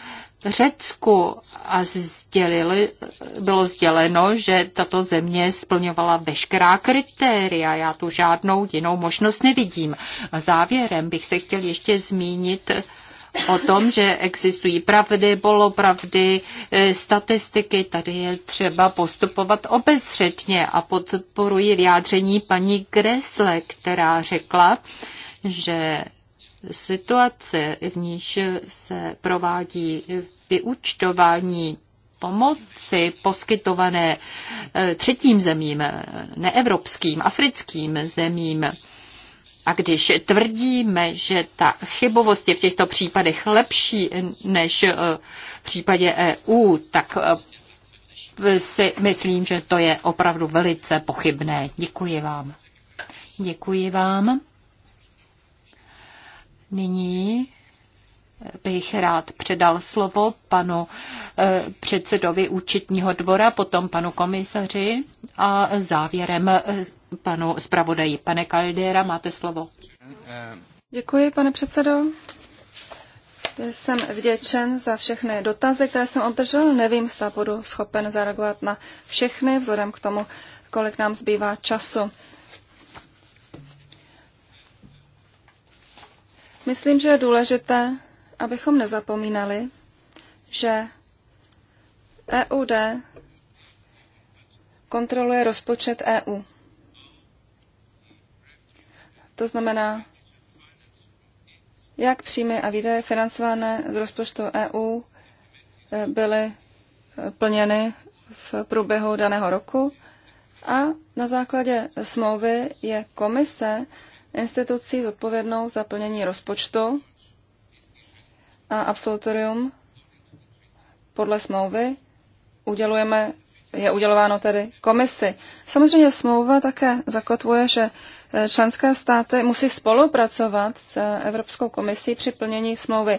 Speaker 3: Řecku a sdělili, bylo sděleno, že tato země splňovala veškerá kritéria. Já tu žádnou jinou možnost nevidím. A závěrem bych se chtěl ještě zmínit o tom, že existují pravdy, polopravdy, eh, statistiky. Tady je třeba postupovat obezřetně a podporuji vyjádření paní Gresle, která řekla, že situace, v níž se provádí vyúčtování pomoci poskytované eh, třetím zemím, neevropským, africkým zemím. A když tvrdíme, že ta chybovost je v těchto případech lepší než eh, v případě EU, tak eh, si myslím, že to je opravdu velice pochybné. Děkuji vám. Děkuji vám. Nyní bych rád předal slovo panu eh, předsedovi účetního dvora, potom panu komisaři a závěrem eh, panu zpravodaji. Pane Caldera, máte slovo.
Speaker 1: Děkuji, pane předsedo. Jsem vděčen za všechny dotazy, které jsem obdržel. Nevím, zda budu schopen zareagovat na všechny, vzhledem k tomu, kolik nám zbývá času. Myslím, že je důležité, abychom nezapomínali, že EUD kontroluje rozpočet EU. To znamená, jak příjmy a výdaje financované z rozpočtu EU eh, byly eh, plněny v průběhu daného roku a na základě smlouvy je komise institucí zodpovědnou za plnění rozpočtu a absolutorium podle smlouvy udělujeme, je udělováno tedy komisi. Samozřejmě smlouva také zakotvuje, že eh, členské státy musí spolupracovat s eh, Evropskou komisí při plnění smlouvy.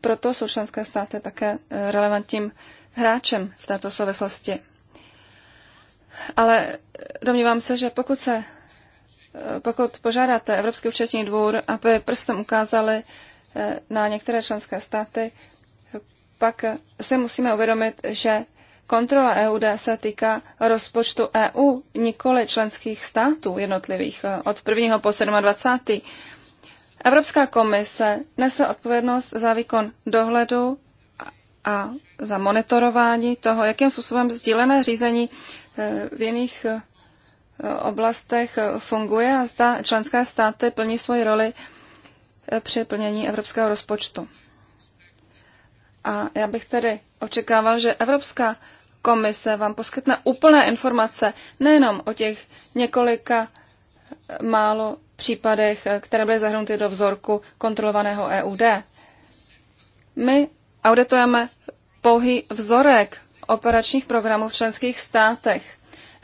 Speaker 1: Proto jsou členské státy také eh, relevantním hráčem v této souvislosti. Ale domnívám se, že pokud se Eh, pokud požádáte Evropský účetní dvůr, aby prstem ukázali eh, na některé členské státy, pak se musíme uvědomit, že kontrola EUD se týká rozpočtu EU, nikoli členských států jednotlivých eh, od 1. po 27. Evropská komise nese odpovědnost za výkon dohledu a za monitorování toho, jakým způsobem sdílené řízení v jiných oblastech funguje a zda členské státy plní svoji roli při plnění evropského rozpočtu. A já bych tedy očekával, že Evropská komise vám poskytne úplné informace nejenom o těch několika málo případech, které byly zahrnuty do vzorku kontrolovaného EUD. My auditujeme pouhý vzorek operačních programů v členských státech.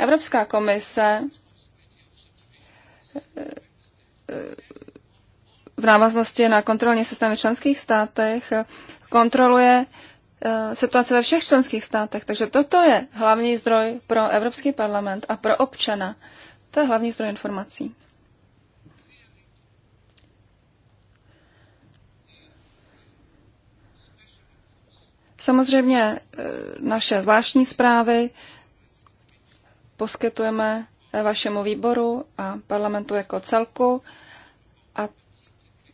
Speaker 1: Evropská komise eh, v návaznosti na kontrolní systémy v členských státech kontroluje eh, situace ve všech členských státech. Takže toto je hlavní zdroj pro Evropský parlament a pro občana. To je hlavní zdroj informací. Samozřejmě eh, naše zvláštní zprávy poskytujeme vašemu výboru a parlamentu jako celku. A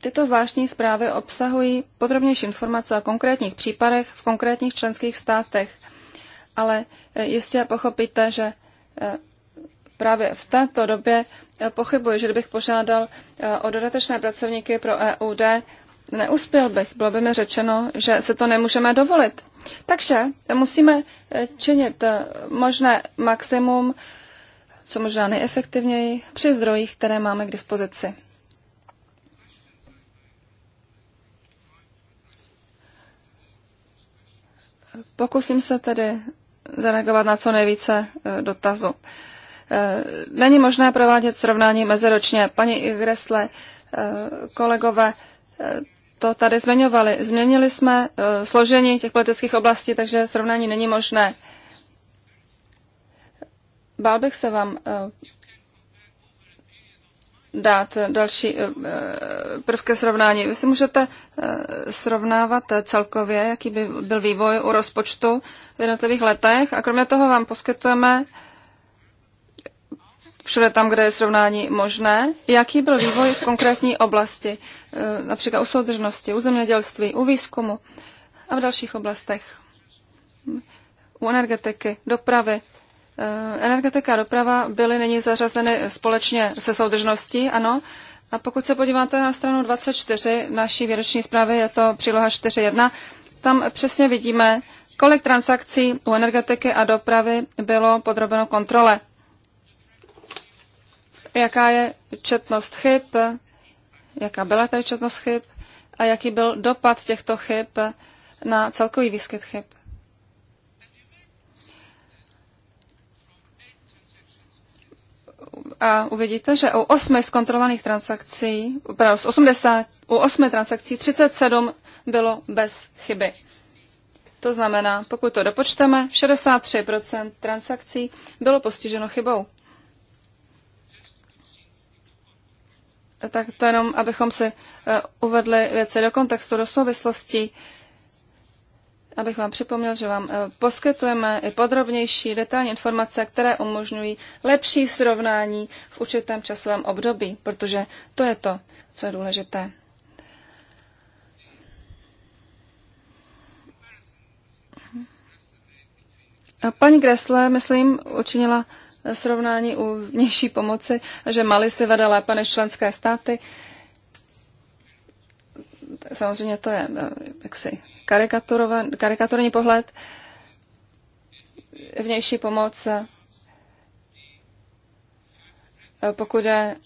Speaker 1: tyto zvláštní zprávy obsahují podrobnější informace o konkrétních případech v konkrétních členských státech. Ale eh, jistě pochopíte, že eh, právě v této době eh, pochybuji, že bych požádal o dodatečné pracovníky pro EUD, neuspěl bych. Bylo by mi řečeno, že se to nemůžeme dovolit. Takže musíme eh, činit eh, možné maximum, co možná nejefektivněji, při zdrojích, které máme k dispozici. Pokusím se tedy zareagovat na co nejvíce eh, dotazu. Není možné provádět srovnání meziročně. Paní Gresle, kolegové, to tady zmiňovali. Změnili jsme eh, složení těch politických oblastí, takže srovnání není možné. Bál bych se vám eh, dát další eh, prvky srovnání. Vy si můžete srovnávat celkově, jaký by byl vývoj u rozpočtu v jednotlivých letech a kromě toho vám poskytujeme všude tam, kde je srovnání možné. Jaký byl vývoj v konkrétní oblasti, e, například u soudržnosti, u zemědělství, u výzkumu a v dalších oblastech? U energetiky, dopravy. E, energetika a doprava byly nyní zařazeny společně se soudržností, ano. A pokud se podíváte na stranu 24 naší výroční zprávy, je to příloha 4.1, tam přesně vidíme, kolik transakcí u energetiky a dopravy bylo podrobeno kontrole jaká je četnost chyb, jaká byla ta četnost chyb a jaký byl dopad těchto chyb na celkový výskyt chyb. A uvidíte, že u 8 zkontrolovaných transakcí, z 80, u 8 transakcí 37 bylo bez chyby. To znamená, pokud to dopočteme, 63% transakcí bylo postiženo chybou. tak to jenom, abychom si eh, uvedli věci do kontextu, do souvislostí, abych vám připomněl, že vám eh, poskytujeme i podrobnější detailní informace, které umožňují lepší srovnání v určitém časovém období, protože to je to, co je důležité. Paní Gressle, myslím, učinila srovnání u vnější pomoci, že Mali si vede lépe než členské státy. Samozřejmě to je eh, jaksi karikaturní pohled. Vnější pomoc, eh, pokud je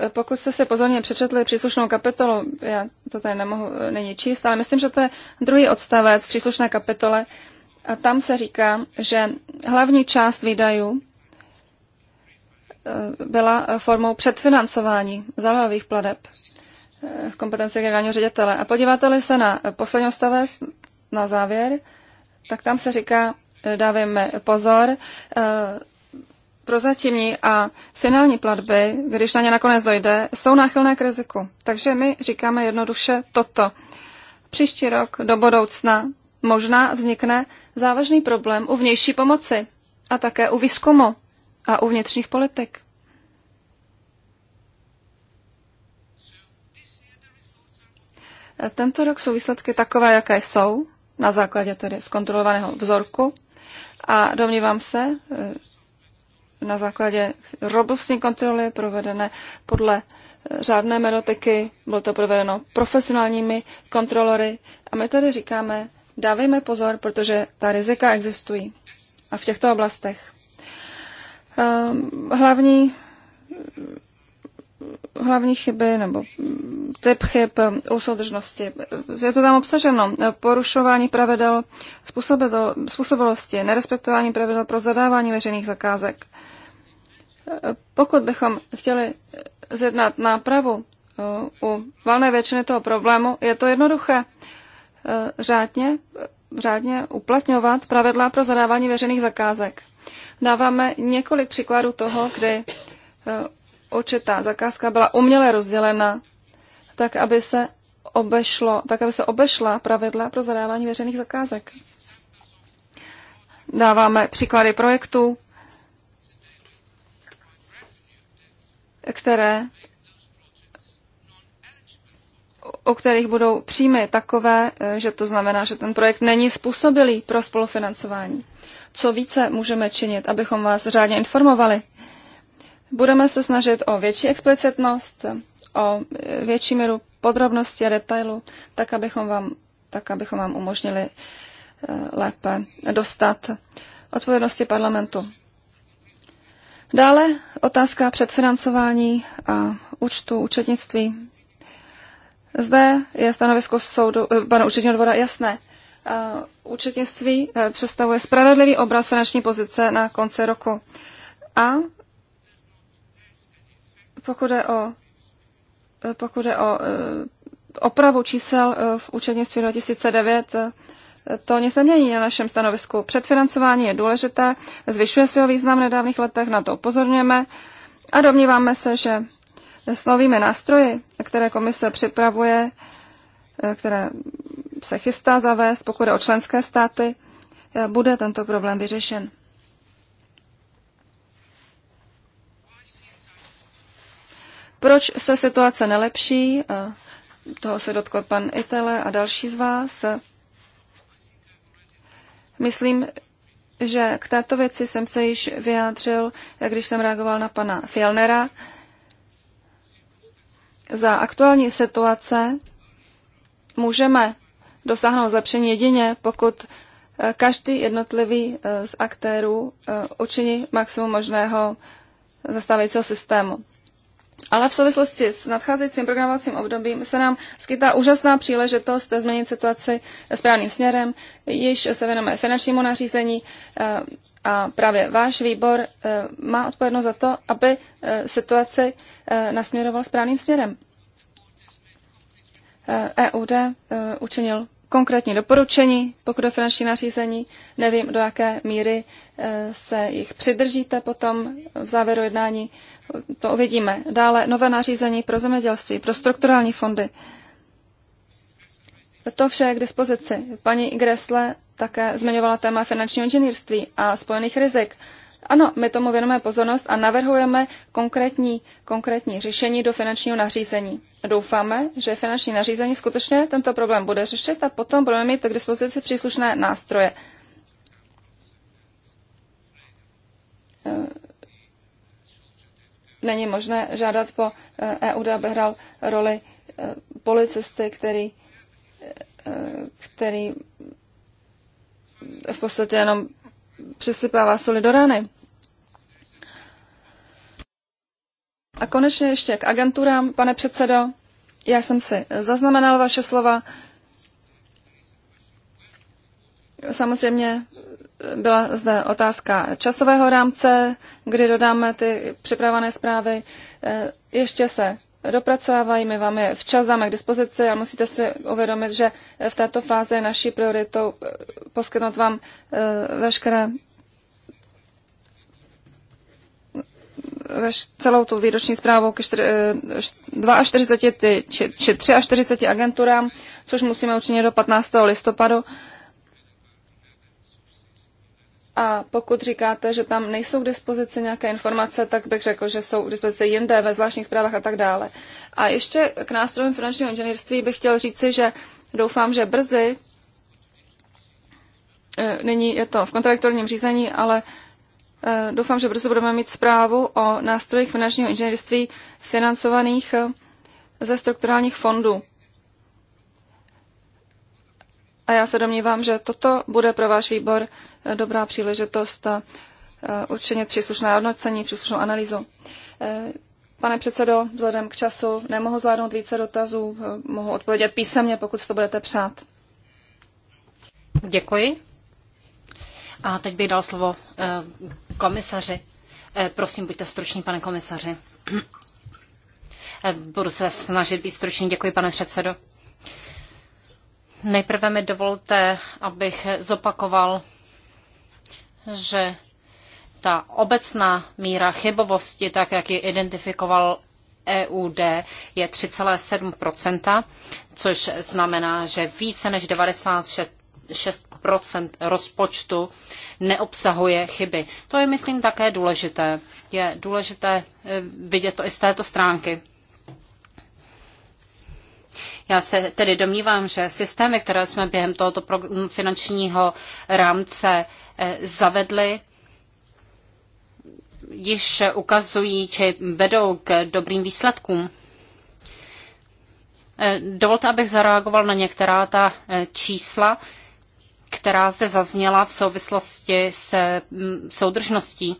Speaker 1: eh, pokud jste se pozorně přečetli příslušnou kapitolu, já to tady nemohu není číst, ale myslím, že to je druhý odstavec v příslušné kapitole, a tam se říká, že hlavní část výdajů eh, byla formou předfinancování zálohových pladeb v eh, kompetenci generálního ředitele. A podíváte-li se na poslední stavec, na závěr, tak tam se říká, eh, dávejme pozor, prozatímní a finální platby, když na ně nakonec dojde, jsou náchylné k riziku. Takže my říkáme jednoduše toto. Příští rok do budoucna možná vznikne závažný problém u vnější pomoci a také u výzkumu a u vnitřních politik. Tento rok jsou výsledky takové, jaké jsou, na základě tedy zkontrolovaného vzorku. A domnívám se, eh, na základě robustní kontroly provedené podle eh, řádné metodiky, bylo to provedeno profesionálními kontrolory. A my tady říkáme, dávejme pozor, protože ta rizika existují a v těchto oblastech. Ehm, hlavní, hlavní chyby nebo typ chyb eh, u soudržnosti. Je to tam obsaženo. Porušování pravidel způsobilosti, nerespektování pravidel pro zadávání veřejných zakázek. Eh, pokud bychom chtěli zjednat nápravu eh, u valné většiny toho problému, je to jednoduché. Eh, řádně, eh, řádně uplatňovat pravidla pro zadávání veřejných zakázek. Dáváme několik příkladů toho, kdy očetá eh, zakázka byla uměle rozdělena, tak aby se obešlo, tak aby se obešla pravidla pro zadávání veřejných zakázek. Dáváme příklady projektů, které u kterých budou příjmy takové, eh, že to znamená, že ten projekt není způsobilý pro spolufinancování. Co více můžeme činit, abychom vás řádně informovali? Budeme se snažit o větší explicitnost, o eh, větší míru podrobnosti a detailu, tak abychom vám, tak abychom vám umožnili eh, lépe dostat odpovědnosti parlamentu. Dále otázka předfinancování a účtu, účetnictví. Zde je stanovisko soudu, eh, pana účetního dvora jasné. Eh, účetnictví eh, představuje spravedlivý obraz finanční pozice na konci roku. A pokud je o, pokud je o opravu čísel v účetnictví 2009, to nic nemění na našem stanovisku. Předfinancování je důležité, zvyšuje se o význam v nedávných letech, na to upozorňujeme a domníváme se, že s novými nástroji, které komise připravuje, eh, které se chystá zavést, pokud je o členské státy, eh, bude tento problém vyřešen. Proč se situace nelepší? Eh, toho se dotkl pan Itele a další z vás. Myslím, že k této věci jsem se již vyjádřil, když jsem reagoval na pana Fjellnera za aktuální situace můžeme dosáhnout zlepšení jedině, pokud eh, každý jednotlivý eh, z aktérů eh, učiní maximum možného zastávajícího systému. Ale v souvislosti s nadcházejícím programovacím obdobím se nám skytá úžasná příležitost změnit situaci správným směrem. Již se věnujeme finančnímu nařízení, a právě váš výbor eh, má odpovědnost za to, aby eh, situaci eh, nasměroval správným směrem. EUD e učinil konkrétní doporučení, pokud o finanční nařízení. Nevím, do jaké míry se jich přidržíte potom v závěru jednání. To uvidíme. Dále nové nařízení pro zemědělství, pro strukturální fondy. To vše je k dispozici. Paní Gressle také zmiňovala téma finančního inženýrství a spojených rizik. Ano, my tomu věnujeme pozornost a navrhujeme konkrétní, konkrétní řešení do finančního nařízení. Doufáme, že finanční nařízení skutečně tento problém bude řešit a potom budeme mít k dispozici příslušné nástroje. Eh, není možné žádat po EUD, eh, e aby hrál roli eh, policisty, který, který v podstatě jenom přisypává soli do rány. A konečně ještě k agenturám, pane předsedo. Já jsem si zaznamenal vaše slova. Samozřejmě byla zde otázka časového rámce, kdy dodáme ty připravené zprávy. Eh, ještě se dopracováváme, vám je včas dáme k dispozici a musíte si uvědomit, že v této fázi je naší prioritou eh, poskytnout vám eh, veškeré veš, celou tu výroční zprávu k 42 eh, či, či 43 agenturám, což musíme učinit do 15. listopadu. A pokud říkáte, že tam nejsou k dispozici nějaké informace, tak bych řekl, že jsou k dispozici jinde ve zvláštních zprávách a tak dále. A ještě k nástrojům finančního inženýrství bych chtěl říci, že doufám, že brzy, e, nyní je to v kontradiktorním řízení, ale e, doufám, že brzy budeme mít zprávu o nástrojích finančního inženýrství financovaných e, ze strukturálních fondů. A já se domnívám, že toto bude pro váš výbor eh, dobrá příležitost eh, učinit příslušné hodnocení, příslušnou analýzu. Eh, pane předsedo, vzhledem k času nemohu zvládnout více dotazů, mohu odpovědět písemně, pokud to budete přát. Děkuji.
Speaker 2: A teď bych dal slovo komisaři. Prosím, buďte struční, pane komisaři. Budu se snažit být stručný. Děkuji, pane předsedo. Nejprve mi dovolte, abych zopakoval, že ta obecná míra chybovosti, tak jak ji identifikoval EUD, je 3,7%, což znamená, že více než 96 rozpočtu neobsahuje chyby. To je, myslím, také důležité. Je důležité eh, vidět to i z této stránky. Já se tedy domnívám, že systémy, které jsme během tohoto finančního rámce eh, zavedli, již ukazují, či vedou k dobrým výsledkům. Eh, dovolte, abych zareagoval na některá ta eh, čísla, která zde zazněla v souvislosti s mm, soudržností.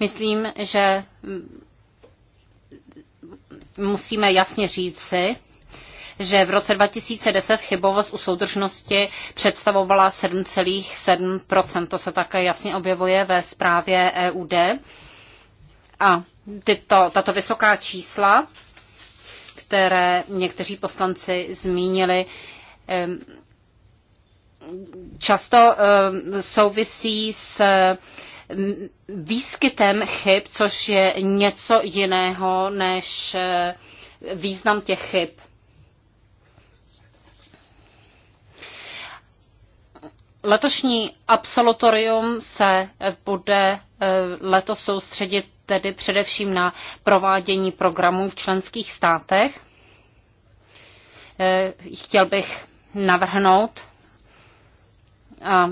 Speaker 2: Myslím, že mm, musíme jasně říci, že v roce 2010 chybovost u soudržnosti představovala 7,7%. To se také jasně objevuje ve zprávě EUD. A tyto, tato vysoká čísla, které někteří poslanci zmínili, často souvisí s výskytem chyb, což je něco jiného než eh, význam těch chyb. Letošní absolutorium se bude eh, letos soustředit tedy především na provádění programů v členských státech. Eh, chtěl bych navrhnout a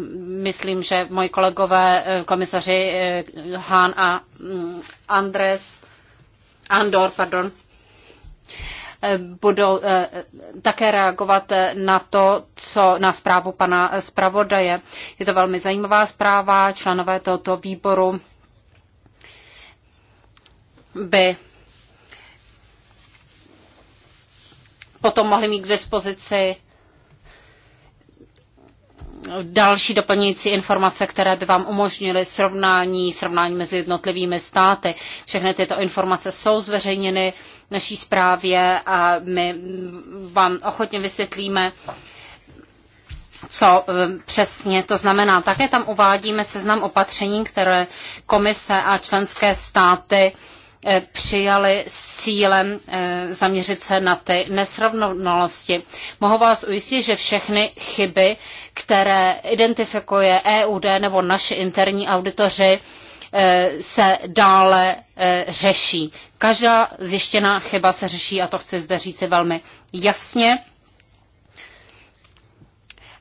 Speaker 2: myslím, že moji kolegové, eh, komisaři eh, Hahn a mm, Andres, Andor, pardon, eh, budou také reagovat na to, co na zprávu pana zpravodaje. Je to velmi zajímavá zpráva, členové tohoto výboru by potom mohli mít k dispozici další doplňující informace, které by vám umožnily srovnání, srovnání mezi jednotlivými státy. Všechny tyto informace jsou zveřejněny v naší zprávě a my vám ochotně vysvětlíme, co eh, přesně to znamená. Také tam uvádíme seznam opatření, které komise a členské státy uh, Eh, přijali s cílem eh, zaměřit se na ty nesrovnalosti. Mohu vás ujistit, že všechny chyby, které identifikuje EUD nebo naši interní auditoři, eh, se dále řeší. Každá zjištěná chyba se řeší a to chci zde říci velmi jasně.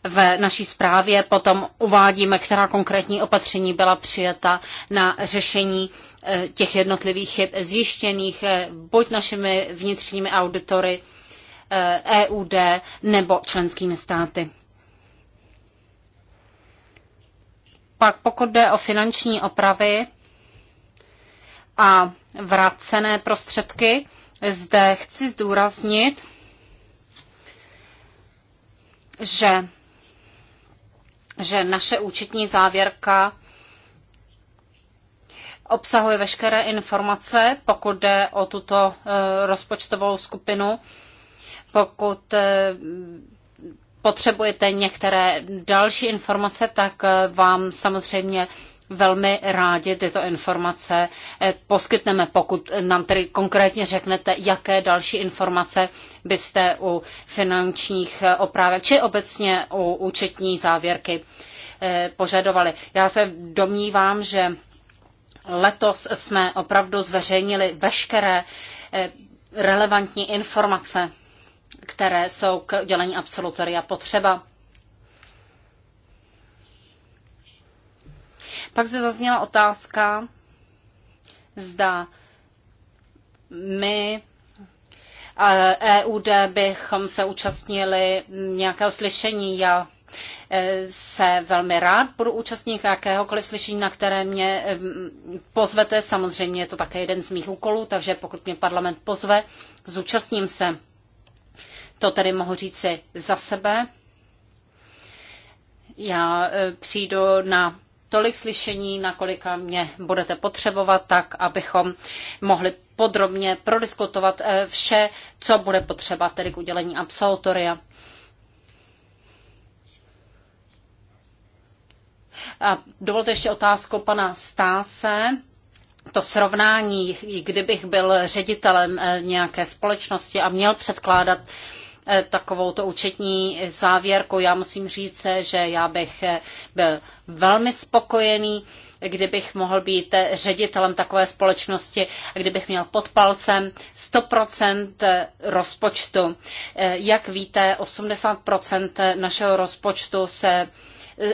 Speaker 2: V naší zprávě potom uvádíme, která konkrétní opatření byla přijata na řešení eh, těch jednotlivých chyb zjištěných eh, buď našimi vnitřními auditory EUD eh, e nebo členskými státy. Pak pokud jde o finanční opravy a vrácené prostředky, zde chci zdůraznit, že že naše účetní závěrka obsahuje veškeré informace, pokud jde o tuto eh, rozpočtovou skupinu. Pokud eh, potřebujete některé další informace, tak eh, vám samozřejmě velmi rádi tyto informace eh, poskytneme, pokud nám tedy konkrétně řeknete, jaké další informace byste u finančních eh, oprávek či obecně u účetní závěrky eh, požadovali. Já se domnívám, že letos jsme opravdu zveřejnili veškeré relevantní informace, které jsou k udělení absolutoria potřeba. Pak zde zazněla otázka, zda my EUD bychom se účastnili nějakého slyšení. Já e, se velmi rád budu účastnit jakéhokoliv slyšení, na které mě e, pozvete. Samozřejmě je to také jeden z mých úkolů, takže pokud mě parlament pozve, zúčastním se. To tedy mohu říci za sebe. Já e, přijdu na tolik slyšení, nakolika mě budete potřebovat, tak abychom mohli podrobně prodiskutovat eh, vše, co bude potřeba tedy k udělení absolutoria. A dovolte ještě otázku pana Stáse to srovnání, kdybych byl ředitelem eh, nějaké společnosti a měl předkládat Eh, takovou to účetní závěrku. Já musím říct, že já bych eh, byl velmi spokojený, kdybych mohl být eh, ředitelem takové společnosti, kdybych měl pod palcem 100% rozpočtu. Jak víte, 80% našeho rozpočtu se E,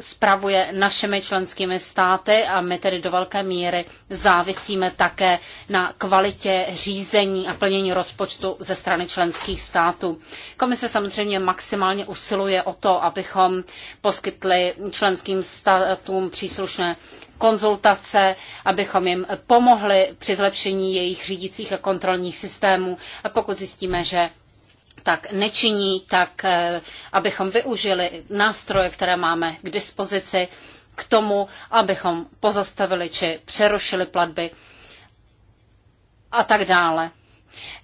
Speaker 2: spravuje našimi členskými státy a my tedy do velké míry závisíme také na kvalitě řízení a plnění rozpočtu ze strany členských států. Komise samozřejmě maximálně usiluje o to, abychom poskytli členským státům příslušné konzultace, abychom jim pomohli při zlepšení jejich řídících a kontrolních systémů. A pokud zjistíme, že tak nečiní, tak eh, abychom využili nástroje, které máme k dispozici k tomu, abychom pozastavili či přerušili platby a tak dále.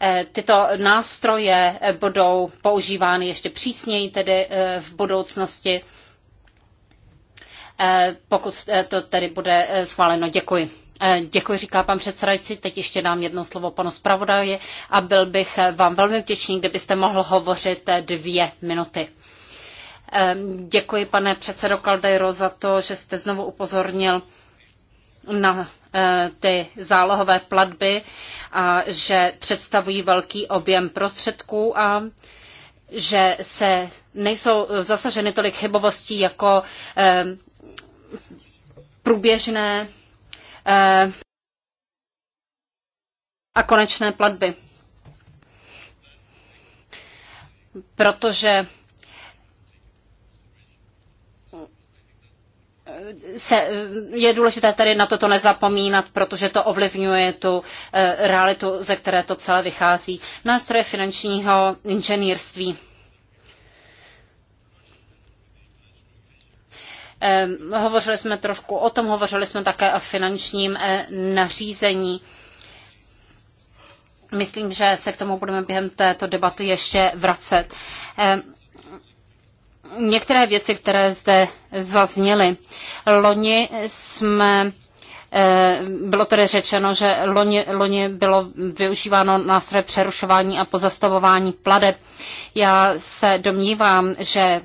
Speaker 2: Eh, tyto nástroje budou používány ještě přísněji tedy eh, v budoucnosti, pokud to tedy bude schváleno. Děkuji. Eh, děkuji, říká pan předsedající. Teď ještě dám jedno slovo panu zpravodaji a byl bych vám velmi vděčný, kdybyste mohl hovořit eh, dvě minuty. Eh, děkuji, pane předsedo Kaldejro, za to, že jste znovu upozornil na ty zálohové platby a že představují velký objem prostředků a že se nejsou zasaženy tolik chybovostí jako průběžné Eh, a konečné platby. Protože se, je důležité tady na toto nezapomínat, protože to ovlivňuje tu eh, realitu, ze které to celé vychází. Nástroje finančního inženýrství. Ehm, hovořili jsme trošku o tom, hovořili jsme také o finančním eh, nařízení. Myslím, že se k tomu budeme během této debaty ještě vracet. Ehm, některé věci, které zde zazněly. Loni jsme Eh, bylo tedy řečeno, že loni, loni bylo využíváno nástroje přerušování a pozastavování pladeb. Já se domnívám, že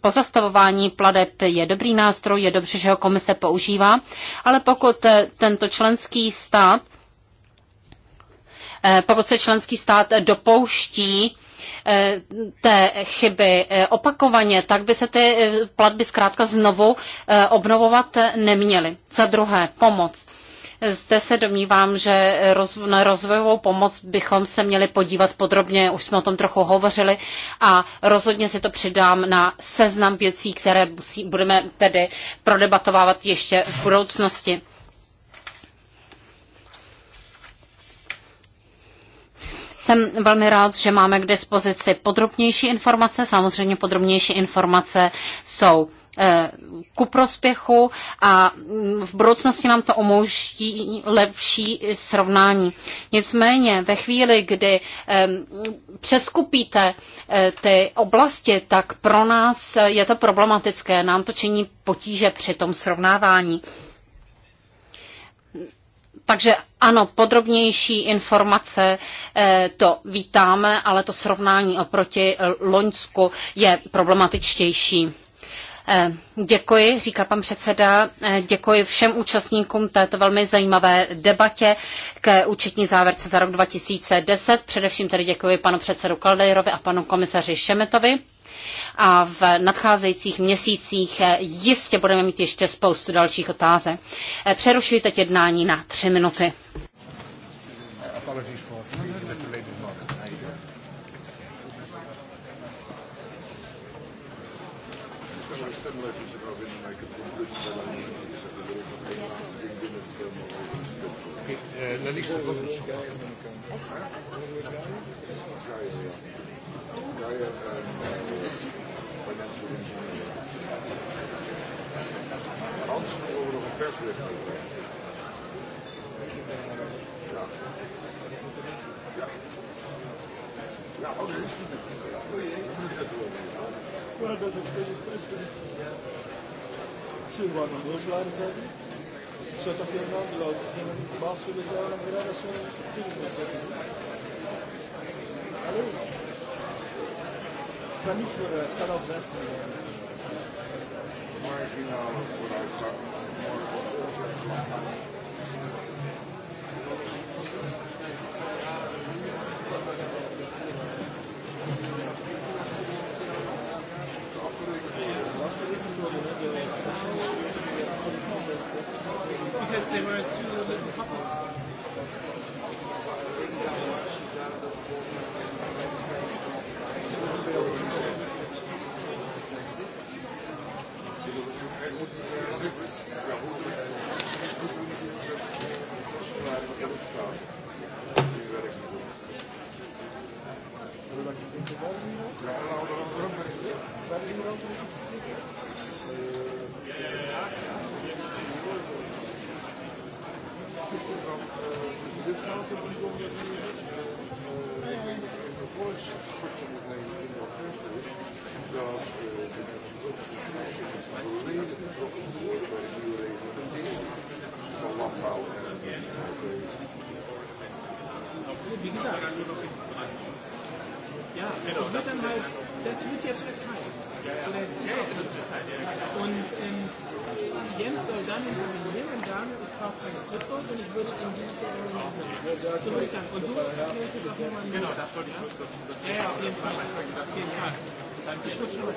Speaker 2: pozastavování pladeb je dobrý nástroj, je dobře, že ho komise používá, ale pokud eh, tento členský stát eh, pokud se členský stát dopouští Eh, té chyby eh, opakovaně, tak by se ty eh, platby zkrátka znovu obnovovat neměly. Za druhé, pomoc. Zde se domnívám, že na rozvojovou pomoc bychom se měli podívat podrobně, už jsme o tom trochu hovořili a rozhodně si to přidám na seznam věcí, které musí, budeme tedy prodebatovávat ještě v budoucnosti. Jsem velmi rád, že máme k dispozici podrobnější informace. Samozřejmě podrobnější informace jsou eh, ku prospěchu a mm, v budoucnosti nám to umožní lepší srovnání. Nicméně ve chvíli, kdy přeskupíte eh, ty oblasti, tak pro nás je to problematické. Nám to činí potíže při tom srovnávání. Takže ano, podrobnější informace eh, to vítáme, ale to srovnání oproti Loňsku je problematičtější. Eh, děkuji, říká pan předseda, eh, děkuji všem účastníkům této velmi zajímavé debatě k účetní závěrce za rok 2010. Především tedy děkuji panu předsedu Kaldejrovi a panu komisaři Šemetovi a v nadcházejících měsících eh, jistě budeme mít ještě spoustu dalších otázek. Eh, přerušuji teď jednání na tři minuty.
Speaker 3: slides ready? So that you know, like, basket is on and we're so Allez. Planning voor uh, vanaf 13.
Speaker 2: Maar ik ging nou voor
Speaker 1: Und ähm, Jens soll dann intervenieren und sagen,
Speaker 3: ich brauche keine Flipboard und ich würde in dieses Jahr So würde ich sagen. Und so erkläre ich das
Speaker 1: auch Genau, das wollte ich Ja, ja, auf jeden Fall. Auf jeden Fall.
Speaker 2: Ich würde schon mal.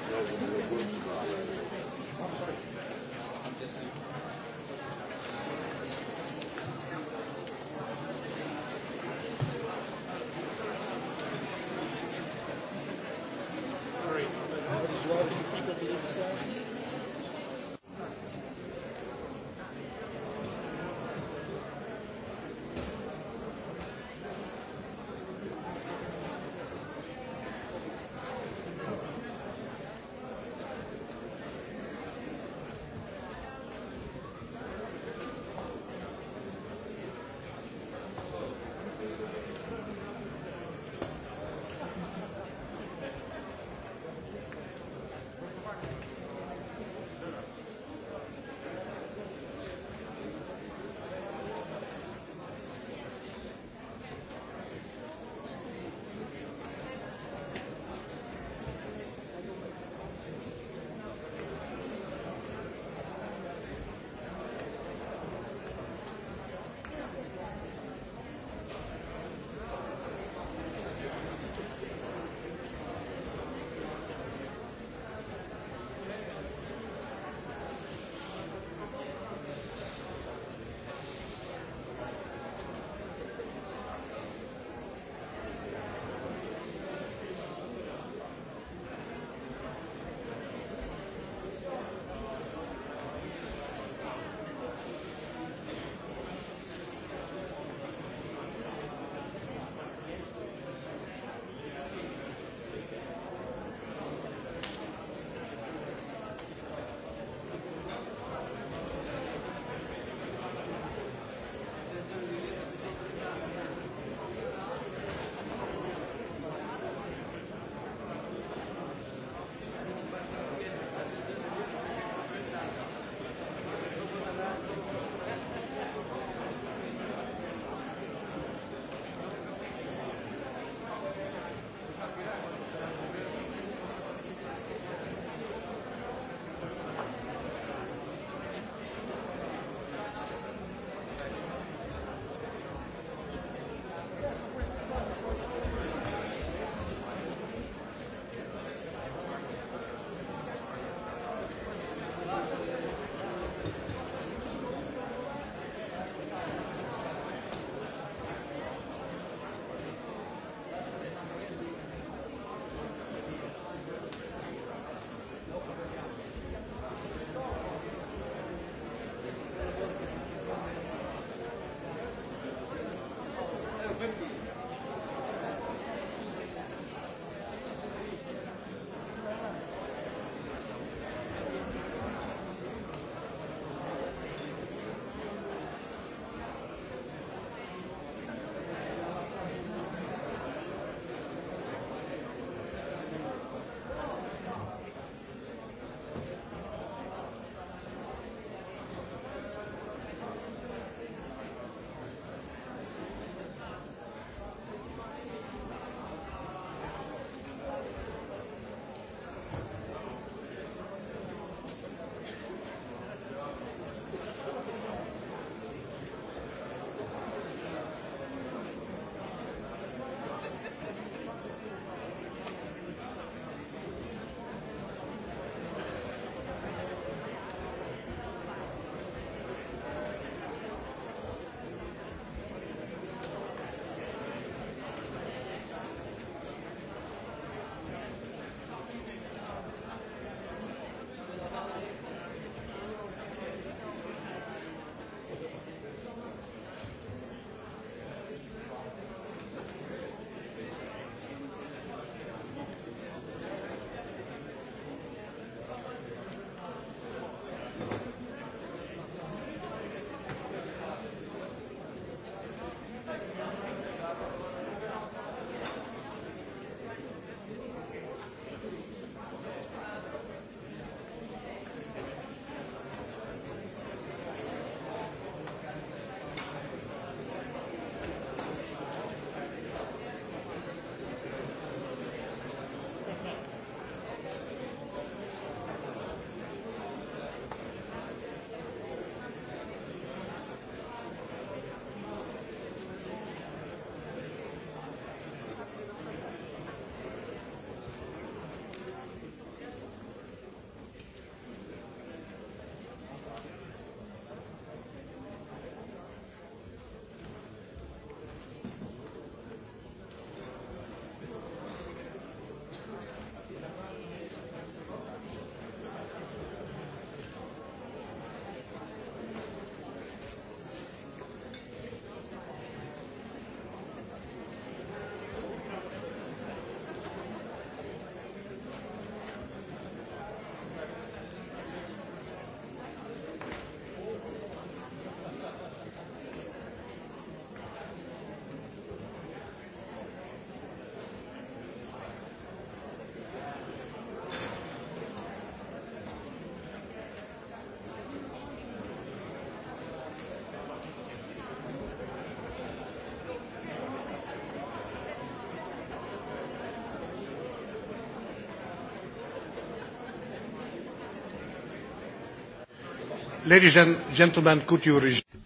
Speaker 2: Ladies and gentlemen, could you...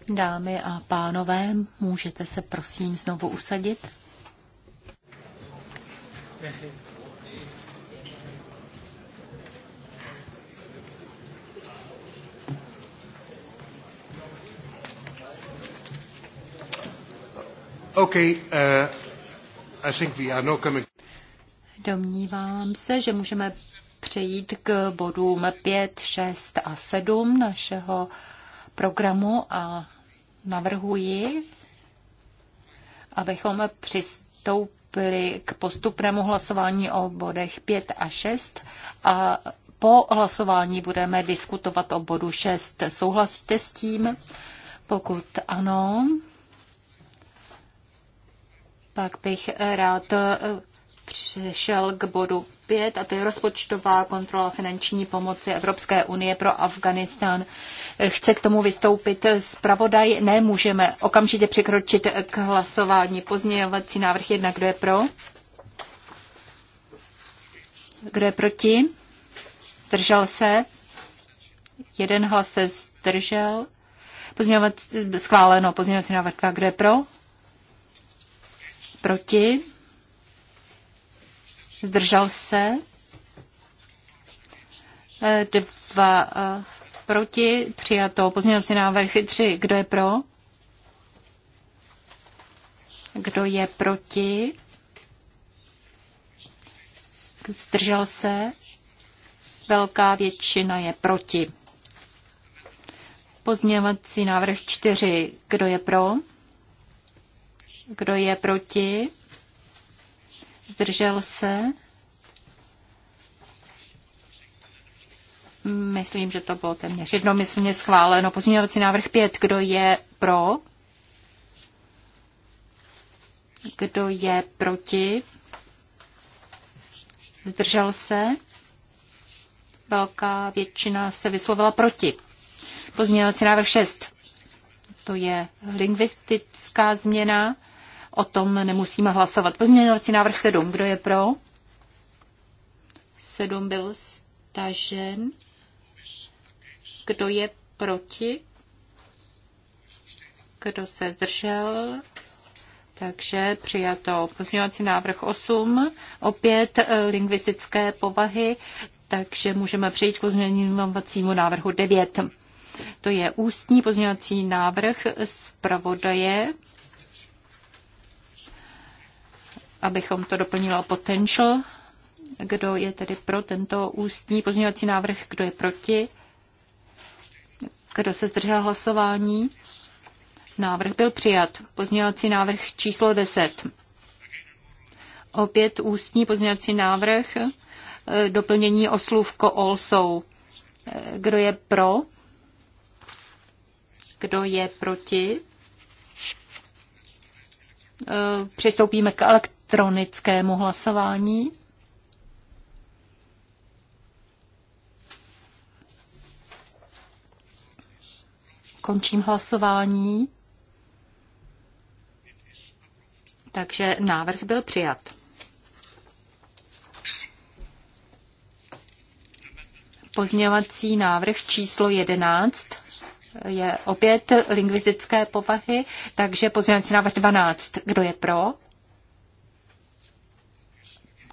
Speaker 3: Dámy a pánové, můžete se prosím znovu usadit?
Speaker 2: Okay, uh, I think we are now coming...
Speaker 3: Domnívám se, že můžeme přejít k bodům 5, 6 a 7 našeho programu a navrhuji, abychom přistoupili k postupnému hlasování o bodech 5 a 6 a po hlasování budeme diskutovat o bodu 6. Souhlasíte s tím? Pokud ano, pak bych rád přešel k bodu 5, a to je rozpočtová kontrola finanční pomoci Evropské unie pro Afganistán. Chce k tomu vystoupit zpravodaj? Ne, můžeme okamžitě překročit k hlasování. Pozměňovací návrh jedna, kdo je pro? Kdo je proti? Držel se? Jeden hlas se zdržel. Pozměňovací, schváleno pozměňovací návrh 2, kdo je pro? Proti? zdržel se, e, dva e, proti, přijato pozměňovací návrh tři Kdo je pro? Kdo je proti? Zdržel se? Velká většina je proti. Pozměňovací návrh čtyři Kdo je pro? Kdo je proti? zdržel se. Myslím, že to bylo téměř jednomyslně schváleno. Pozměňovací návrh 5. Kdo je pro? Kdo je proti? Zdržel se? Velká většina se vyslovila proti. Pozměňovací návrh 6. To je lingvistická změna. O tom nemusíme hlasovat. Pozměňovací návrh 7. Kdo je pro? 7 byl stažen. Kdo je proti? Kdo se držel? Takže přijato pozměňovací návrh 8, opět eh, lingvistické povahy, takže můžeme přejít k pozměňovacímu návrhu 9. To je ústní pozměňovací návrh zpravodaje abychom to doplnilo potential. Kdo je tedy pro tento ústní pozměňovací návrh, kdo je proti? Kdo se zdržel hlasování? Návrh byl přijat. Pozměňovací návrh číslo 10. Opět ústní pozměňovací návrh, eh, doplnění o slůvko also. Eh, kdo je pro? Kdo je proti? Eh, přistoupíme k elektronickému elektronickému hlasování. Končím hlasování. Takže návrh byl přijat. Pozměňovací návrh číslo 11 je opět lingvistické povahy, takže pozměňovací návrh 12. Kdo je pro?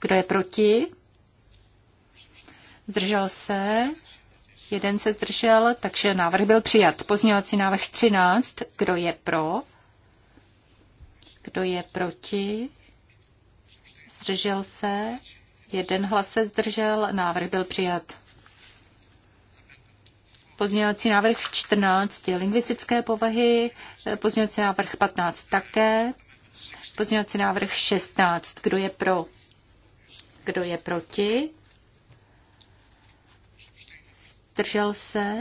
Speaker 3: Kdo je proti? Zdržel se? Jeden se zdržel, takže návrh byl přijat. Pozměňovací návrh 13. Kdo je pro? Kdo je proti? Zdržel se? Jeden hlas se zdržel, návrh byl přijat. Pozměňovací návrh 14 je lingvistické povahy, pozměňovací návrh 15 také, pozměňovací návrh 16. Kdo je pro? Kdo je proti? Zdržel se?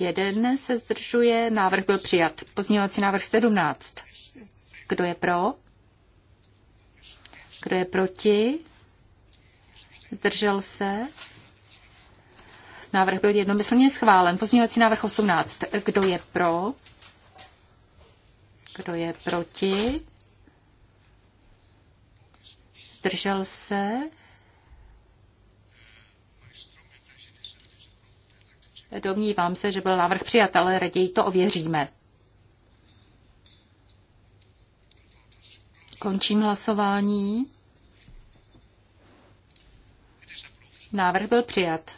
Speaker 3: Jeden se zdržuje. Návrh byl přijat. Pozměňovací návrh 17. Kdo je pro? Kdo je proti? Zdržel se? Návrh byl jednomyslně schválen. Pozměňovací návrh 18. Kdo je pro? Kdo je proti? zdržel se. Domnívám se, že byl návrh přijat, ale raději to ověříme. Končím hlasování. Návrh byl přijat.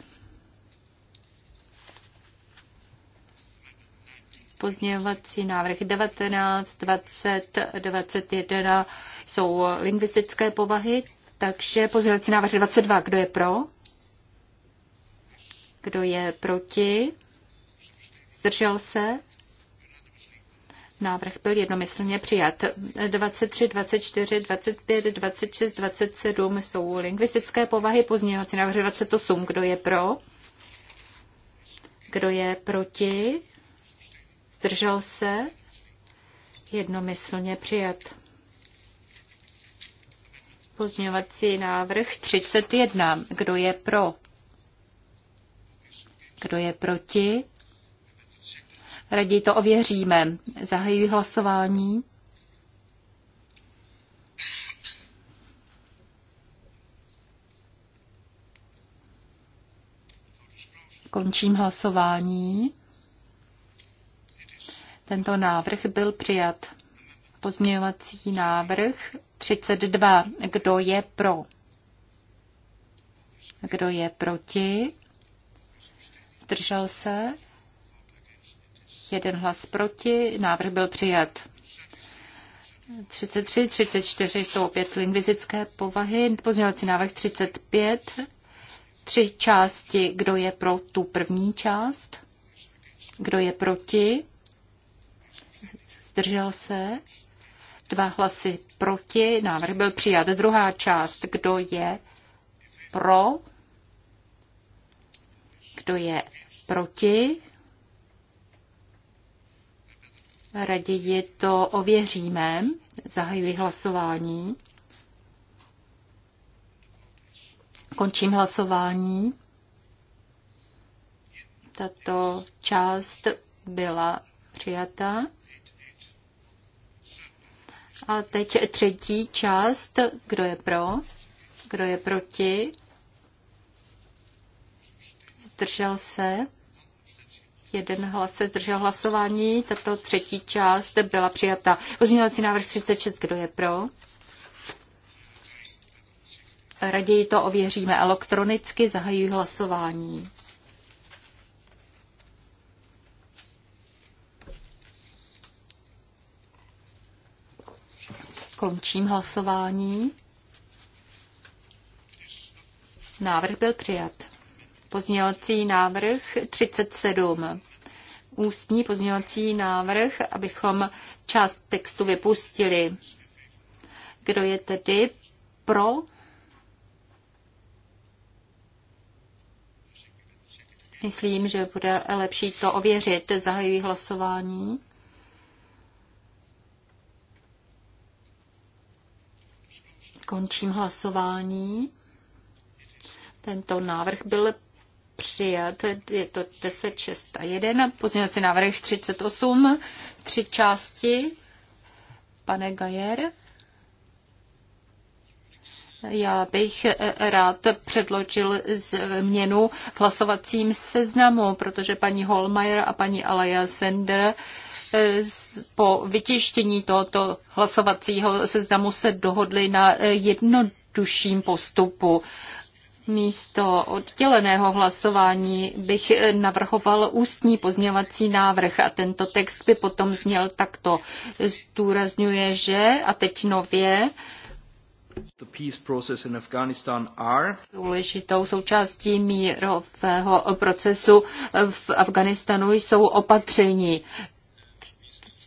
Speaker 3: pozměňovací návrh 19, 20, 21 jsou lingvistické povahy, takže pozměňovací návrh 22, kdo je pro? Kdo je proti? Zdržel se? Návrh byl jednomyslně přijat. 23, 24, 25, 26, 27 jsou lingvistické povahy. Pozměňovací návrh 28. Kdo je pro? Kdo je proti? zdržel se, jednomyslně přijat. Pozměňovací návrh 31. Kdo je pro? Kdo je proti? Raději to ověříme. Zahajuji hlasování. Končím hlasování. Tento návrh byl přijat. Pozměňovací návrh 32. Kdo je pro? Kdo je proti? Zdržel se? Jeden hlas proti. Návrh byl přijat. 33, 34 jsou opět lingvistické povahy. Pozměňovací návrh 35. Tři části. Kdo je pro tu první část? Kdo je proti? zdržel se, dva hlasy proti, návrh byl přijat. Druhá část, kdo je pro, kdo je proti, raději to ověříme, zahajuji hlasování. Končím hlasování. Tato část byla přijata. A teď třetí část. Kdo je pro? Kdo je proti? Zdržel se? Jeden hlas se zdržel hlasování. Tato třetí část byla přijata. Pozměňovací návrh 36. Kdo je pro? Raději to ověříme elektronicky. Zahajuji hlasování. Končím hlasování. Návrh byl přijat. Pozměňovací návrh 37. Ústní pozměňovací návrh, abychom část textu vypustili. Kdo je tedy pro? Myslím, že bude lepší to ověřit. Zahajuji hlasování. Končím hlasování. Tento návrh byl přijat. Je to 10, 6 a 1. Pozměňovací návrh 38. Tři části. Pane Gajer. Já bych rád předložil změnu v hlasovacím seznamu, protože paní Holmeier a paní Alaya Sender Eh, po vytěštění tohoto hlasovacího seznamu se dohodli na eh, jednodušším postupu. Místo odděleného hlasování bych eh, navrhoval ústní pozměňovací návrh a tento text by potom zněl takto. Zdůrazňuje, že, a teď nově, The peace process in Afghanistan are... Důležitou součástí mírového procesu v Afganistanu jsou opatření,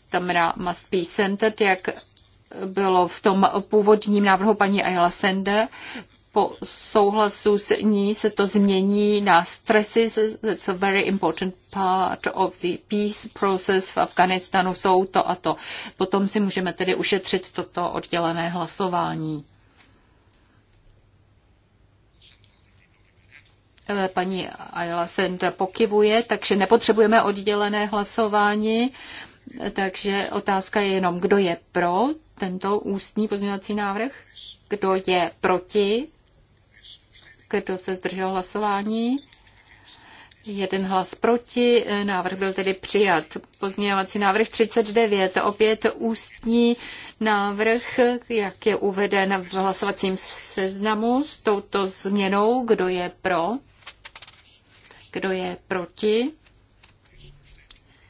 Speaker 3: znamená must be centered, jak bylo v tom původním návrhu paní Ayla Sende. Po souhlasu s ní se to změní na stresses. That's a very important part of the peace process v Afganistanu. Jsou to a to. Potom si můžeme tedy ušetřit toto oddělené hlasování. Eh, paní Ayla Send pokivuje, takže nepotřebujeme oddělené hlasování. Takže otázka je jenom, kdo je pro tento ústní pozměňovací návrh, kdo je proti, kdo se zdržel hlasování. Jeden hlas proti, návrh byl tedy přijat. Pozměňovací návrh 39, opět ústní návrh, jak je uveden v hlasovacím seznamu s touto změnou, kdo je pro, kdo je proti,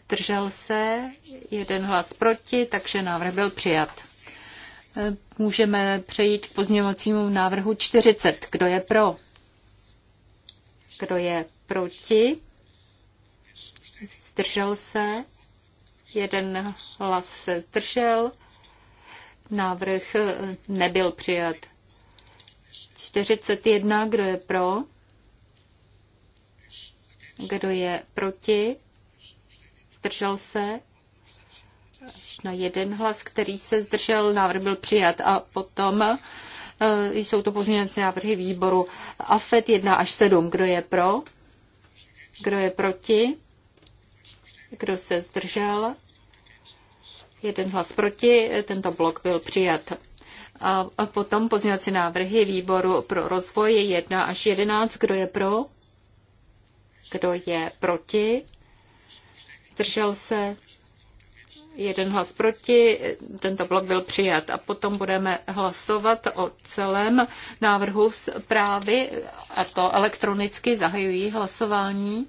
Speaker 3: zdržel se, jeden hlas proti, takže návrh byl přijat. E, můžeme přejít k pozměňovacímu návrhu 40. Kdo je pro? Kdo je proti? Zdržel se? Jeden hlas se zdržel. Návrh e, nebyl přijat. 41. Kdo je pro? Kdo je proti? zdržel se, až na jeden hlas, který se zdržel, návrh byl přijat a potom eh, jsou to pozměňovací návrhy výboru AFET 1 až 7. Kdo je pro? Kdo je proti? Kdo se zdržel? Jeden hlas proti, tento blok byl přijat. A potom pozměňovací návrhy výboru pro rozvoj 1 až 11. Kdo je pro? Kdo je proti? zdržel se, jeden hlas proti, tento blok byl přijat. A potom budeme hlasovat o celém návrhu zprávy, a to elektronicky zahajují hlasování.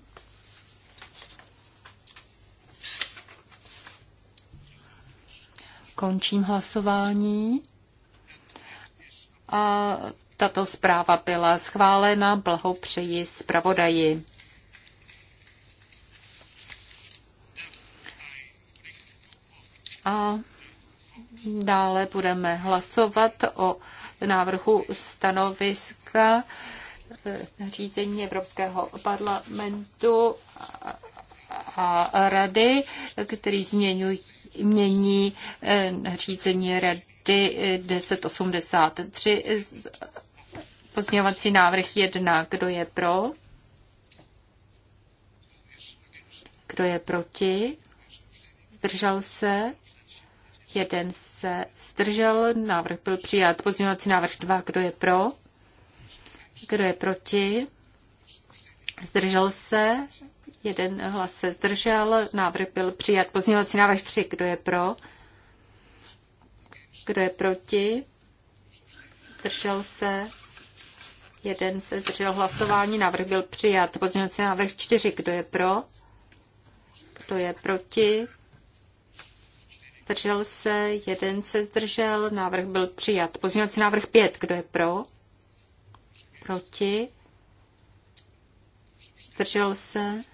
Speaker 3: Končím hlasování. A tato zpráva byla schválena. Blahopřeji zpravodaji. A dále budeme hlasovat o návrhu stanoviska eh, řízení Evropského parlamentu a rady, který změňují, mění eh, řízení rady 1083. Eh, Pozměňovací návrh 1. Kdo je pro? Kdo je proti? Zdržel se? jeden se zdržel, návrh byl přijat. Pozměňovací návrh 2, kdo je pro? Kdo je proti? Zdržel se, jeden hlas se zdržel, návrh byl přijat. Pozměňovací návrh 3, kdo je pro? Kdo je proti? Zdržel se, jeden se zdržel hlasování, návrh byl přijat. Pozměňovací návrh 4, kdo je pro? Kdo je proti? zdržel se, jeden se zdržel, návrh byl přijat. Pozměňovací návrh 5, kdo je pro? Proti? Zdržel se?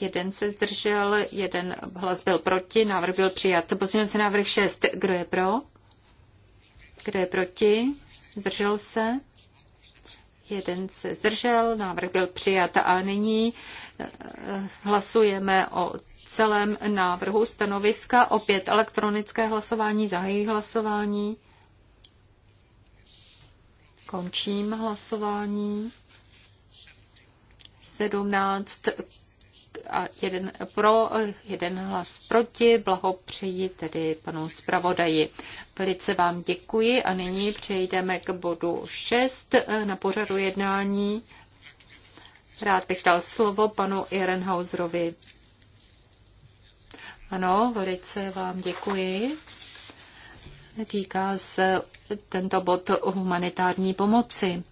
Speaker 3: Jeden se zdržel, jeden hlas byl proti, návrh byl přijat. Pozměňovací návrh 6, kdo je pro? Kdo je proti? Zdržel se? Jeden se zdržel, návrh byl přijat a nyní eh, hlasujeme o celém návrhu stanoviska. Opět elektronické hlasování, zahají hlasování. Končím hlasování. 17 a jeden pro, jeden hlas proti. Blahopřeji tedy panu zpravodaji. Velice vám děkuji a nyní přejdeme k bodu 6 na pořadu jednání. Rád bych dal slovo panu Ehrenhauserovi. Ano, velice vám děkuji. Týká se tento bod o humanitární pomoci.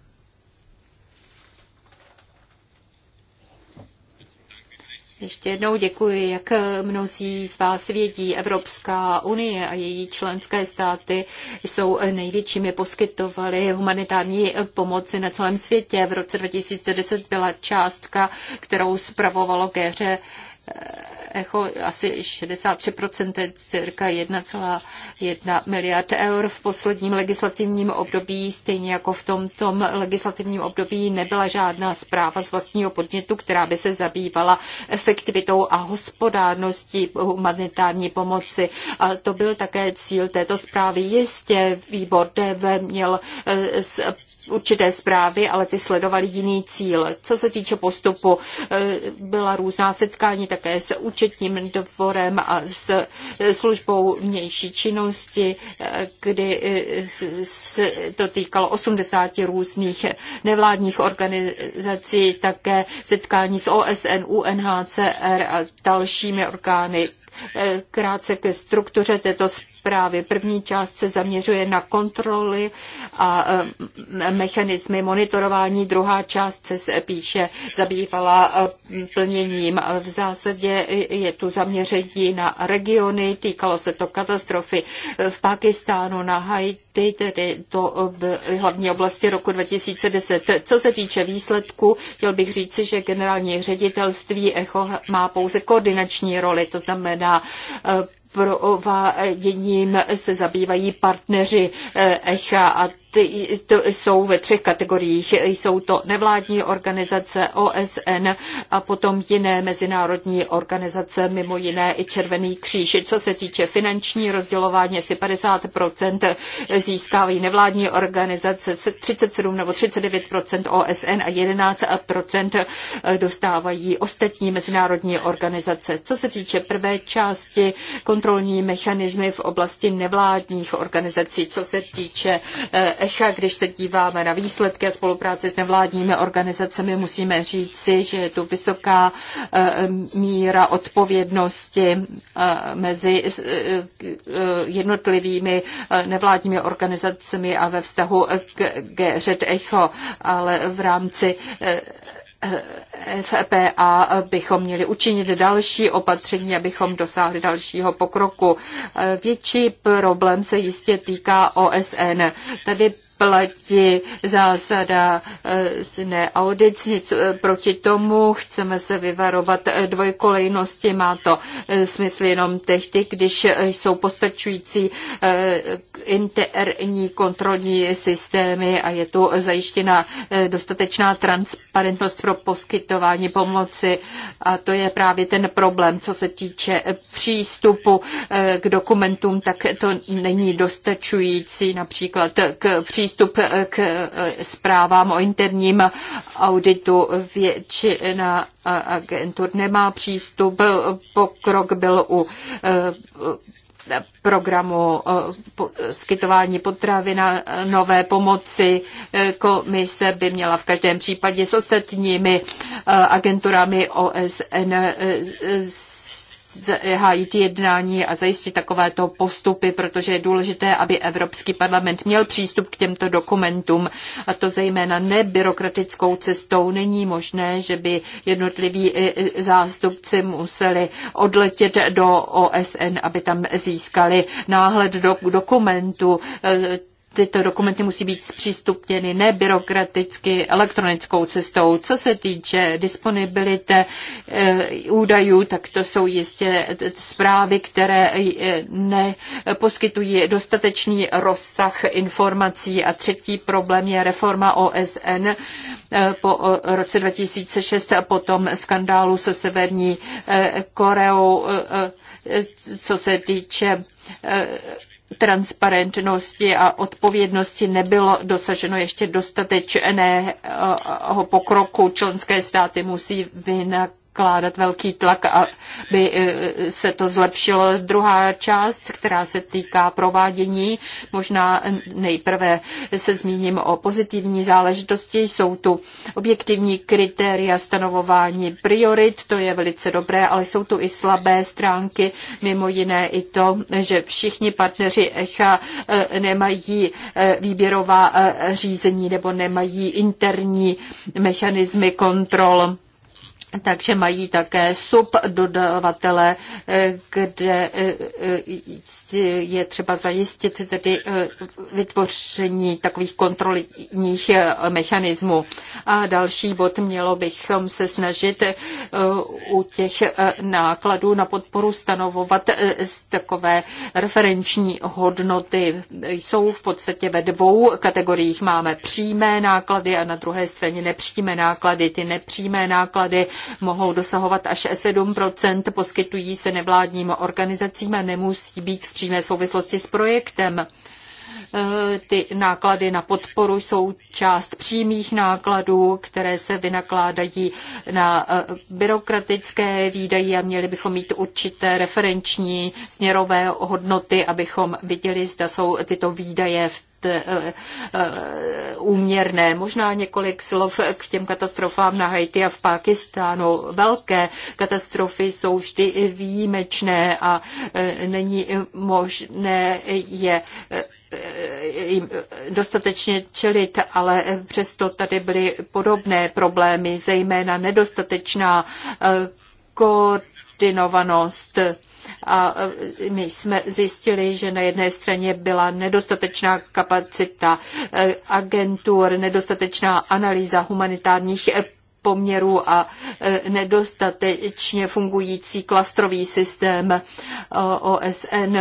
Speaker 3: Ještě jednou děkuji, jak mnozí z vás vědí, Evropská unie a její členské státy jsou největšími poskytovaly humanitární pomoci na celém světě. V roce 2010 byla částka, kterou zpravovalo Géře echo asi 63%, cirka 1,1 miliard eur. V posledním legislativním období, stejně jako v tomto legislativním období, nebyla žádná zpráva z vlastního podnětu, která by se zabývala efektivitou a hospodárností humanitární pomoci. A to byl také cíl této zprávy. Jistě výbor DV měl eh, určité zprávy, ale ty sledovaly jiný cíl. Co se týče postupu, eh, byla různá setkání také se účastníky účetním dvorem a s službou vnější činnosti, kdy se to týkalo 80 různých nevládních organizací, také setkání s OSN, UNHCR a dalšími orgány. Krátce ke struktuře této právě první část se zaměřuje na kontroly a e, mechanismy monitorování, druhá část se píše zabývala e, plněním. V zásadě je tu zaměření na regiony, týkalo se to katastrofy e, v Pakistánu, na Haiti, tedy to byly hlavní oblasti roku 2010. Co se týče výsledku, chtěl bych říci, že generální ředitelství ECHO má pouze koordinační roli, to znamená prováděním se zabývají partneři eh, ECHA a jsou ve třech kategoriích. Jsou to nevládní organizace, OSN a potom jiné mezinárodní organizace, mimo jiné i Červený kříž. Co se týče finanční rozdělování, asi 50% získávají nevládní organizace, 37 nebo 39% OSN a 11% dostávají ostatní mezinárodní organizace. Co se týče prvé části, kontrolní mechanismy v oblasti nevládních organizací, co se týče eh, ECHA, když se díváme na výsledky a spolupráci s nevládními organizacemi, musíme říci, že je tu vysoká eh, míra odpovědnosti eh, mezi eh, jednotlivými nevládními organizacemi a ve vztahu k Řed ECHO, ale v rámci FPA bychom měli učinit další opatření, abychom dosáhli dalšího pokroku. Větší problém se jistě týká OSN. Tady platí zásada eh, neaudic, nic eh, proti tomu, chceme se vyvarovat eh, dvojkolejnosti, má to smysl jenom tehdy, když jsou postačující interní kontrolní systémy a je tu zajištěna dostatečná transparentnost pro poskytování pomoci a to je právě ten problém, co se týče přístupu k dokumentům, tak to není dostačující například k přístupu přístup k zprávám o interním auditu. Většina agentur nemá přístup. Pokrok byl u eh, programu eh, skytování na nové pomoci. Eh, komise by měla v každém případě s ostatními agenturami OSN hájit jednání a zajistit takovéto postupy, protože je důležité, aby Evropský parlament měl přístup k těmto dokumentům a to zejména nebyrokratickou cestou. Není možné, že by jednotliví e, e, zástupci museli odletět do OSN, aby tam získali náhled do dokumentu. E, tyto dokumenty musí být zpřístupněny nebyrokraticky elektronickou cestou. Co se týče disponibility eh, údajů, tak to jsou jistě zprávy, které eh, neposkytují dostatečný rozsah informací. A třetí problém je reforma OSN eh, po roce 2006 a potom skandálu se Severní Koreou, co se týče transparentnosti a odpovědnosti nebylo dosaženo ještě dostatečného pokroku. Členské státy musí vynak kládat velký tlak, aby e, se to zlepšilo. Druhá část, která se týká provádění, možná nejprve se zmíním o pozitivní záležitosti. Jsou tu objektivní kritéria stanovování priorit, to je velice dobré, ale jsou tu i slabé stránky, mimo jiné i to, že všichni partneři ECHA e, nemají e, výběrová řízení nebo nemají interní mechanismy kontrol takže mají také subdodavatele, kde eh, eh, je třeba zajistit tedy eh, vytvoření takových kontrolních mechanismů. A další bod mělo bychom se snažit u těch nákladů na podporu stanovovat z takové referenční hodnoty. Jsou v podstatě ve dvou kategoriích. Máme přímé náklady a na druhé straně nepřímé náklady. Ty nepřímé náklady mohou dosahovat až 7 poskytují se nevládním organizacím a nemusí být v přímé souvislosti s projektem e, ty náklady na podporu jsou část přímých nákladů, které se vynakládají na e, byrokratické výdaje a měli bychom mít určité referenční směrové hodnoty, abychom viděli, zda jsou tyto výdaje v Eh, eh, úměrné. Možná několik slov k těm katastrofám na Haiti a v Pákistánu. Velké katastrofy jsou vždy výjimečné a eh, není možné je jim dostatečně čelit, ale přesto tady byly podobné problémy, zejména nedostatečná koordinovanost a e, my jsme zjistili, že na jedné straně byla nedostatečná kapacita e, agentur, nedostatečná analýza humanitárních e, poměrů a nedostatečně fungující klastrový systém OSN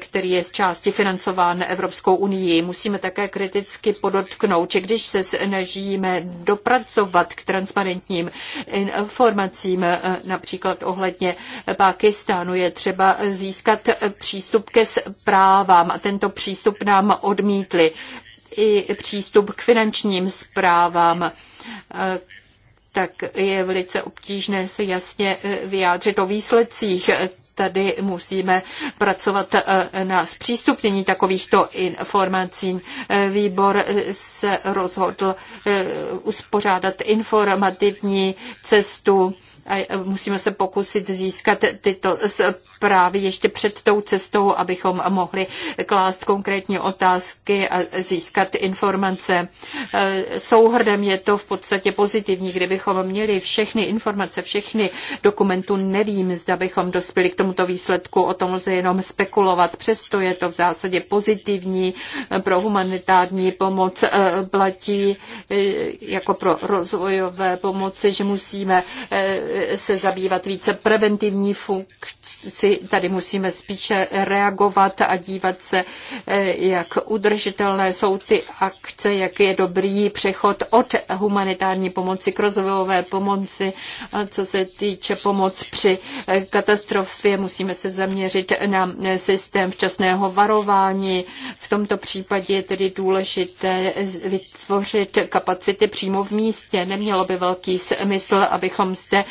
Speaker 3: který je z části financován Evropskou unii. Musíme také kriticky podotknout, že když se snažíme dopracovat k transparentním informacím, například ohledně Pakistánu, je třeba získat přístup ke zprávám a tento přístup nám odmítli. I přístup k finančním zprávám, tak je velice obtížné se jasně vyjádřit o výsledcích tady musíme pracovat eh, na zpřístupnění takovýchto informací. Eh, výbor eh, se rozhodl uspořádat informativní cestu a musíme se pokusit získat tyto právě ještě před tou cestou, abychom mohli klást konkrétní otázky a získat informace. Eh, souhrdem je to v podstatě pozitivní, kdybychom měli všechny informace, všechny dokumentů. Nevím, zda bychom dospěli k tomuto výsledku, o tom lze jenom spekulovat. Přesto je to v zásadě pozitivní eh, pro humanitární pomoc. Eh, platí jako pro rozvojové pomoci, že musíme se zabývat více preventivní funkci asi tady musíme spíše reagovat a dívat se, eh, jak udržitelné jsou ty akce, jak je dobrý přechod od humanitární pomoci k rozvojové pomoci. A co se týče pomoc při eh, katastrofě, musíme se zaměřit na eh, systém včasného varování. V tomto případě je tedy důležité vytvořit kapacity přímo v místě. Nemělo by velký smysl, abychom zde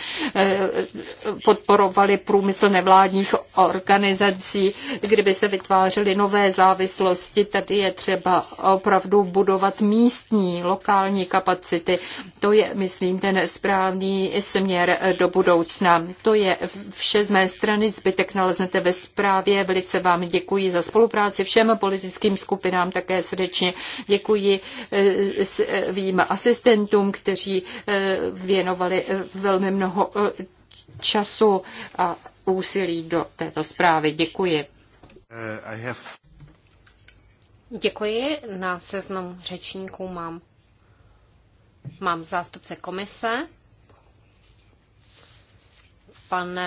Speaker 3: podporovali průmysl nevládní nevládních organizací, kdyby se vytvářely nové závislosti. Tady je třeba opravdu budovat místní, lokální kapacity. To je, myslím, ten správný směr do budoucna. To je vše z mé strany. Zbytek naleznete ve zprávě. Velice vám děkuji za spolupráci všem politickým skupinám. Také srdečně děkuji eh, svým eh, asistentům, kteří eh, věnovali velmi mnoho času a úsilí do této zprávy. Děkuji.
Speaker 2: Uh, have... Děkuji. Na seznam řečníků mám, mám zástupce komise, pan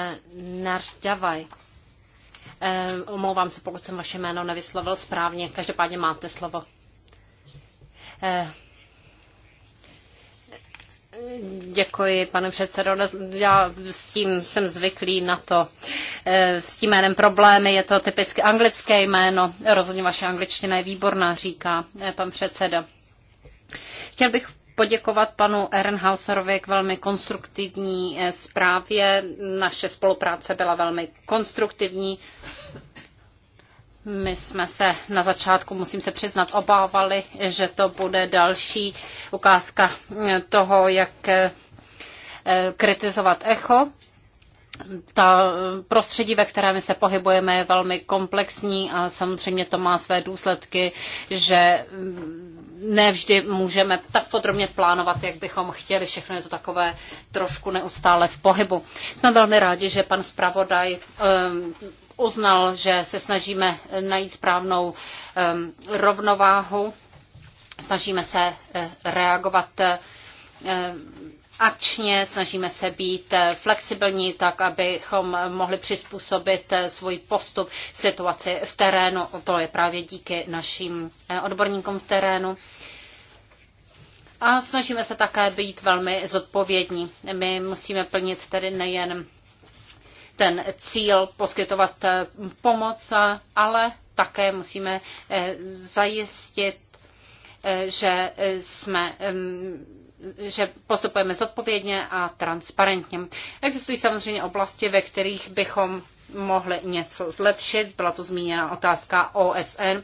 Speaker 2: Nardavaj. Eh, omlouvám se, pokud jsem vaše jméno nevyslovil správně. Každopádně máte slovo. Eh, Děkuji, pane předsedo. Já s tím jsem zvyklý na to. Eh, s tím jménem problémy je to typicky anglické jméno. Rozhodně vaše angličtina je výborná, říká eh, pan předseda. Chtěl bych poděkovat panu Ehrenhauserovi k velmi konstruktivní eh, zprávě. Naše spolupráce byla velmi konstruktivní my jsme se na začátku, musím se přiznat, obávali, že to bude další ukázka eh, toho, jak eh, eh, kritizovat echo. Ta prostředí, ve kterém se pohybujeme, je velmi komplexní a samozřejmě to má své důsledky, že mm, nevždy můžeme tak podrobně plánovat, jak bychom chtěli. Všechno je to takové trošku neustále v pohybu. Jsme velmi rádi, že pan zpravodaj uznal, že se snažíme najít správnou ehm, rovnováhu, snažíme se eh, reagovat eh, akčně, snažíme se být eh, flexibilní, tak abychom mohli přizpůsobit svůj postup situaci v terénu. To je právě díky našim odborníkům v terénu. A snažíme se také být velmi zodpovědní. My musíme plnit tedy nejen ten cíl poskytovat eh, pomoc, ale také musíme eh, zajistit, eh, že jsme že postupujeme zodpovědně a transparentně. Existují samozřejmě oblasti, ve kterých bychom mohli něco zlepšit. Byla to zmíněna otázka OSN,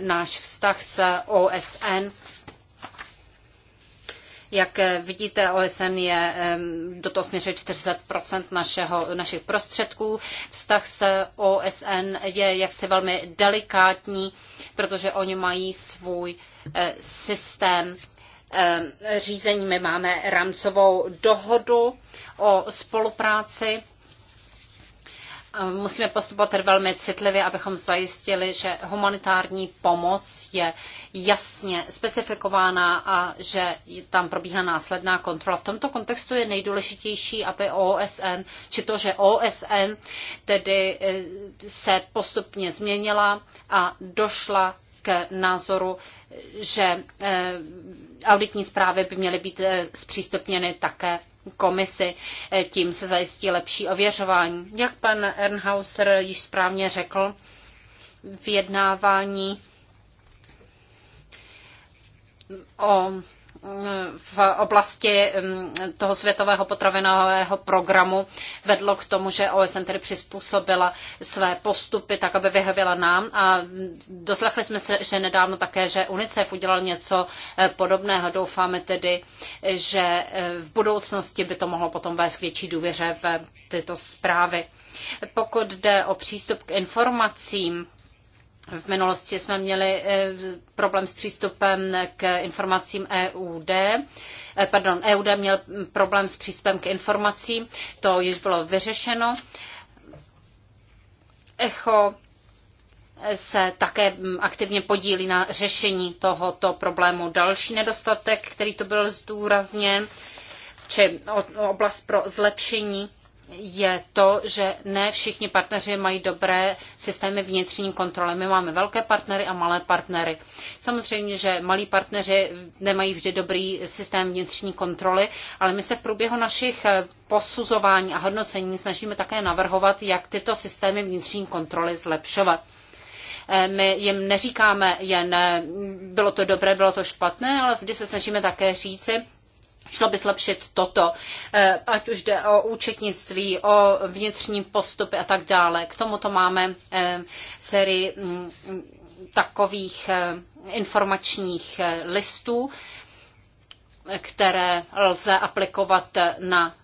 Speaker 2: náš vztah s OSN jak eh, vidíte, OSN je do toho směřuje 40 našeho, našich prostředků. Vztah s OSN je jaksi velmi delikátní, protože oni mají svůj eh, systém řízení. My máme rámcovou dohodu o spolupráci musíme postupovat velmi citlivě, abychom zajistili, že humanitární pomoc je jasně specifikována a že tam probíhá následná kontrola. V tomto kontextu je nejdůležitější, aby OSN, či to, že OSN tedy eh, se postupně změnila a došla k názoru, že eh, auditní zprávy by měly být eh, zpřístupněny také komisi, eh, tím se zajistí lepší ověřování. Jak pan Ernhauser již správně řekl, vyjednávání o v oblasti mm, toho světového potravinového programu vedlo k tomu, že OSN tedy přizpůsobila své postupy tak, aby vyhověla nám a doslechli jsme se, že nedávno také, že UNICEF udělal něco eh, podobného. Doufáme tedy, že eh, v budoucnosti by to mohlo potom vést k větší důvěře ve tyto zprávy. Pokud jde o přístup k informacím, v minulosti jsme měli eh, problém s přístupem k informacím EUD. Eh, pardon, EUD měl problém s přístupem k informacím, to již bylo vyřešeno. ECHO eh, se také mm, aktivně podílí na řešení tohoto problému. Další nedostatek, který to byl zdůrazněn, či oblast pro zlepšení je to, že ne všichni partneři mají dobré systémy vnitřní kontroly. My máme velké partnery a malé partnery. Samozřejmě, že malí partneři nemají vždy dobrý systém vnitřní kontroly, ale my se v průběhu našich eh, posuzování a hodnocení snažíme také navrhovat, jak tyto systémy vnitřní kontroly zlepšovat eh, my jim neříkáme jen eh, bylo to dobré, bylo to špatné, ale vždy se snažíme také říci, šlo by zlepšit toto, eh, ať už jde o účetnictví, o vnitřní postupy a tak dále. K tomuto máme eh, sérii mm, takových eh, informačních listů, které lze aplikovat na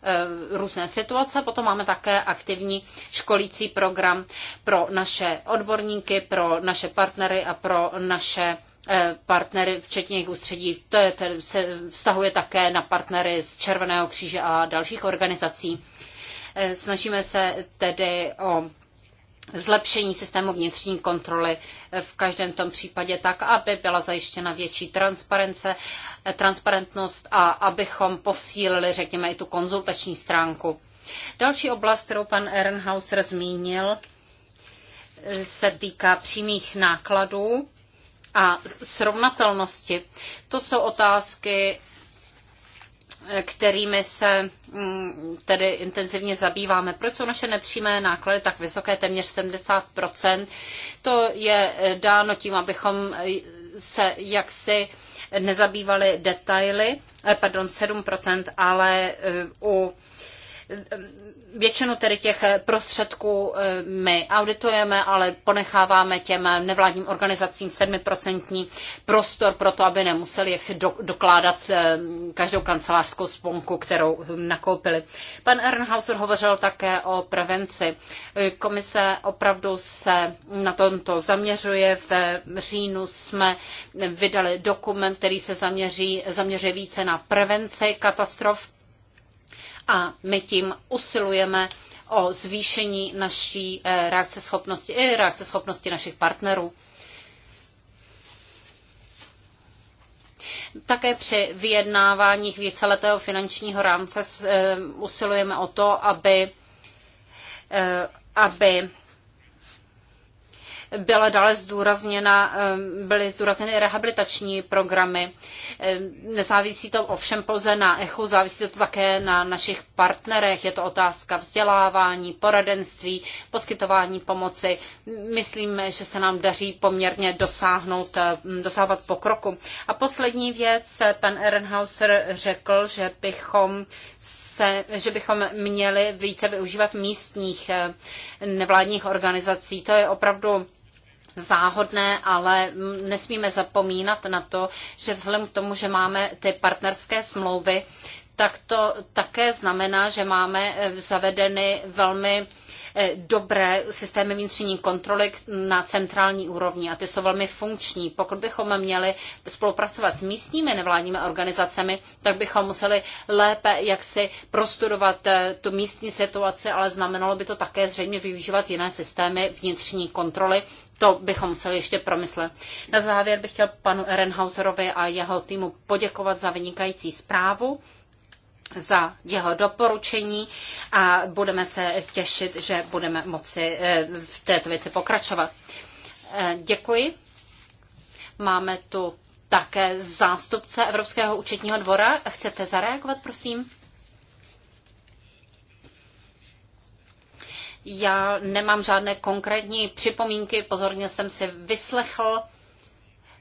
Speaker 2: různé situace. Potom máme také aktivní školící program pro naše odborníky, pro naše partnery a pro naše Eh, partnery, včetně jejich ústředí. To je, se vztahuje také na partnery z Červeného kříže a dalších organizací. Eh, snažíme se tedy o zlepšení systému vnitřní kontroly eh, v každém tom případě tak, aby byla zajištěna větší transparence, transparentnost a abychom posílili, řekněme, i tu konzultační stránku. Další oblast, kterou pan Ehrenhauser zmínil, se týká přímých nákladů a srovnatelnosti. To jsou otázky, kterými se mm, tedy intenzivně zabýváme. Proč jsou naše nepřímé náklady tak vysoké, téměř 70%? To je eh, dáno tím, abychom eh, se jaksi nezabývali detaily, eh, pardon, 7%, ale u Většinu tedy těch prostředků eh, my auditujeme, ale ponecháváme těm nevládním organizacím 7% prostor pro to, aby nemuseli jaksi dokládat eh, každou kancelářskou sponku, kterou hm, nakoupili. Pan Ernhauser hovořil také o prevenci. Eh, komise opravdu se na tomto zaměřuje. V říjnu jsme vydali dokument, který se zaměří, zaměřuje více na prevenci katastrof a my tím usilujeme o zvýšení naší eh, reakce schopnosti i eh, reakce schopnosti našich partnerů. Také při vyjednávání víceletého finančního rámce eh, usilujeme o to, aby, aby byla dále zdůrazněna, byly zdůrazněny rehabilitační programy. Nezávisí to ovšem pouze na echu, závisí to také na našich partnerech. Je to otázka vzdělávání, poradenství, poskytování pomoci. Myslím, že se nám daří poměrně dosáhnout, dosávat pokroku. A poslední věc, pan Ehrenhauser řekl, že bychom se, že bychom měli více využívat místních nevládních organizací. To je opravdu záhodné, ale mm, nesmíme zapomínat na to, že vzhledem k tomu, že máme ty partnerské smlouvy, tak to také znamená, že máme eh, zavedeny velmi eh, dobré systémy vnitřní kontroly na centrální úrovni a ty jsou velmi funkční. Pokud bychom měli spolupracovat s místními nevládními organizacemi, tak bychom museli lépe jaksi prostudovat eh, tu místní situaci, ale znamenalo by to také zřejmě využívat jiné systémy vnitřní kontroly, to bychom museli ještě promyslet. Na závěr bych chtěl panu Erenhauserovi a jeho týmu poděkovat za vynikající zprávu za jeho doporučení a budeme se těšit, že budeme moci eh, v této věci pokračovat. Eh, děkuji. Máme tu také zástupce Evropského účetního dvora. Chcete zareagovat, prosím? Já nemám žádné konkrétní připomínky, pozorně jsem si vyslechl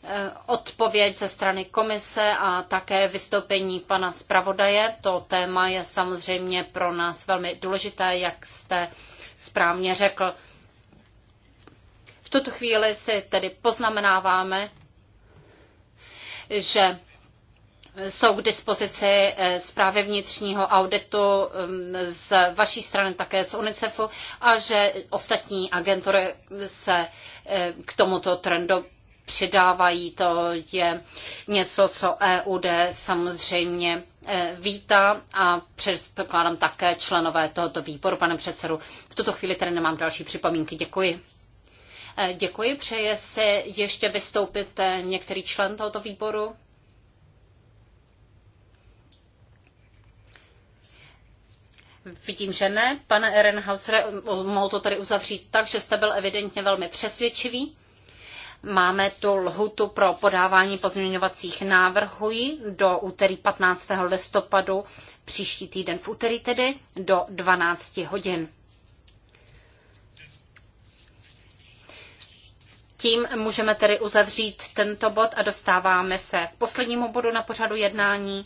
Speaker 2: eh, odpověď ze strany komise a také vystoupení pana zpravodaje. To téma je samozřejmě pro nás velmi důležité, jak jste správně řekl. V tuto chvíli si tedy poznamenáváme, že jsou k dispozici eh, zprávy vnitřního auditu mm, z vaší strany také z UNICEFu a že ostatní agentury se eh, k tomuto trendu přidávají. To je něco, co EUD samozřejmě eh, vítá a předpokládám také členové tohoto výboru, pane předsedu. V tuto chvíli tedy nemám další připomínky. Děkuji. Děkuji. Přeje se ještě vystoupit některý člen tohoto výboru? Vidím, že ne. Pane Ehrenhausere, mohu to tady uzavřít tak, že jste byl evidentně velmi přesvědčivý. Máme tu lhutu pro podávání pozměňovacích návrhů do úterý 15. listopadu, příští týden v úterý tedy, do 12 hodin. Tím můžeme tedy uzavřít tento bod a dostáváme se k poslednímu bodu na pořadu jednání,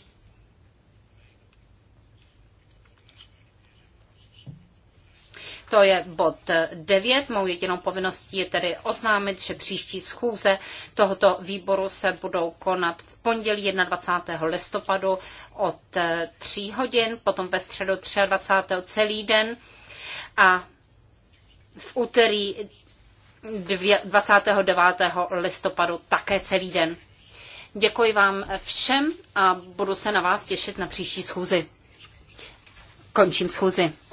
Speaker 2: to je bod 9. Mou jedinou povinností je tedy oznámit, že příští schůze tohoto výboru se budou konat v pondělí 21. listopadu od 3 hodin, potom ve středu 23. celý den a v úterý 29. listopadu také celý den. Děkuji vám všem a budu se na vás těšit na příští schůzi. Končím schůzi.